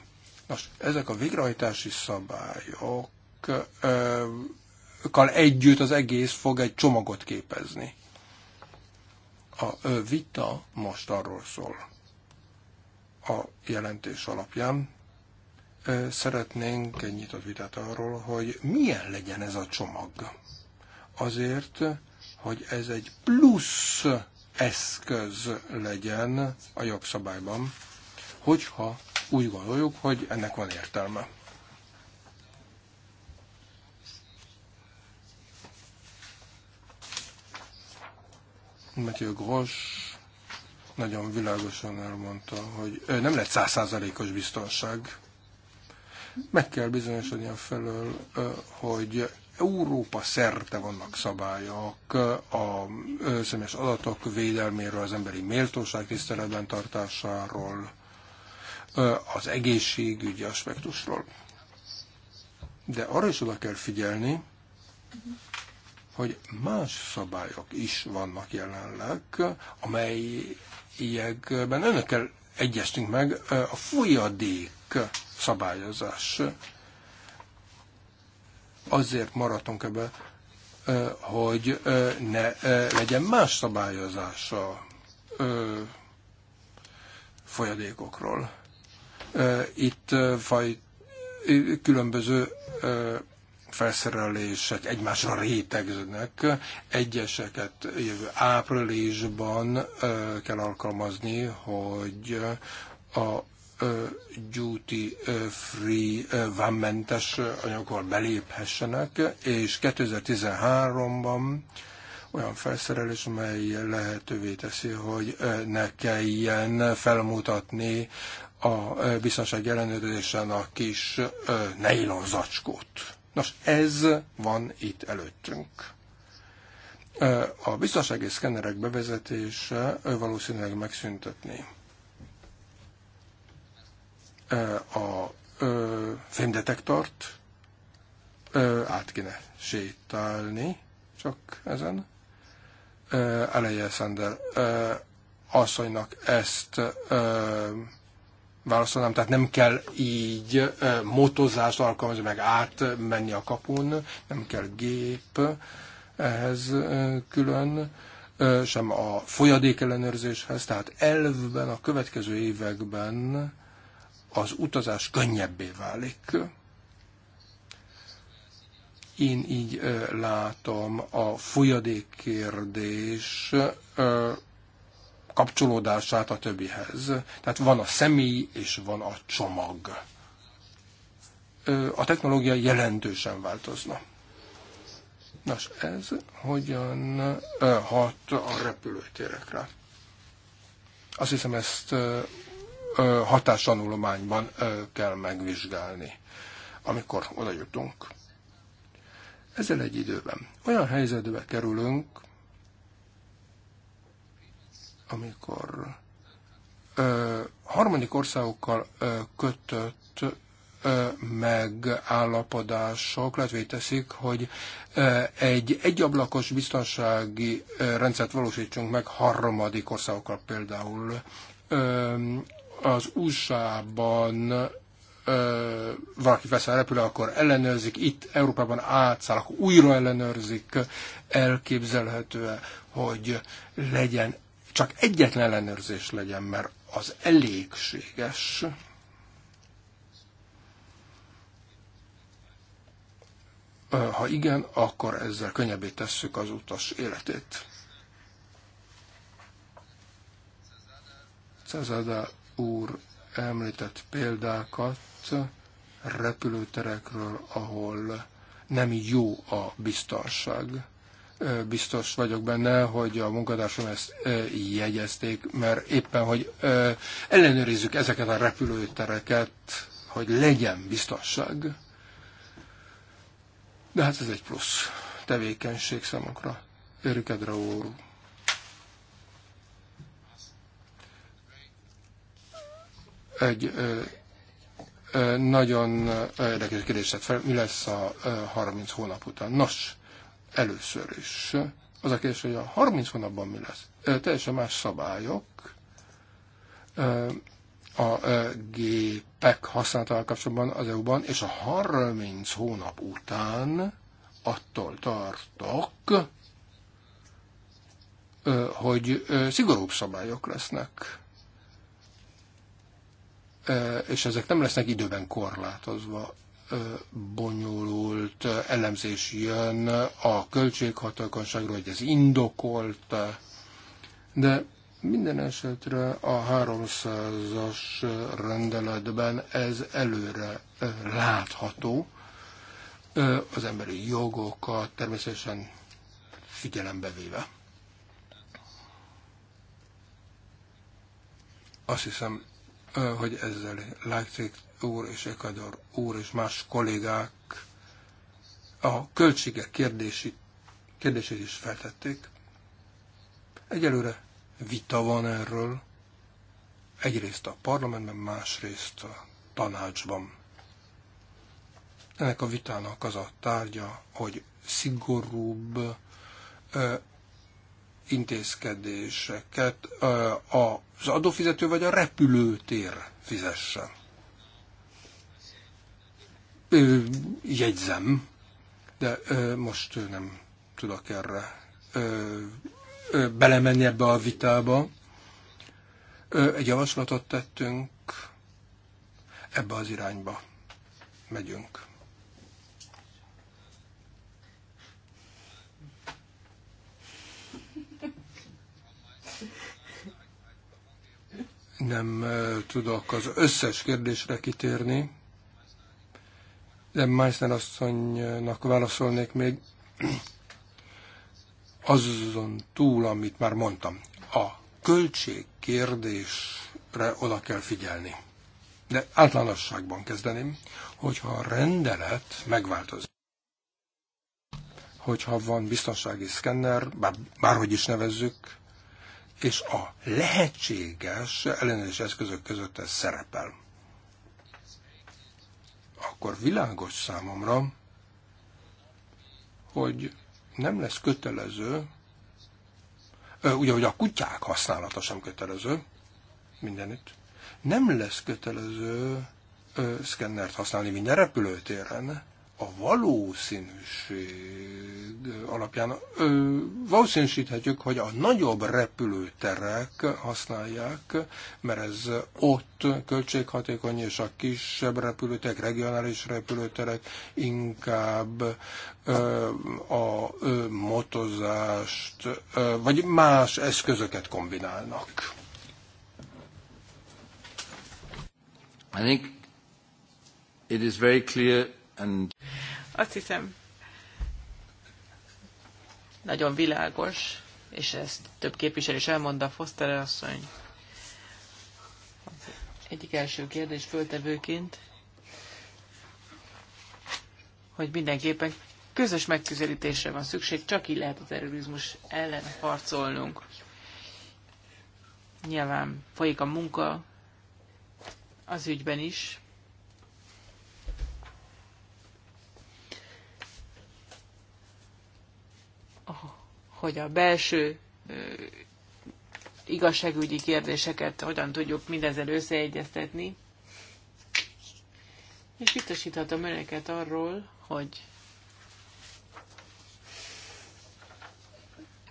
Speaker 4: Nos, ezek a végrehajtási szabályok kal együtt az egész fog egy csomagot képezni. A vita most arról szól a jelentés alapján. Szeretnénk egy nyitott vitát arról, hogy milyen legyen ez a csomag. Azért, hogy ez egy plusz eszköz legyen a jogszabályban, hogyha úgy gondoljuk, hogy ennek van értelme. Matthew Gross nagyon világosan elmondta, hogy nem lehet százszázalékos biztonság. Meg kell bizonyosodni a felől, hogy Európa szerte vannak szabályok a személyes adatok védelméről, az emberi méltóság tiszteletben tartásáról, az egészségügyi aspektusról. De arra is oda kell figyelni, hogy más szabályok is vannak jelenleg, amelyekben önökkel egyeztünk meg a folyadék szabályozás azért maradtunk ebbe, hogy ne legyen más szabályozása folyadékokról. Itt faj, különböző felszerelések egymásra rétegződnek. Egyeseket jövő áprilisban kell alkalmazni, hogy a duty free vámmentes anyagokkal beléphessenek, és 2013-ban olyan felszerelés, amely lehetővé teszi, hogy ne kelljen felmutatni a biztonság ellenőrzésen a kis nylon zacskót. Nos, ez van itt előttünk. A biztonsági szkennerek bevezetése valószínűleg megszüntetni a fémdetektort át kéne sétálni, csak ezen. Eleje Szendel asszonynak ezt válaszolnám, tehát nem kell így motozást alkalmazni, meg átmenni a kapun, nem kell gép ehhez külön, sem a folyadék ellenőrzéshez, tehát elvben a következő években az utazás könnyebbé válik. Én így látom a folyadék kérdés kapcsolódását a többihez. Tehát van a személy és van a csomag. A technológia jelentősen változna. Nos, ez hogyan hat a repülőtérekre? Azt hiszem, ezt hatásanulományban kell megvizsgálni, amikor oda jutunk. Ezzel egy időben olyan helyzetbe kerülünk, amikor ö, harmadik országokkal ö, kötött ö, megállapodások lehetővé teszik, hogy ö, egy egyablakos biztonsági ö, rendszert valósítsunk meg harmadik országokkal, például ö, az USA-ban ö, valaki vesz a repülő, akkor ellenőrzik, itt Európában átszáll, akkor újra ellenőrzik, elképzelhető -e, hogy legyen, csak egyetlen ellenőrzés legyen, mert az elégséges. Ha igen, akkor ezzel könnyebbé tesszük az utas életét. Cezada úr említett példákat repülőterekről, ahol nem jó a biztonság. Biztos vagyok benne, hogy a munkatársam ezt jegyezték, mert éppen, hogy ellenőrizzük ezeket a repülőtereket, hogy legyen biztonság. De hát ez egy plusz tevékenység számokra. Örükedre úr. Egy nagyon érdekes kérdés fel, mi lesz a 30 hónap után. Nos, először is az a kérdés, hogy a 30 hónapban mi lesz. Teljesen más szabályok a gépek használatával kapcsolatban az EU-ban, és a 30 hónap után attól tartok, hogy szigorúbb szabályok lesznek és ezek nem lesznek időben korlátozva. Bonyolult elemzés jön a költséghatalkanságról, hogy ez indokolt, de minden esetre a 300-as rendeletben ez előre látható. Az emberi jogokat természetesen figyelembe véve. Azt hiszem, hogy ezzel Leipzig úr és Ekador úr és más kollégák a költségek kérdési, kérdését is feltették. Egyelőre vita van erről, egyrészt a parlamentben, másrészt a tanácsban. Ennek a vitának az a tárgya, hogy szigorúbb intézkedéseket az adófizető vagy a repülőtér fizessen. Jegyzem, de most nem tudok erre belemenni ebbe a vitába. Egy javaslatot tettünk, ebbe az irányba megyünk. nem tudok az összes kérdésre kitérni, de Meissner asszonynak válaszolnék még azon túl, amit már mondtam. A költség kérdésre oda kell figyelni. De általánosságban kezdeném, hogyha a rendelet megváltozik, hogyha van biztonsági szkenner, bár, bárhogy is nevezzük, és a lehetséges ellenőrzési eszközök között ez szerepel. Akkor világos számomra, hogy nem lesz kötelező, ugye, hogy a kutyák használata sem kötelező mindenütt, nem lesz kötelező ö, szkennert használni minden repülőtéren, a valószínűség alapján ö, valószínűsíthetjük, hogy a nagyobb repülőterek használják, mert ez ott költséghatékony, és a kisebb repülőterek, regionális repülőterek inkább ö, a ö, motozást, ö, vagy más eszközöket kombinálnak.
Speaker 3: I think
Speaker 1: it is very clear
Speaker 2: azt hiszem, nagyon világos, és ezt több képviselő is elmondta, Foster asszony egyik első kérdés föltevőként, hogy mindenképpen közös megközelítésre van szükség, csak így lehet a terrorizmus ellen harcolnunk. Nyilván folyik a munka az ügyben is, hogy a belső igazságügyi kérdéseket hogyan tudjuk mindezzel összeegyeztetni. És biztosíthatom önöket arról, hogy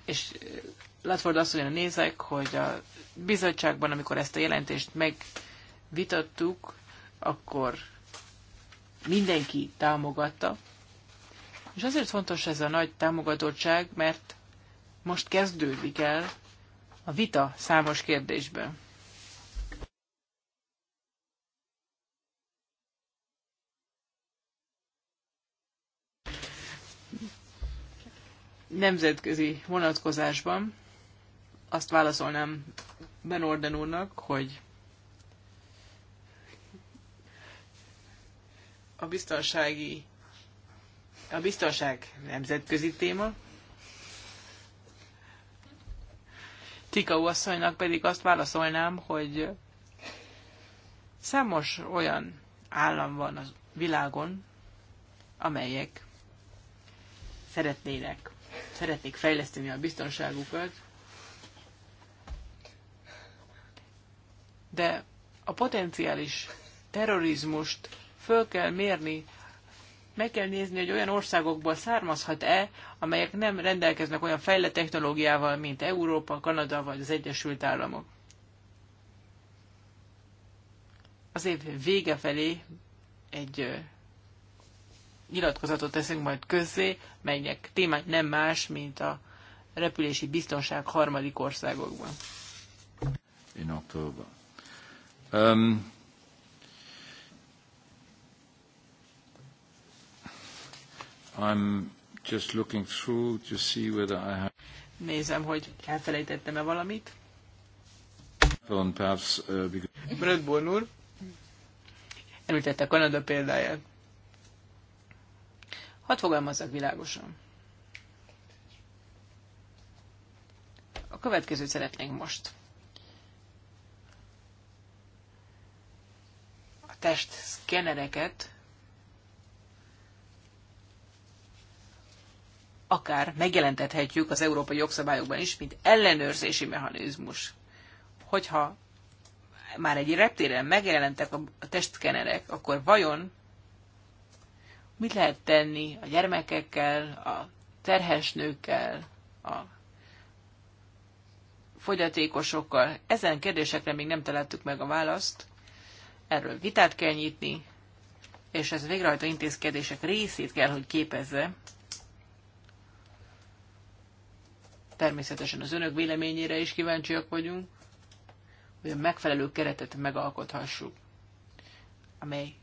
Speaker 2: és Latford mondja, nézek, hogy a bizottságban, amikor ezt a jelentést megvitattuk, akkor mindenki támogatta. És azért fontos ez a nagy támogatottság, mert most kezdődik el a vita számos kérdésben. Nemzetközi vonatkozásban azt válaszolnám Ben Orden úrnak, hogy a biztonsági a biztonság nemzetközi téma, Tikau asszonynak pedig azt válaszolnám, hogy számos olyan állam van a világon, amelyek szeretnének, szeretnék fejleszteni a biztonságukat, de a potenciális terrorizmust föl kell mérni meg kell nézni, hogy olyan országokból származhat-e, amelyek nem rendelkeznek olyan fejlett technológiával, mint Európa, Kanada vagy az Egyesült Államok. Az év vége felé egy nyilatkozatot teszünk majd közzé, melynek témája nem más, mint a repülési biztonság harmadik országokban.
Speaker 1: In October. Um, I'm just
Speaker 4: looking through to see whether I have...
Speaker 2: Nézem, hogy elfelejtettem-e valamit.
Speaker 4: Perhaps, uh, because...
Speaker 2: Brödborn úr említette Kanada példáját. Hadd fogalmazzak világosan. A következőt szeretnénk most. A test szkenereket akár megjelentethetjük az európai jogszabályokban is, mint ellenőrzési mechanizmus. Hogyha már egy reptéren megjelentek a testkenerek, akkor vajon mit lehet tenni a gyermekekkel, a terhesnőkkel, a fogyatékosokkal? Ezen kérdésekre még nem találtuk meg a választ. Erről vitát kell nyitni, és ez végrehajtó intézkedések részét kell, hogy képezze Természetesen az önök véleményére is kíváncsiak vagyunk, hogy a megfelelő keretet megalkothassuk, amely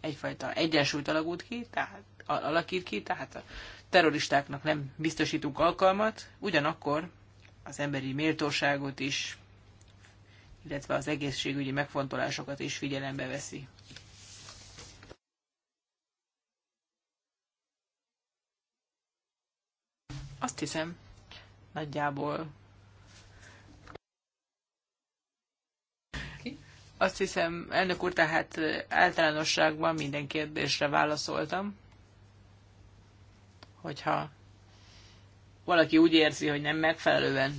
Speaker 2: egyfajta egyensúlyt alakult ki, tehát, alakít ki, tehát a terroristáknak nem biztosítunk alkalmat, ugyanakkor az emberi méltóságot is, illetve az egészségügyi megfontolásokat is figyelembe veszi. Azt hiszem, nagyjából. Azt hiszem, elnök úr, tehát általánosságban minden kérdésre válaszoltam. Hogyha valaki úgy érzi, hogy nem megfelelően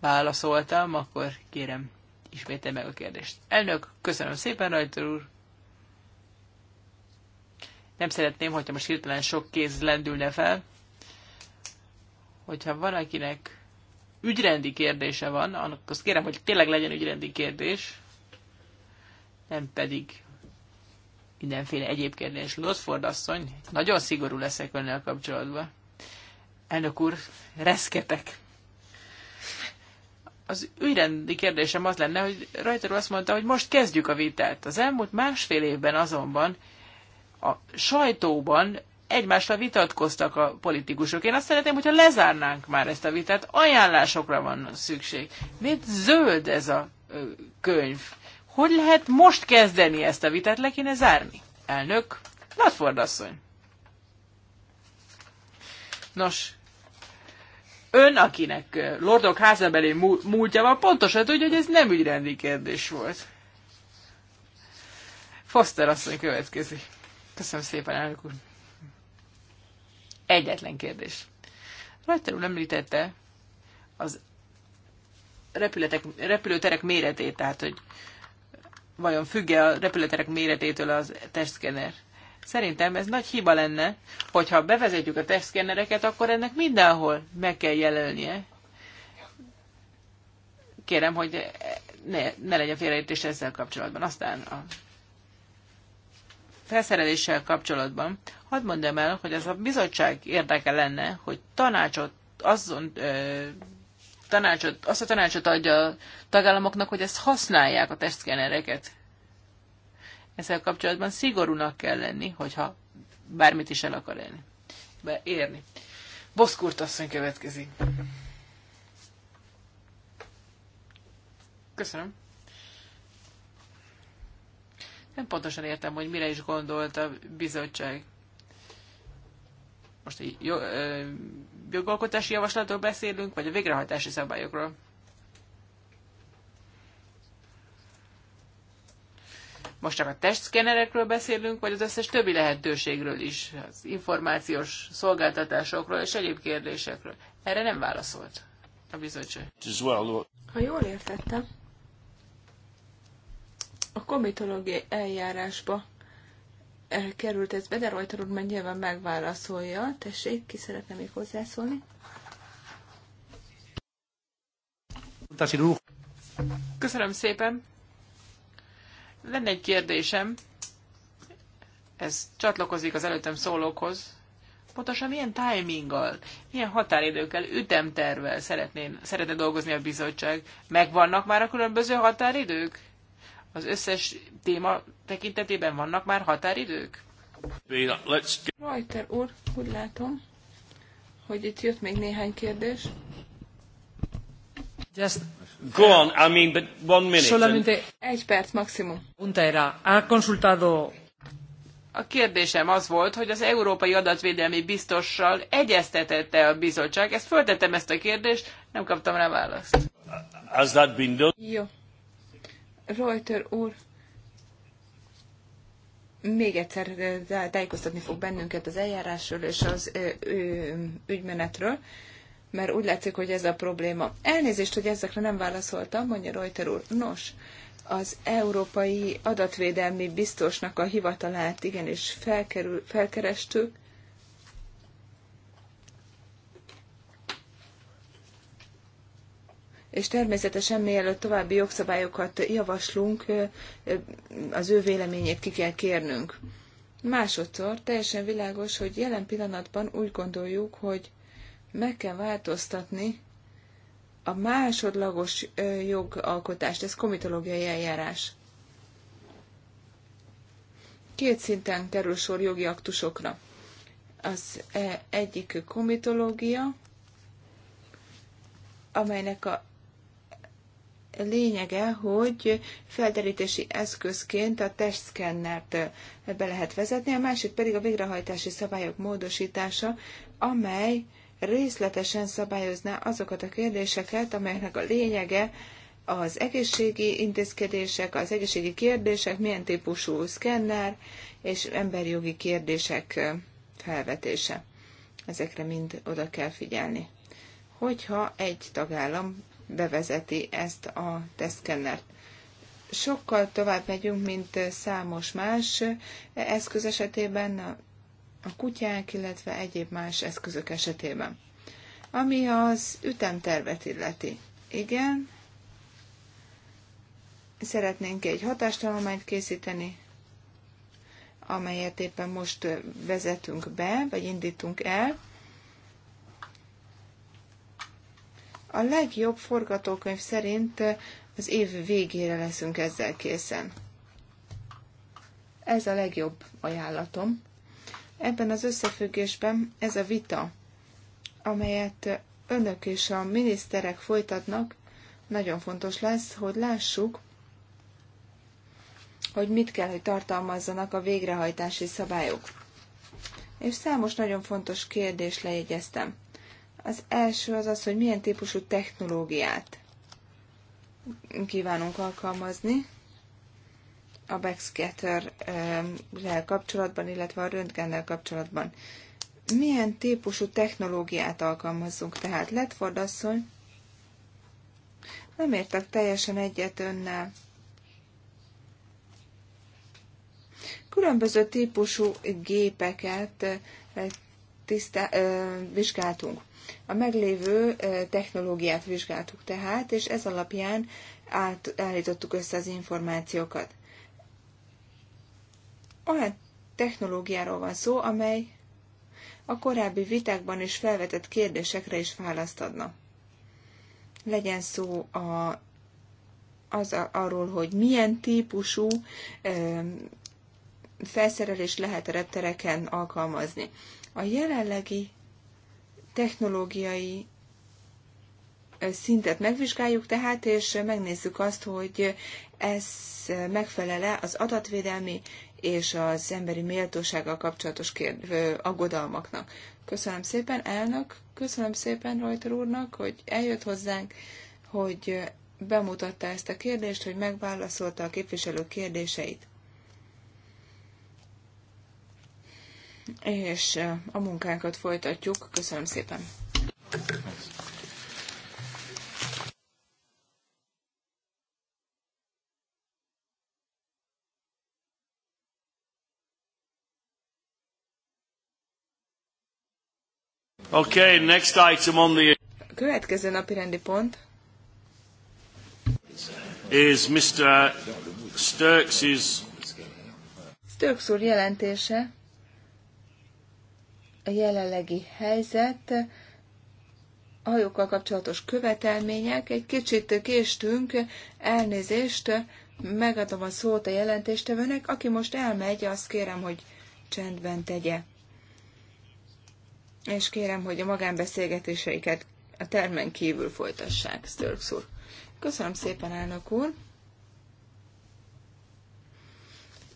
Speaker 2: válaszoltam, akkor kérem, ismétel meg a kérdést. Elnök, köszönöm szépen, rajta úr. Nem szeretném, hogyha most hirtelen sok kéz lendülne fel hogyha valakinek ügyrendi kérdése van, annak azt kérem, hogy tényleg legyen ügyrendi kérdés, nem pedig mindenféle egyéb kérdés. Lodford asszony, nagyon szigorú leszek önnel kapcsolatban. Elnök úr, reszketek. Az ügyrendi kérdésem az lenne, hogy rajta azt mondta, hogy most kezdjük a vitát. Az elmúlt másfél évben azonban a sajtóban egymással vitatkoztak a politikusok. Én azt szeretném, hogyha lezárnánk már ezt a vitát, ajánlásokra van szükség. Miért zöld ez a könyv? Hogy lehet most kezdeni ezt a vitát, le kéne zárni? Elnök, Latford asszony. Nos, ön, akinek Lordok házabeli múltja van, pontosan tudja, hogy ez nem ügyrendi kérdés volt. Foster asszony következik. Köszönöm szépen, elnök úr egyetlen kérdés. Rajta említette az repületek, repülőterek méretét, tehát hogy vajon függe a repülőterek méretétől az testszkenner. Szerintem ez nagy hiba lenne, hogyha bevezetjük a testszkennereket, akkor ennek mindenhol meg kell jelölnie. Kérem, hogy ne, ne legyen félreértés ezzel kapcsolatban. Aztán a felszereléssel kapcsolatban, hadd mondjam el, hogy ez a bizottság érdeke lenne, hogy tanácsot, azon, ö, tanácsot, azt a tanácsot adja a tagállamoknak, hogy ezt használják a testszkenereket. Ezzel kapcsolatban szigorúnak kell lenni, hogyha bármit is el akar élni. Be érni. Boszkurt asszony következik. Köszönöm. Nem pontosan értem, hogy mire is gondolt a bizottság. Most egy jogalkotási javaslatról beszélünk, vagy a végrehajtási szabályokról? Most csak a testszkenerekről beszélünk, vagy az összes többi lehetőségről is, az információs szolgáltatásokról és egyéb kérdésekről. Erre nem válaszolt a bizottság.
Speaker 1: Uh,
Speaker 3: ha jól értettem, a komitológiai eljárásba eh, került ez be, de rajta úr mennyiben megválaszolja. Tessék, ki szeretne még hozzászólni?
Speaker 2: Köszönöm szépen. Lenne egy kérdésem. Ez csatlakozik az előttem szólókhoz. Pontosan milyen timinggal, milyen határidőkkel, ütemtervel szeretnén, szeretne dolgozni a bizottság? Megvannak már a különböző határidők? az összes téma tekintetében vannak már határidők?
Speaker 3: Rajter úr, úgy látom, hogy itt jött még néhány kérdés. Just
Speaker 1: Go on, I mean, but one minute. Solamente
Speaker 3: egy perc maximum. Punta era, ha consultado
Speaker 2: a kérdésem az volt, hogy az Európai Adatvédelmi Biztossal egyeztetette a bizottság. Ezt föltettem ezt a kérdést, nem kaptam rá választ.
Speaker 1: Has that been
Speaker 3: done? Jó. Reuter úr még egyszer tájékoztatni fog bennünket az eljárásról és az ügymenetről, mert úgy látszik, hogy ez a probléma. Elnézést, hogy ezekre nem válaszoltam, mondja Reuter úr. Nos, az Európai Adatvédelmi Biztosnak a hivatalát igenis felkerül, felkerestük, és természetesen mielőtt további jogszabályokat javaslunk, az ő véleményét ki kell kérnünk. Másodszor teljesen világos, hogy jelen pillanatban úgy gondoljuk, hogy meg kell változtatni a másodlagos jogalkotást, ez komitológiai eljárás. Két szinten kerül sor jogi aktusokra. Az e egyik komitológia, amelynek a lényege, hogy felderítési eszközként a testszkennert eh, be lehet vezetni, a másik pedig a végrehajtási szabályok módosítása, amely részletesen szabályozná azokat a kérdéseket, amelyeknek a lényege az egészségi intézkedések, az egészségi kérdések, milyen típusú szkenner és emberjogi kérdések eh, felvetése. Ezekre mind oda kell figyelni. Hogyha egy tagállam bevezeti ezt a teszkennert. Sokkal tovább megyünk, mint számos más eszköz esetében, a kutyák, illetve egyéb más eszközök esetében. Ami az ütemtervet illeti. Igen, szeretnénk egy hatástanulmányt készíteni, amelyet éppen most vezetünk be, vagy indítunk el, A legjobb forgatókönyv szerint az év végére leszünk ezzel készen. Ez a legjobb ajánlatom. Ebben az összefüggésben ez a vita, amelyet önök és a miniszterek folytatnak, nagyon fontos lesz, hogy lássuk, hogy mit kell, hogy tartalmazzanak a végrehajtási szabályok. És számos nagyon fontos kérdést lejegyeztem. Az első az az, hogy milyen típusú technológiát kívánunk alkalmazni a backscatter-rel kapcsolatban, illetve a röntgennel kapcsolatban. Milyen típusú technológiát alkalmazzunk? Tehát Letford asszony, nem értek teljesen egyet önnel. Különböző típusú gépeket ö, vizsgáltunk. A meglévő technológiát vizsgáltuk tehát, és ez alapján át, állítottuk össze az információkat. Olyan technológiáról van szó, amely a korábbi vitákban is felvetett kérdésekre is választ adna. Legyen szó a, az a, arról, hogy milyen típusú ö, felszerelés lehet a reptereken alkalmazni. A jelenlegi technológiai szintet megvizsgáljuk tehát, és megnézzük azt, hogy ez megfelele az adatvédelmi és az emberi méltósággal kapcsolatos kérd, aggodalmaknak. Köszönöm szépen, elnök, köszönöm szépen Rajter úrnak, hogy eljött hozzánk, hogy bemutatta ezt a kérdést, hogy megválaszolta a képviselők kérdéseit. és eh, a munkánkat folytatjuk. Köszönöm szépen! Okay, next
Speaker 1: item on the
Speaker 3: következő napi rendi pont
Speaker 1: is Mr. Sturks's
Speaker 3: Sturks úr jelentése a jelenlegi helyzet, hajókkal kapcsolatos követelmények. Egy kicsit késtünk, elnézést, megadom a szót a jelentéstevőnek. Aki most elmegy, azt kérem, hogy csendben tegye. És kérem, hogy a magánbeszélgetéseiket a termen kívül folytassák, Störks úr. Köszönöm szépen, elnök úr.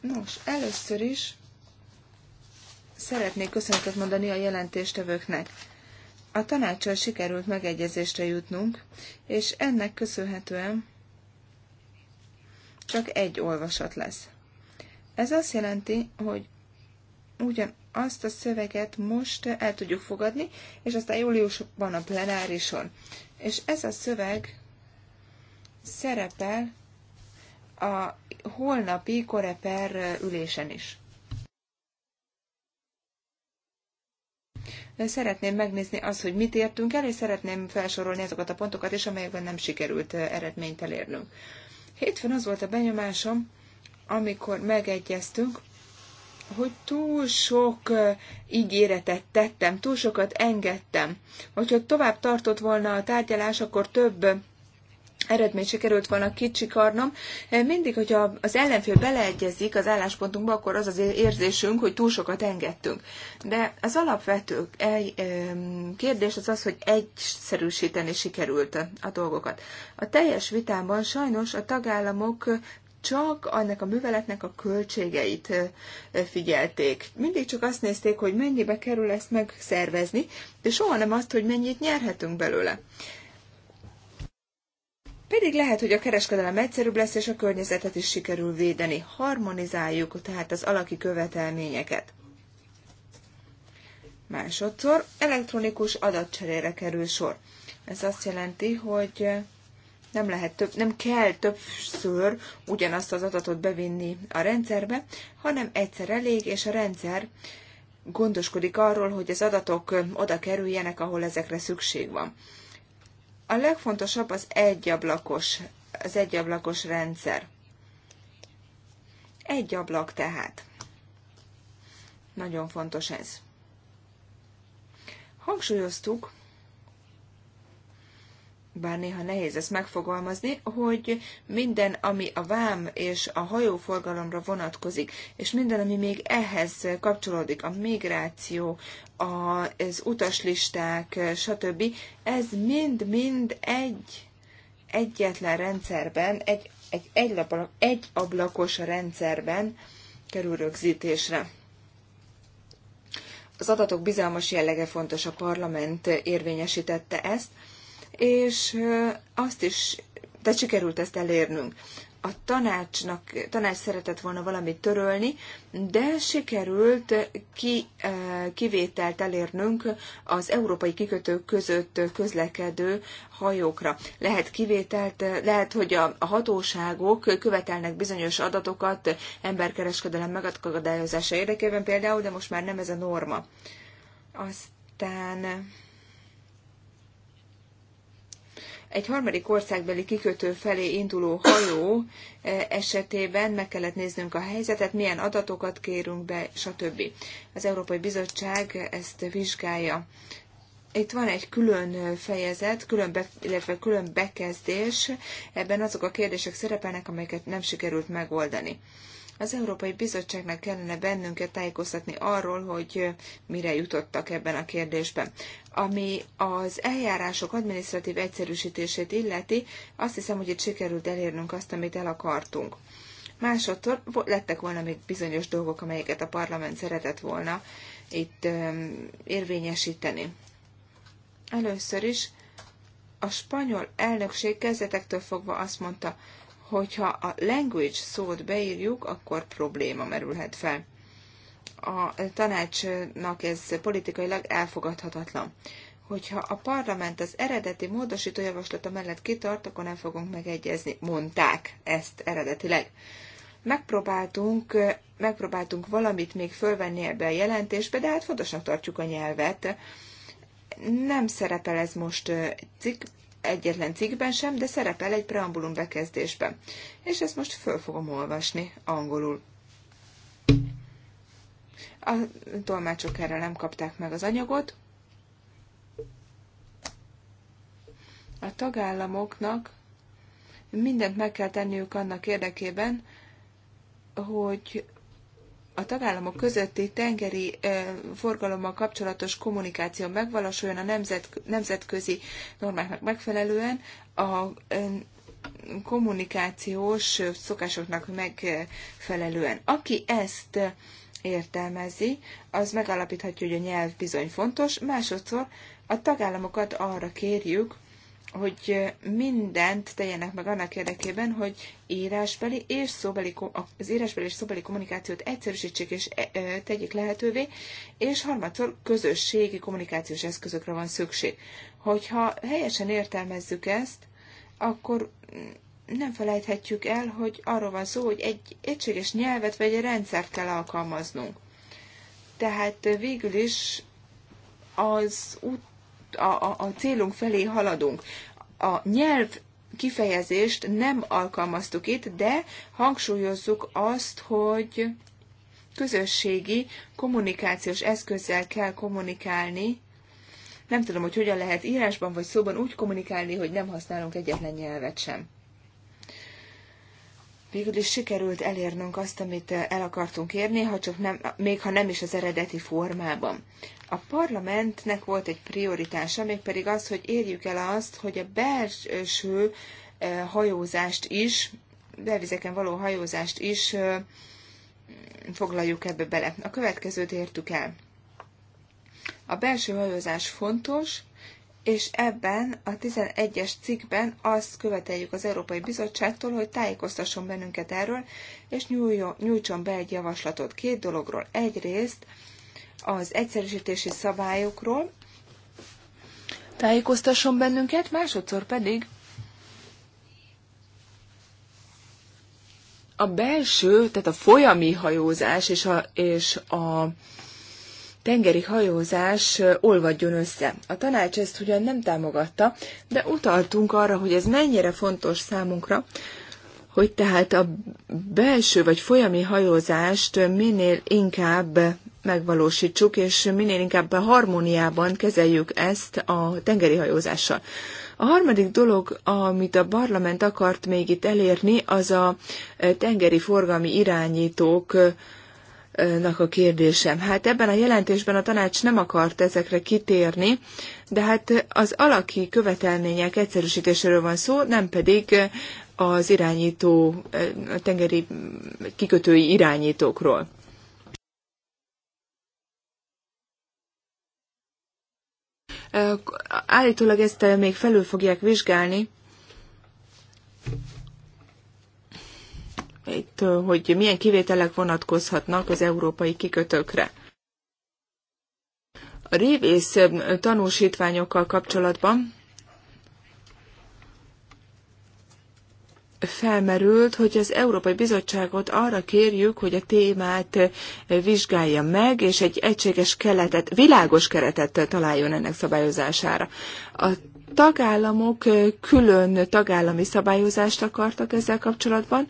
Speaker 3: Nos, először is Szeretnék köszönetet mondani a jelentéstevőknek. A tanácssal sikerült megegyezésre jutnunk, és ennek köszönhetően csak egy olvasat lesz. Ez azt jelenti, hogy ugyan azt a szöveget most el tudjuk fogadni, és aztán júliusban a plenárison. És ez a szöveg szerepel a holnapi koreper ülésen is. Szeretném megnézni azt, hogy mit értünk el, és szeretném felsorolni azokat a pontokat is, amelyekben nem sikerült eredményt elérnünk. Hétfőn az volt a benyomásom, amikor megegyeztünk, hogy túl sok ígéretet tettem, túl sokat engedtem. Hogyha tovább tartott volna a tárgyalás, akkor több eredményt sikerült volna kicsikarnom. E, mindig, hogy az ellenfél beleegyezik az álláspontunkba, akkor az az érzésünk, hogy túl sokat engedtünk. De az alapvető e, e, kérdés az az, hogy egyszerűsíteni sikerült a dolgokat. A teljes vitában sajnos a tagállamok csak annak a műveletnek a költségeit figyelték. Mindig csak azt nézték, hogy mennyibe kerül ezt megszervezni, de soha nem azt, hogy mennyit nyerhetünk belőle. Pedig lehet, hogy a kereskedelem egyszerűbb lesz, és a környezetet is sikerül védeni. Harmonizáljuk tehát az alaki követelményeket. Másodszor elektronikus adatcserére kerül sor. Ez azt jelenti, hogy nem lehet több, nem kell többször ugyanazt az adatot bevinni a rendszerbe, hanem egyszer elég, és a rendszer gondoskodik arról, hogy az adatok oda kerüljenek, ahol ezekre szükség van. A legfontosabb az egyablakos, az egyablakos rendszer. Egy ablak tehát. Nagyon fontos ez. Hangsúlyoztuk, bár néha nehéz ezt megfogalmazni, hogy minden, ami a vám és a hajóforgalomra vonatkozik, és minden, ami még ehhez kapcsolódik, a migráció, az utaslisták, stb., ez mind-mind egy egyetlen rendszerben, egy, egy, egy, ablak, egy ablakos rendszerben kerül rögzítésre. Az adatok bizalmas jellege fontos, a parlament érvényesítette ezt, és azt is, de sikerült ezt elérnünk. A tanácsnak, tanács szeretett volna valamit törölni, de sikerült ki, kivételt elérnünk az európai kikötők között közlekedő hajókra. Lehet kivételt, lehet, hogy a hatóságok követelnek bizonyos adatokat emberkereskedelem megakadályozása érdekében például, de most már nem ez a norma. Aztán egy harmadik országbeli kikötő felé induló hajó e, esetében meg kellett néznünk a helyzetet, milyen adatokat kérünk be, stb. Az Európai Bizottság ezt vizsgálja. Itt van egy külön fejezet, külön be, illetve külön bekezdés, ebben azok a kérdések szerepelnek, amelyeket nem sikerült megoldani. Az Európai Bizottságnak kellene bennünket tájékoztatni arról, hogy mire jutottak ebben a kérdésben. Ami az eljárások administratív egyszerűsítését illeti, azt hiszem, hogy itt sikerült elérnünk azt, amit el akartunk. Másodszor lettek volna még bizonyos dolgok, amelyeket a parlament szeretett volna itt érvényesíteni. Először is a spanyol elnökség kezdetektől fogva azt mondta, hogyha a language szót beírjuk, akkor probléma merülhet fel. A tanácsnak ez politikailag elfogadhatatlan. Hogyha a parlament az eredeti módosító javaslata mellett kitart, akkor nem fogunk megegyezni. Mondták ezt eredetileg. Megpróbáltunk, megpróbáltunk valamit még fölvenni ebbe a jelentésbe, de hát fontosnak tartjuk a nyelvet. Nem szerepel ez most cikk, egyetlen cikkben sem, de szerepel egy preambulum bekezdésben. És ezt most föl fogom olvasni angolul. A tolmácsok erre nem kapták meg az anyagot. A tagállamoknak mindent meg kell tenniük annak érdekében, hogy a tagállamok közötti tengeri forgalommal kapcsolatos kommunikáció megvalósuljon a nemzet, nemzetközi normáknak megfelelően, a kommunikációs szokásoknak megfelelően. Aki ezt értelmezi, az megállapíthatja, hogy a nyelv bizony fontos, másodszor a tagállamokat arra kérjük, hogy mindent tegyenek meg annak érdekében, hogy írásbeli és szóbeli, az írásbeli és szóbeli kommunikációt egyszerűsítsék és e, e, tegyék lehetővé, és harmadszor közösségi kommunikációs eszközökre van szükség. Hogyha helyesen értelmezzük ezt, akkor nem felejthetjük el, hogy arról van szó, hogy egy egységes nyelvet vagy egy rendszert kell alkalmaznunk. Tehát végül is az út a, a, a célunk felé haladunk. A nyelv kifejezést nem alkalmaztuk itt, de hangsúlyozzuk azt, hogy közösségi kommunikációs eszközzel kell kommunikálni. Nem tudom, hogy hogyan lehet írásban vagy szóban úgy kommunikálni, hogy nem használunk egyetlen nyelvet sem végül is sikerült elérnünk azt, amit eh, el akartunk érni, ha csak nem, még ha nem is az eredeti formában. A parlamentnek volt egy prioritása, mégpedig az, hogy érjük el azt, hogy a belső eh, hajózást is, belvizeken való hajózást is eh, foglaljuk ebbe bele. A következőt értük el. A belső hajózás fontos, és ebben a 11-es cikkben azt követeljük az Európai Bizottságtól, hogy tájékoztasson bennünket erről, és nyújtson be egy javaslatot két dologról. Egyrészt az egyszerűsítési szabályokról tájékoztasson bennünket, másodszor pedig a belső, tehát a folyami hajózás és a, és a tengeri hajózás olvadjon össze. A tanács ezt ugyan nem támogatta, de utaltunk arra, hogy ez mennyire fontos számunkra, hogy tehát a belső vagy folyami hajózást minél inkább megvalósítsuk, és minél inkább a harmóniában kezeljük ezt a tengeri hajózással. A harmadik dolog, amit a parlament akart még itt elérni, az a tengeri forgalmi irányítók nak a kérdésem. Hát ebben a jelentésben a tanács nem akart ezekre kitérni, de hát az alaki követelmények egyszerűsítéséről van szó, nem pedig az irányító, a tengeri kikötői irányítókról. Állítólag ezt még felül fogják vizsgálni, itt, hogy milyen kivételek vonatkozhatnak az európai kikötőkre. A révész tanúsítványokkal kapcsolatban felmerült, hogy az Európai Bizottságot arra kérjük, hogy a témát vizsgálja meg, és egy egységes keretet, világos keretet találjon ennek szabályozására. A tagállamok külön tagállami szabályozást akartak ezzel kapcsolatban,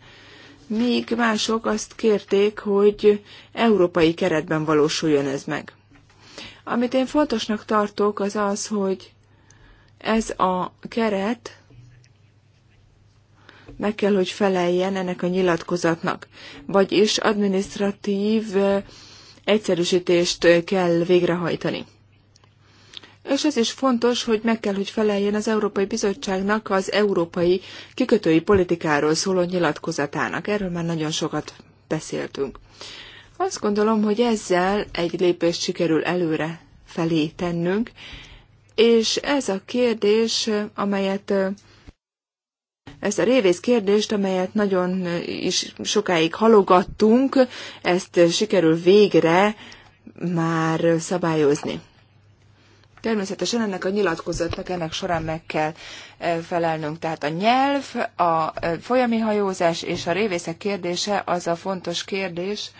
Speaker 3: míg mások azt kérték, hogy európai keretben valósuljon ez meg. Amit én fontosnak tartok, az az, hogy ez a keret meg kell, hogy feleljen ennek a nyilatkozatnak, vagyis administratív eh, egyszerűsítést kell végrehajtani és ez is fontos, hogy meg kell, hogy feleljen az Európai Bizottságnak az európai kikötői politikáról szóló nyilatkozatának. Erről már nagyon sokat beszéltünk. Azt gondolom, hogy ezzel egy lépést sikerül előre felé tennünk, és ez a kérdés, amelyet ezt a révész kérdést, amelyet nagyon is sokáig halogattunk, ezt sikerül végre már szabályozni. Természetesen ennek a nyilatkozatnak ennek során meg kell eh, felelnünk. Tehát a nyelv, a eh, folyami hajózás és a révészek kérdése az a fontos kérdés,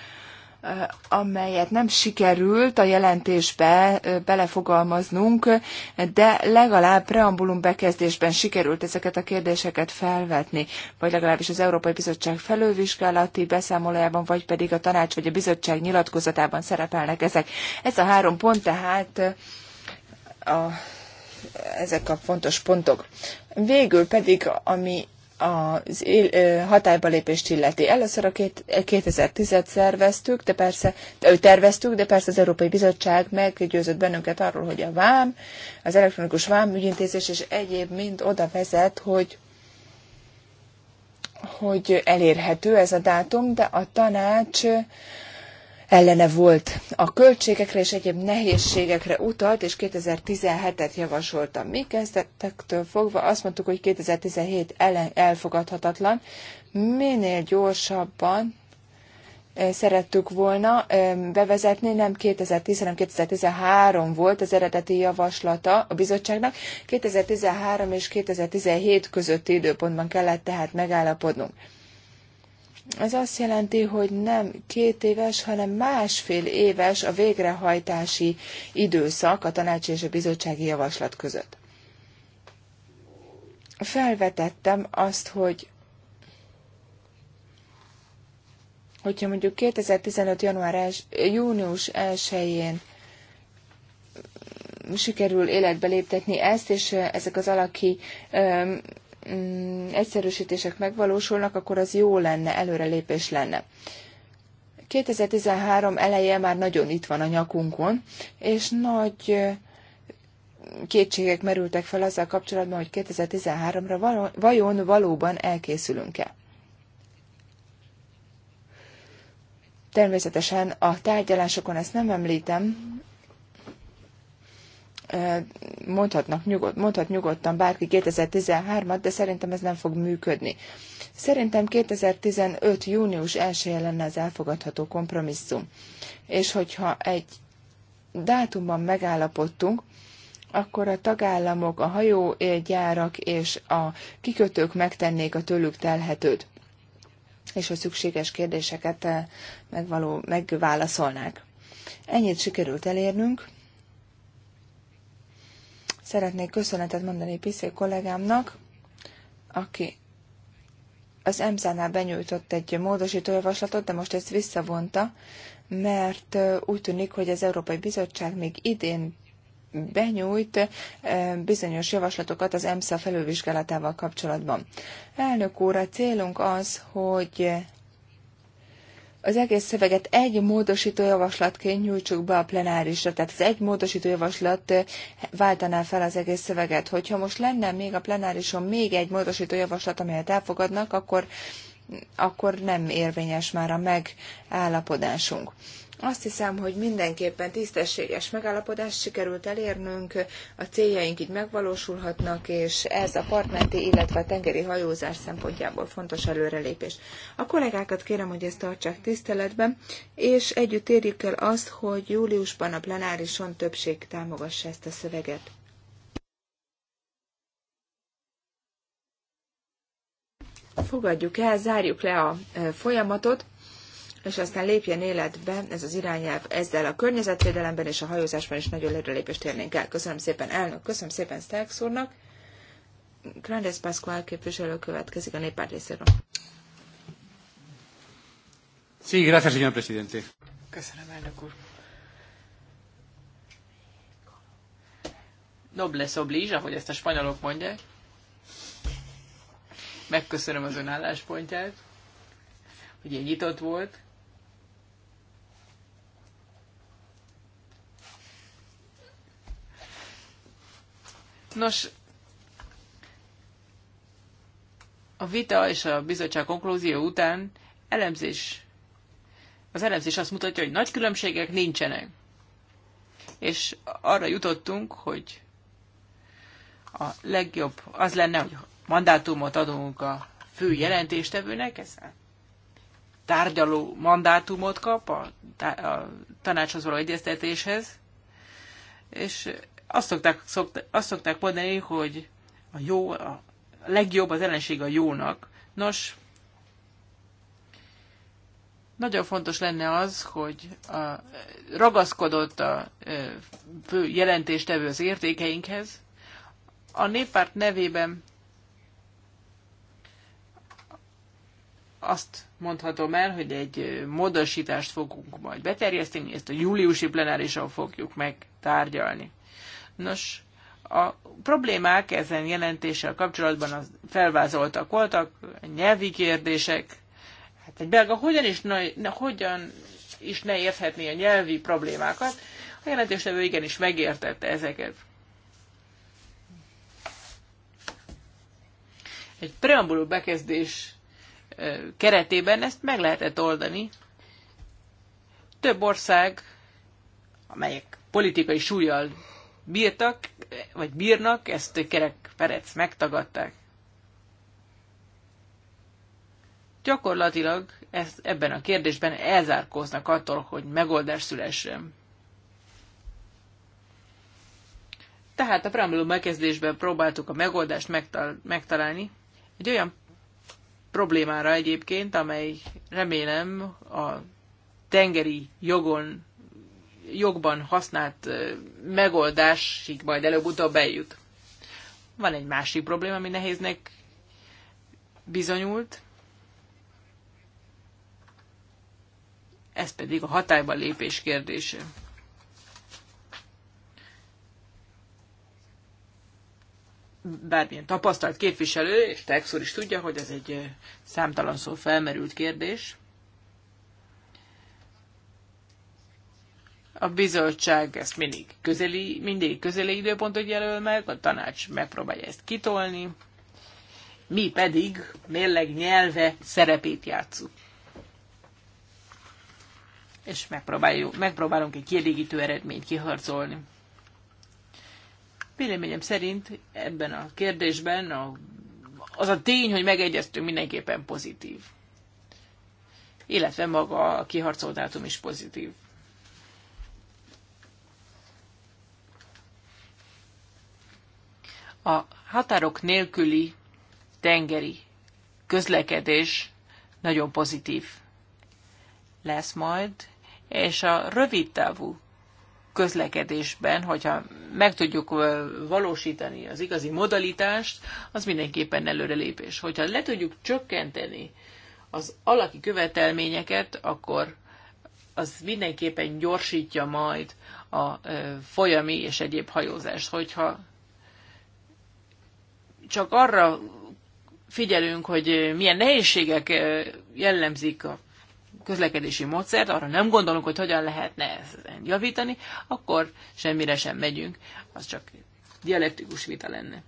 Speaker 3: eh, amelyet nem sikerült a jelentésbe belefogalmaznunk, de legalább preambulum bekezdésben sikerült ezeket a kérdéseket felvetni, vagy legalábbis az Európai Bizottság felővizsgálati beszámolójában, vagy pedig a tanács vagy a bizottság nyilatkozatában szerepelnek ezek. Ez a három pont tehát a, ezek a fontos pontok. Végül pedig, ami az hatályba lépést illeti. Először a 2010-et eh, szerveztük, de persze, terveztük, de persze az Európai Bizottság meggyőzött bennünket arról, hogy a vám, az elektronikus vám ügyintézés és egyéb mind oda vezet, hogy hogy elérhető ez a dátum, de a tanács ellene volt. A költségekre és egyéb nehézségekre utalt, és 2017-et javasolta. Mi kezdetektől fogva azt mondtuk, hogy 2017 ellen elfogadhatatlan, minél gyorsabban eh, szerettük volna eh, bevezetni, nem 2010, hanem 2013 volt az eredeti javaslata a bizottságnak. 2013 és 2017 közötti időpontban kellett tehát megállapodnunk. Ez azt jelenti, hogy nem két éves, hanem másfél éves a végrehajtási időszak a tanács és a bizottsági javaslat között. Felvetettem azt, hogy hogyha mondjuk 2015. január 1, június 1-én sikerül életbe léptetni ezt, és ezek az alaki Mm, egyszerűsítések megvalósulnak, akkor az jó lenne, előrelépés lenne. 2013 eleje már nagyon itt van a nyakunkon, és nagy kétségek merültek fel azzal kapcsolatban, hogy 2013-ra vajon valóban elkészülünk-e. Természetesen a tárgyalásokon ezt nem említem, mondhatnak nyugod, mondhat nyugodtan bárki 2013-at, de szerintem ez nem fog működni. Szerintem 2015. június 1 lenne az elfogadható kompromisszum. És hogyha egy dátumban megállapodtunk, akkor a tagállamok, a hajógyárak és a kikötők megtennék a tőlük telhetőt, és a szükséges kérdéseket eh, megvaló, megválaszolnák. Ennyit sikerült elérnünk Szeretnék köszönetet mondani Piszé kollégámnak, aki az EMSZ-nál benyújtott egy javaslatot, de most ezt visszavonta, mert úgy tűnik, hogy az Európai Bizottság még idén benyújt bizonyos javaslatokat az EMSZA felülvizsgálatával kapcsolatban. Elnök úr, a célunk az, hogy az egész szöveget egy módosító javaslatként nyújtsuk be a plenárisra. Tehát az egy módosító javaslat eh, váltaná fel az egész szöveget. Hogyha most lenne még a plenárison még egy módosító javaslat, amelyet elfogadnak, akkor, akkor nem érvényes már a megállapodásunk. Azt hiszem, hogy mindenképpen tisztességes megállapodást sikerült elérnünk, a céljaink így megvalósulhatnak, és ez a partmenti, illetve a tengeri hajózás szempontjából fontos előrelépés. A kollégákat kérem, hogy ezt tartsák tiszteletben, és együtt érjük el azt, hogy júliusban a plenárison többség támogassa ezt a szöveget. Fogadjuk el, zárjuk le a eh, folyamatot és aztán lépjen életbe ez az irányelv. Ezzel a környezetvédelemben és a hajózásban is nagyon előrelépést érnénk el. Köszönöm szépen, elnök, köszönöm szépen Sztelx úrnak. Grandes Pascual képviselő következik a néppárt részéről.
Speaker 1: Sí, gracias, señor presidente.
Speaker 2: Köszönöm, elnök úr. Nobles oblige, ahogy ezt a spanyolok mondják. Megköszönöm az ön hogy ilyen nyitott volt. Nos, a vita és a bizottság konklúzió után elemzés, az elemzés azt mutatja, hogy nagy különbségek nincsenek. És arra jutottunk, hogy a legjobb az lenne, hogy mandátumot adunk a fő jelentéstevőnek, ez tárgyaló mandátumot kap a, a tanácshoz való egyeztetéshez, és azt szokták, szokták, azt szokták mondani, hogy a jó, a legjobb az ellenség a jónak. Nos, nagyon fontos lenne az, hogy a, ragaszkodott a fő jelentéstevő az értékeinkhez. A néppárt nevében azt mondhatom el, hogy egy módosítást fogunk majd beterjeszteni, ezt a júliusi plenárison fogjuk megtárgyalni. Nos, a problémák ezen jelentéssel kapcsolatban az felvázoltak voltak, nyelvi kérdések. Hát egy belga hogyan is, na, na, hogyan is ne érthetné a nyelvi problémákat? A jelentéstevő igenis megértette ezeket. Egy preambuló bekezdés keretében ezt meg lehetett oldani. Több ország, amelyek politikai súlyjal bírtak, vagy bírnak, ezt Kerek Perec megtagadták. Gyakorlatilag ez, ebben a kérdésben elzárkóznak attól, hogy megoldás szülessen. Tehát a preambulum megkezdésben próbáltuk a megoldást megtal- megtalálni egy olyan problémára egyébként, amely remélem a tengeri jogon jogban használt megoldásig majd előbb-utóbb eljut. Van egy másik probléma, ami nehéznek bizonyult, ez pedig a hatályba lépés kérdése. Bármilyen tapasztalt képviselő, és Tex is tudja, hogy ez egy számtalan szó felmerült kérdés, A bizottság ezt mindig közeli, mindig közeli időpontot jelöl meg, a tanács megpróbálja ezt kitolni, mi pedig mérleg nyelve szerepét játszunk. És megpróbáljuk, megpróbálunk egy kielégítő eredményt kiharcolni. Véleményem szerint ebben a kérdésben a, az a tény, hogy megegyeztünk mindenképpen pozitív. Illetve maga a kiharcolt dátum is pozitív. A határok nélküli tengeri közlekedés nagyon pozitív lesz majd, és a rövid távú közlekedésben, hogyha meg tudjuk valósítani az igazi modalitást, az mindenképpen előrelépés. Hogyha le tudjuk csökkenteni az alaki követelményeket, akkor az mindenképpen gyorsítja majd a folyami és egyéb hajózást. Hogyha csak arra figyelünk, hogy milyen nehézségek jellemzik a közlekedési módszert, arra nem gondolunk, hogy hogyan lehetne javítani, akkor semmire sem megyünk. Az csak dialektikus vita lenne.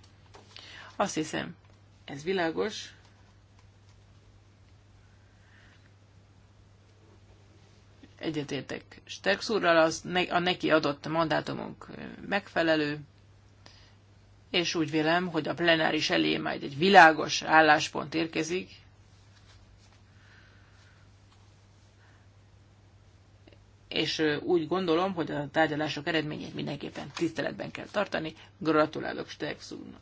Speaker 2: Azt hiszem, ez világos. Egyetértek Stex az, a neki adott mandátumunk megfelelő és úgy vélem, hogy a plenáris elé majd egy világos álláspont érkezik, és úgy gondolom, hogy a tárgyalások eredményét mindenképpen tiszteletben kell tartani. Gratulálok Stex úrnak.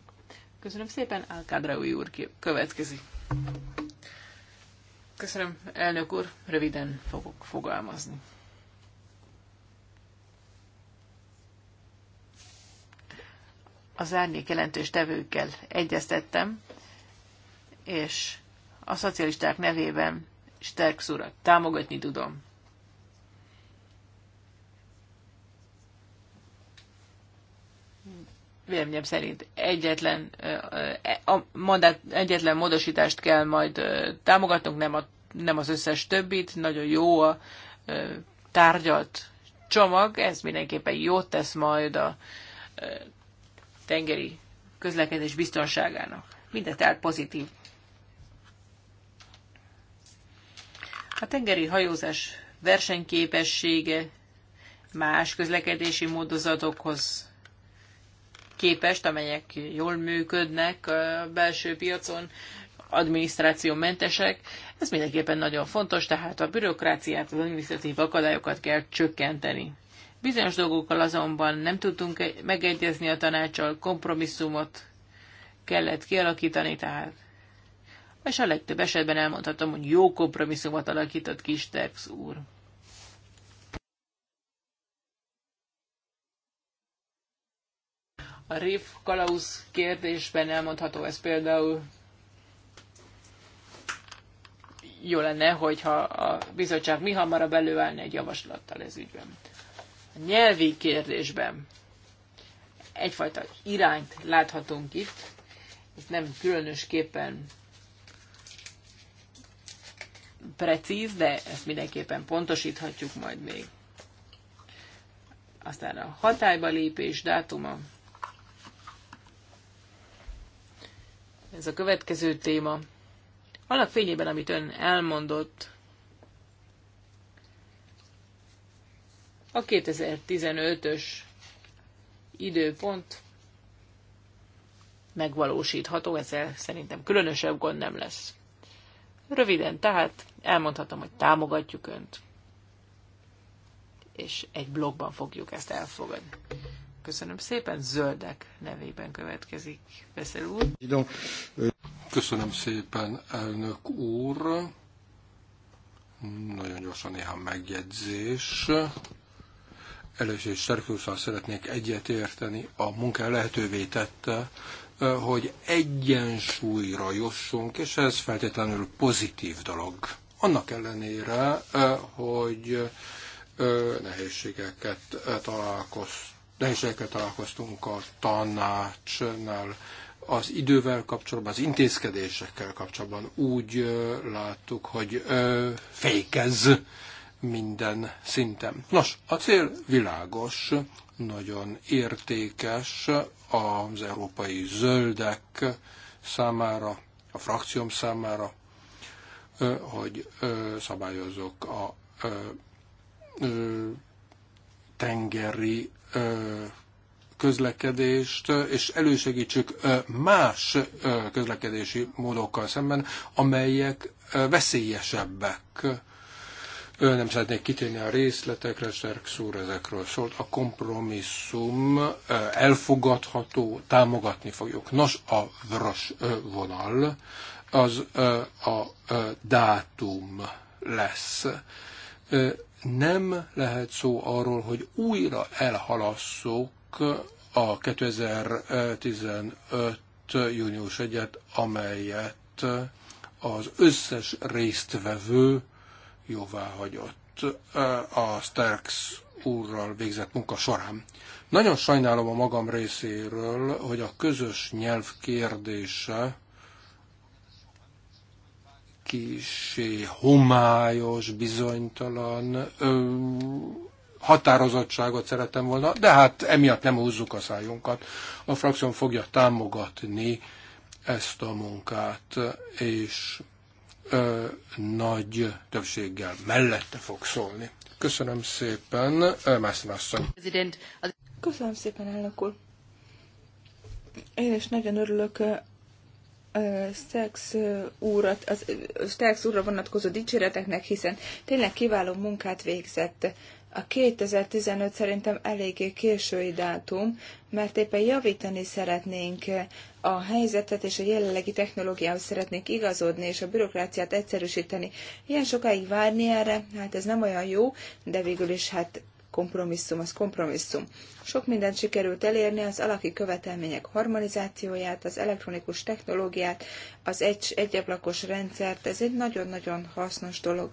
Speaker 2: Köszönöm szépen, Alkádraui úr következik. Köszönöm, elnök úr, röviden fogok fogalmazni. az árnyék jelentős tevőkkel egyeztettem, és a szocialisták nevében Sterks urat támogatni tudom. Véleményem szerint egyetlen, a mandát, egyetlen módosítást kell majd támogatnunk, nem, a, nem az összes többit. Nagyon jó a tárgyalt csomag, ez mindenképpen jót tesz majd a tengeri közlekedés biztonságának. minden tehát pozitív. A tengeri hajózás versenyképessége más közlekedési módozatokhoz képest, amelyek jól működnek a belső piacon, adminisztráció mentesek, Ez mindenképpen nagyon fontos, tehát a bürokráciát, az adminisztratív akadályokat kell csökkenteni. Bizonyos dolgokkal azonban nem tudtunk megegyezni a tanácssal, kompromisszumot kellett kialakítani, tehát és a legtöbb esetben elmondhatom, hogy jó kompromisszumot alakított kis Tex úr. A Riff Kalaus kérdésben elmondható ez például. Jó lenne, hogyha a bizottság mi hamarabb előállna egy javaslattal ez ügyben nyelvi kérdésben egyfajta irányt láthatunk itt. Ez nem különösképpen precíz, de ezt mindenképpen pontosíthatjuk majd még. Aztán a hatályba lépés dátuma. Ez a következő téma. Annak fényében, amit ön elmondott, A 2015-ös időpont megvalósítható, ezzel szerintem különösebb gond nem lesz. Röviden tehát elmondhatom, hogy támogatjuk Önt, és egy blogban fogjuk ezt elfogadni. Köszönöm szépen, zöldek nevében következik Veszel úr.
Speaker 4: Köszönöm szépen, elnök úr. Nagyon gyorsan néhány megjegyzés Először is Szerkőszal szeretnék egyetérteni, a munka lehetővé tette, hogy egyensúlyra jussunk, és ez feltétlenül pozitív dolog. Annak ellenére, hogy nehézségeket találkoz, nehézségeket találkoztunk a tanácsnál, az idővel kapcsolatban, az intézkedésekkel kapcsolatban úgy láttuk, hogy fékez minden szinten. Nos, a cél világos, nagyon értékes az európai zöldek számára, a frakcióm számára, hogy szabályozok a tengeri közlekedést, és elősegítsük más közlekedési módokkal szemben, amelyek veszélyesebbek Ön nem szeretnék kitérni a részletekre, Szerksz ezekről szólt. A kompromisszum elfogadható, támogatni fogjuk. Nos, a vörös vonal az a dátum lesz. Nem lehet szó arról, hogy újra elhalasszuk a 2015 június 1-et, amelyet az összes résztvevő hagyott a Starks úrral végzett munka során. Nagyon sajnálom a magam részéről, hogy a közös nyelv kérdése kisé homályos, bizonytalan, ö, határozottságot szeretem volna, de hát emiatt nem húzzuk a szájunkat. A frakción fogja támogatni ezt a munkát, és ö, nagy többséggel mellette fog szólni. Köszönöm szépen, Mászlán asszony.
Speaker 3: Köszönöm szépen, elnök úr. Én is nagyon örülök szex úrat, az szex úrra vonatkozó dicséreteknek, hiszen tényleg kiváló munkát végzett. A 2015 szerintem eléggé késői dátum, mert éppen javítani szeretnénk a helyzetet, és a jelenlegi technológiához szeretnénk igazodni, és a bürokráciát egyszerűsíteni. Ilyen sokáig várni erre, hát ez nem olyan jó, de végül is hát kompromisszum az kompromisszum. Sok mindent sikerült elérni, az alaki követelmények harmonizációját, az elektronikus technológiát, az egy, egyablakos rendszert, ez egy nagyon-nagyon hasznos dolog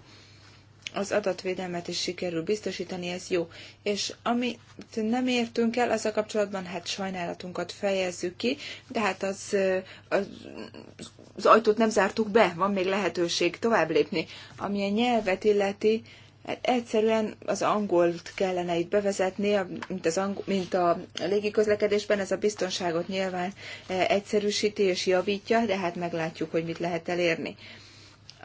Speaker 3: az adatvédelmet is sikerül biztosítani, ez jó. És amit nem értünk el, az a kapcsolatban hát sajnálatunkat fejezzük ki, de hát az, az, az ajtót nem zártuk be, van még lehetőség tovább lépni. Ami a nyelvet illeti, Hát egyszerűen az angolt kellene itt bevezetni, mint, az angol, mint a légiközlekedésben, ez a biztonságot nyilván e, egyszerűsíti és javítja, de hát meglátjuk, hogy mit lehet elérni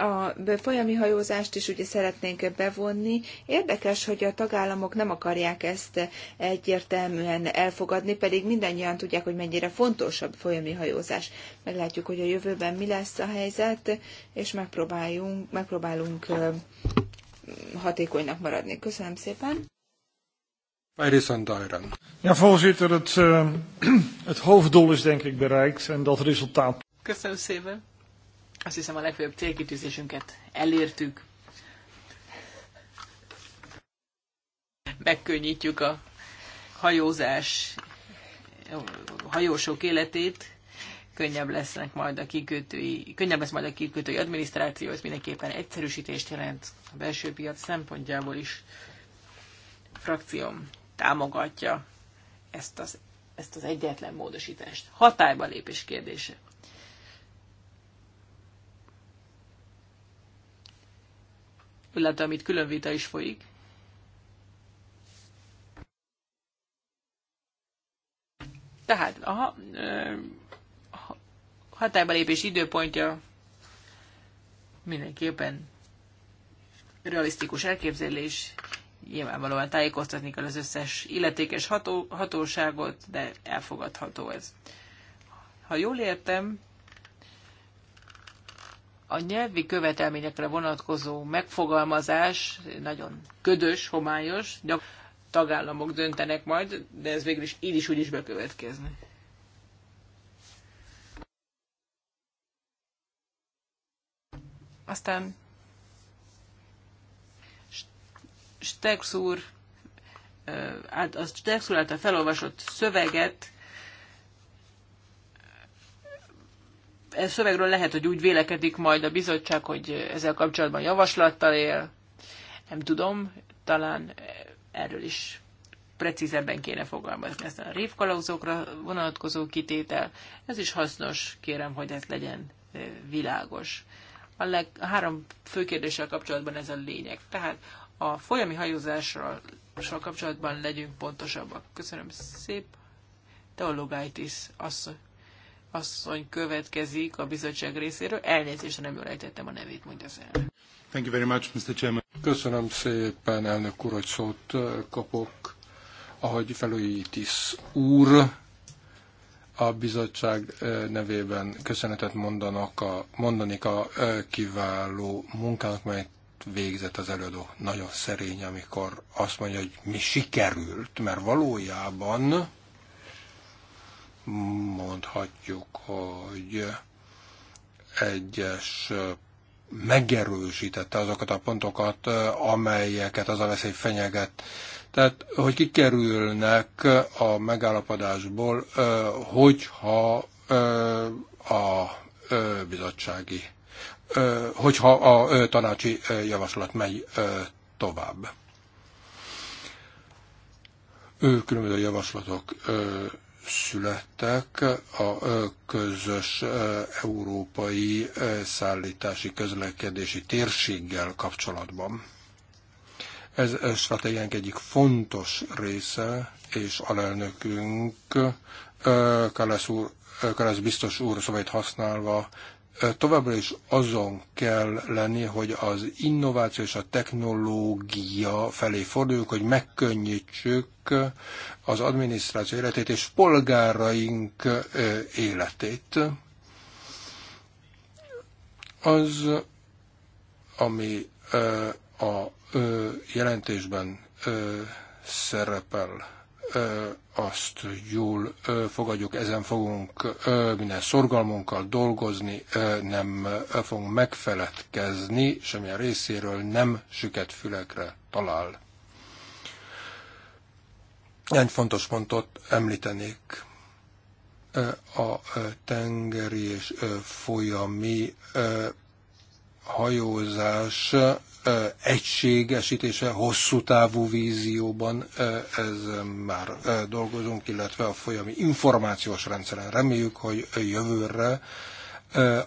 Speaker 3: a folyami hajózást is ugye szeretnénk bevonni. Érdekes, hogy a tagállamok nem akarják ezt egyértelműen elfogadni, pedig mindannyian tudják, hogy mennyire fontosabb folyami hajózás. Meglátjuk, hogy a jövőben mi lesz a helyzet, és megpróbáljunk, megpróbálunk hatékonynak maradni. Köszönöm szépen!
Speaker 1: Ja, voorzitter, het, uh, <clears throat> het hoofddoel is denk ik bereikt en dat resultaat.
Speaker 2: Köszönöm szépen. Azt hiszem a legfőbb célkitűzésünket elértük. Megkönnyítjük a hajózás, a hajósok életét, könnyebb lesznek majd a kikötői, könnyebb lesz majd a kikötői adminisztráció, ez mindenképpen egyszerűsítést jelent a belső piac szempontjából is. A frakcióm támogatja ezt az, ezt az egyetlen módosítást. Hatályba lépés kérdése. illetve amit külön vita is folyik. Tehát a hatályba lépés időpontja mindenképpen realisztikus elképzelés, nyilvánvalóan tájékoztatni kell az összes illetékes ható, hatóságot, de elfogadható ez. Ha jól értem, a nyelvi követelményekre vonatkozó megfogalmazás nagyon ködös, homályos, gyak tagállamok döntenek majd, de ez végül is így is úgy is bekövetkezni. Aztán Stex úr, a Stex úr által felolvasott szöveget E szövegről lehet, hogy úgy vélekedik majd a bizottság, hogy ezzel kapcsolatban javaslattal él. Nem tudom, talán erről is precízebben kéne fogalmazni. ezt a révkalauzókra vonatkozó kitétel, ez is hasznos, kérem, hogy ez legyen e, világos. A, leg, a három fő kérdéssel kapcsolatban ez a lényeg. Tehát a folyami hajózással kapcsolatban legyünk pontosabbak. Köszönöm szép. Teologaitis asszony asszony következik a bizottság részéről. Elnézést, nem jól ejtettem a nevét, mondja az
Speaker 4: elnök. Thank you very much, Mr. Chairman. Köszönöm szépen, elnök úr, hogy szót kapok. Ahogy felújítis úr a bizottság nevében köszönetet mondanak a, mondanik a kiváló munkának, mert végzett az előadó. Nagyon szerény, amikor azt mondja, hogy mi sikerült, mert valójában mondhatjuk, hogy egyes megerősítette azokat a pontokat, amelyeket az a veszély fenyeget. Tehát, hogy kikerülnek a megállapodásból, hogyha a bizottsági, hogyha a tanácsi javaslat megy tovább. Különböző javaslatok születtek a közös európai szállítási közlekedési térséggel kapcsolatban. Ez stratégiánk egyik fontos része, és alelnökünk Kalasz, úr, Kalasz biztos úr szavait használva továbbra is azon kell lenni, hogy az innováció és a technológia felé forduljuk, hogy megkönnyítsük az adminisztráció életét és polgáraink életét. Az, ami a jelentésben szerepel, azt jól fogadjuk, ezen fogunk minden szorgalmunkkal dolgozni, nem fogunk megfeledkezni, semmilyen részéről nem süket fülekre talál. Egy fontos pontot említenék a tengeri és folyami hajózás egységesítése hosszú távú vízióban, ez már dolgozunk, illetve a folyami információs rendszeren. Reméljük, hogy jövőre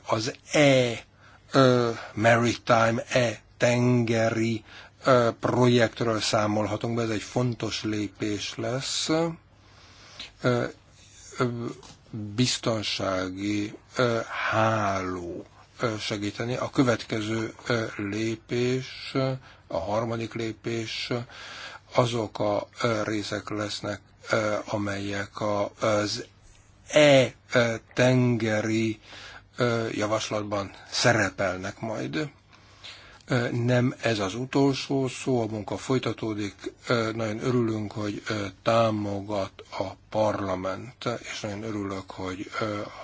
Speaker 4: az E maritime, E tengeri projektről számolhatunk be, ez egy fontos lépés lesz biztonsági háló segíteni. A következő lépés, a harmadik lépés, azok a részek lesznek, amelyek az e-tengeri javaslatban szerepelnek majd. Nem ez az utolsó szó, a munka folytatódik. Nagyon örülünk, hogy támogat a parlament, és nagyon örülök, hogy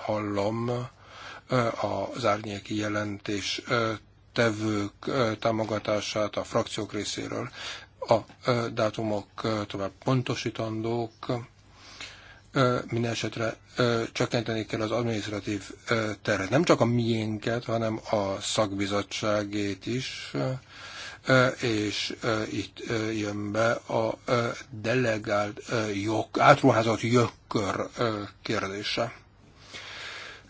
Speaker 4: hallom, az árnyéki jelentés tevők támogatását a frakciók részéről. A dátumok tovább pontosítandók, minden esetre csökkenteni kell az administratív terhet. Nem csak a miénket, hanem a szakbizottságét is, és itt jön be a delegált jog, átruházott jogkör kérdése.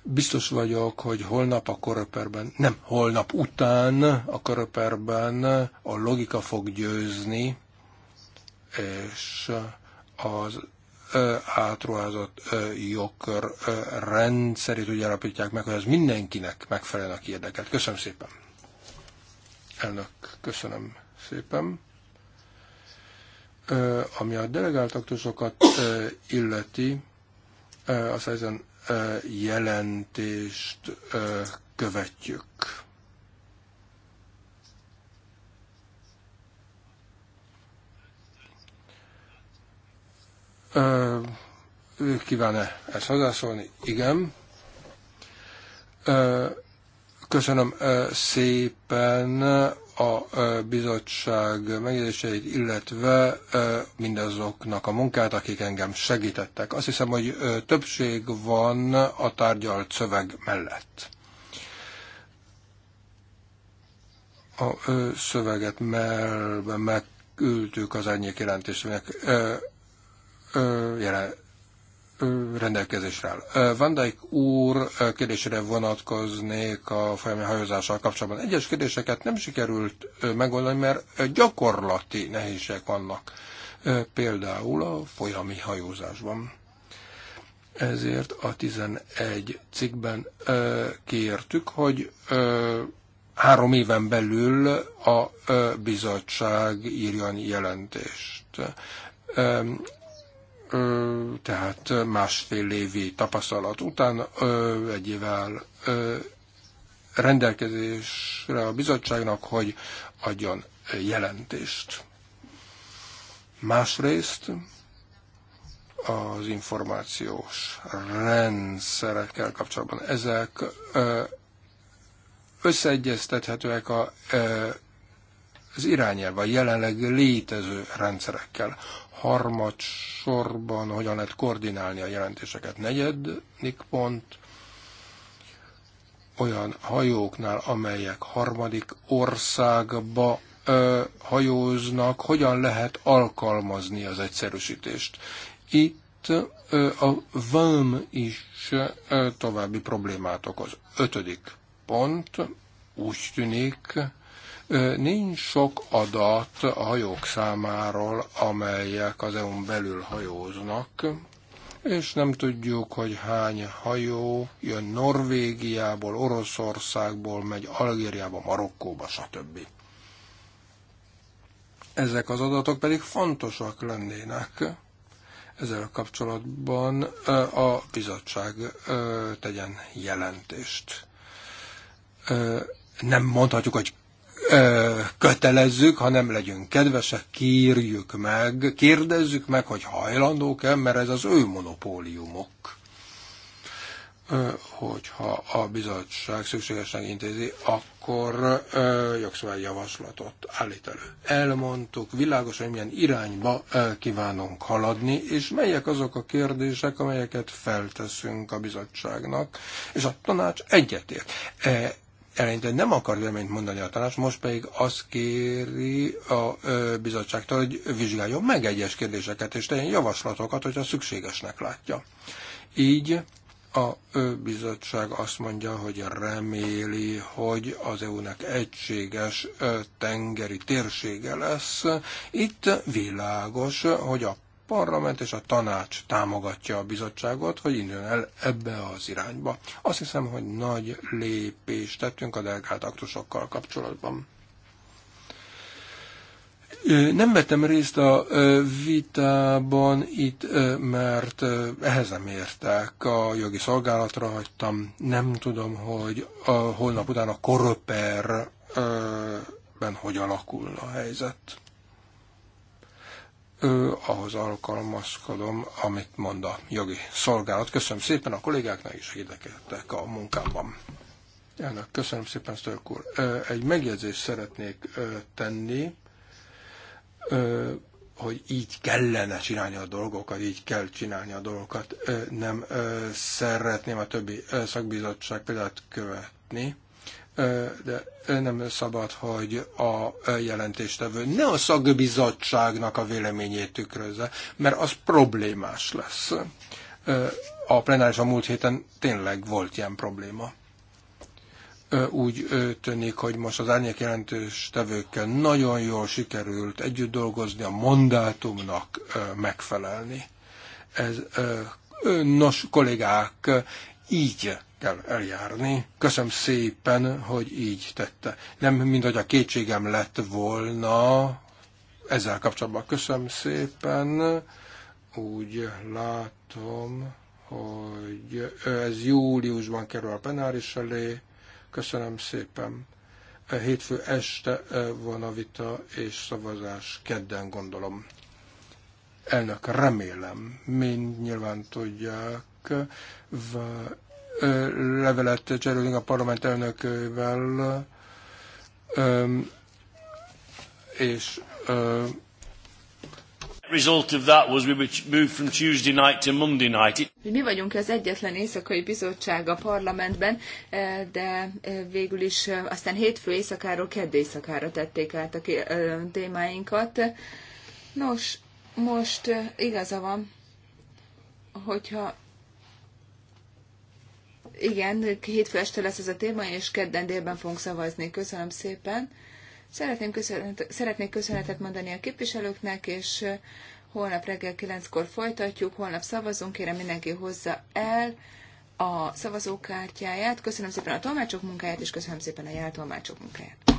Speaker 4: Biztos vagyok, hogy holnap a köröperben, nem, holnap után a köröperben a logika fog győzni, és az átruházott jogkör rendszerét úgy alapítják meg, hogy az mindenkinek megfelelően, a érdekelt. Köszönöm szépen. Elnök, köszönöm szépen. Ami a delegált aktusokat illeti, azt ezen jelentést követjük. Kíván-e ezt hozzászólni? Igen. Köszönöm szépen a bizottság megjegyzéseit, illetve mindazoknak a munkát, akik engem segítettek. Azt hiszem, hogy többség van a tárgyalt szöveg mellett. A szöveget melbe megültük az ennyi jelentésének rendelkezésre áll. Van Dijk úr kérdésére vonatkoznék a folyami hajózással kapcsolatban. Egyes kérdéseket nem sikerült megoldani, mert gyakorlati nehézségek vannak. Például a folyami hajózásban. Ezért a 11 cikkben kértük, hogy három éven belül a bizottság írjon jelentést tehát másfél évi tapasztalat után egy évvel rendelkezésre a bizottságnak, hogy adjon jelentést. Másrészt az információs rendszerekkel kapcsolatban ezek összeegyeztethetőek a, az irányelv, a jelenleg létező rendszerekkel harmad sorban hogyan lehet koordinálni a jelentéseket. Negyedik pont, olyan hajóknál, amelyek harmadik országba ö, hajóznak, hogyan lehet alkalmazni az egyszerűsítést. Itt ö, a vám is ö, további problémát okoz. Ötödik pont, úgy tűnik, Nincs sok adat a hajók számáról, amelyek az EU-n belül hajóznak, és nem tudjuk, hogy hány hajó jön Norvégiából, Oroszországból, megy Algériába, Marokkóba, stb. Ezek az adatok pedig fontosak lennének. Ezzel kapcsolatban a bizottság tegyen jelentést. Nem mondhatjuk, hogy kötelezzük, hanem legyünk kedvesek, kérjük meg, kérdezzük meg, hogy hajlandók-e, mert ez az ő monopóliumok. Hogyha a bizottság szükségesen intézi, akkor javaslatot állít elő. Elmondtuk világosan, hogy milyen irányba kívánunk haladni, és melyek azok a kérdések, amelyeket felteszünk a bizottságnak, és a tanács egyetért. E, eleinte nem akar véleményt mondani a tanács, most pedig azt kéri a ö, bizottságtól, hogy vizsgáljon meg egyes kérdéseket, és tegyen javaslatokat, hogyha szükségesnek látja. Így a ö, bizottság azt mondja, hogy reméli, hogy az EU-nak egységes ö, tengeri térsége lesz. Itt világos, hogy a parlament és a tanács támogatja a bizottságot, hogy induljon el ebbe az irányba. Azt hiszem, hogy nagy lépést tettünk a delegált aktusokkal kapcsolatban. Nem vettem részt a vitában itt, mert ehhez nem értek. A jogi szolgálatra hagytam. Nem tudom, hogy a holnap után a koröperben hogy alakul a helyzet ő ahhoz alkalmazkodom, amit mond a jogi szolgálat. Köszönöm szépen a kollégáknak is érdekeltek a munkámban. Elnök, köszönöm szépen, Sztörk úr. Egy megjegyzést szeretnék tenni, hogy így kellene csinálni a dolgokat, így kell csinálni a dolgokat. Nem szeretném a többi szakbizottság példát követni, de nem szabad, hogy a jelentéstevő ne a szakbizottságnak a véleményét tükrözze, mert az problémás lesz. A plenáris a múlt héten tényleg volt ilyen probléma. Úgy tűnik, hogy most az árnyék jelentéstevőkkel nagyon jól sikerült együtt dolgozni, a mandátumnak megfelelni. Ez nos kollégák így kell eljárni. Köszönöm szépen, hogy így tette. Nem, mind, hogy a kétségem lett volna ezzel kapcsolatban. Köszönöm szépen. Úgy látom, hogy ez júliusban kerül a penáris elé. Köszönöm szépen. Hétfő este eh, van a vita és szavazás kedden, gondolom. Elnök, remélem, mind nyilván tudják, levelet cserélünk a parlament elnökével,
Speaker 1: és
Speaker 3: Mi vagyunk az egyetlen éjszakai bizottság a parlamentben, eh, de eh, végül is eh, aztán hétfő éjszakáról kedd éjszakára tették át a témáinkat. Nos, most igaza van, hogyha igen, hétfő este lesz ez a téma, és kedden délben fogunk szavazni. Köszönöm szépen. Szeretném köszönet, szeretnék köszönetet mondani a képviselőknek, és eh, holnap reggel kilenckor folytatjuk, holnap szavazunk, kérem mindenki hozza el a szavazókártyáját. Köszönöm szépen a tolmácsok munkáját, és köszönöm szépen a jártolmácsok munkáját.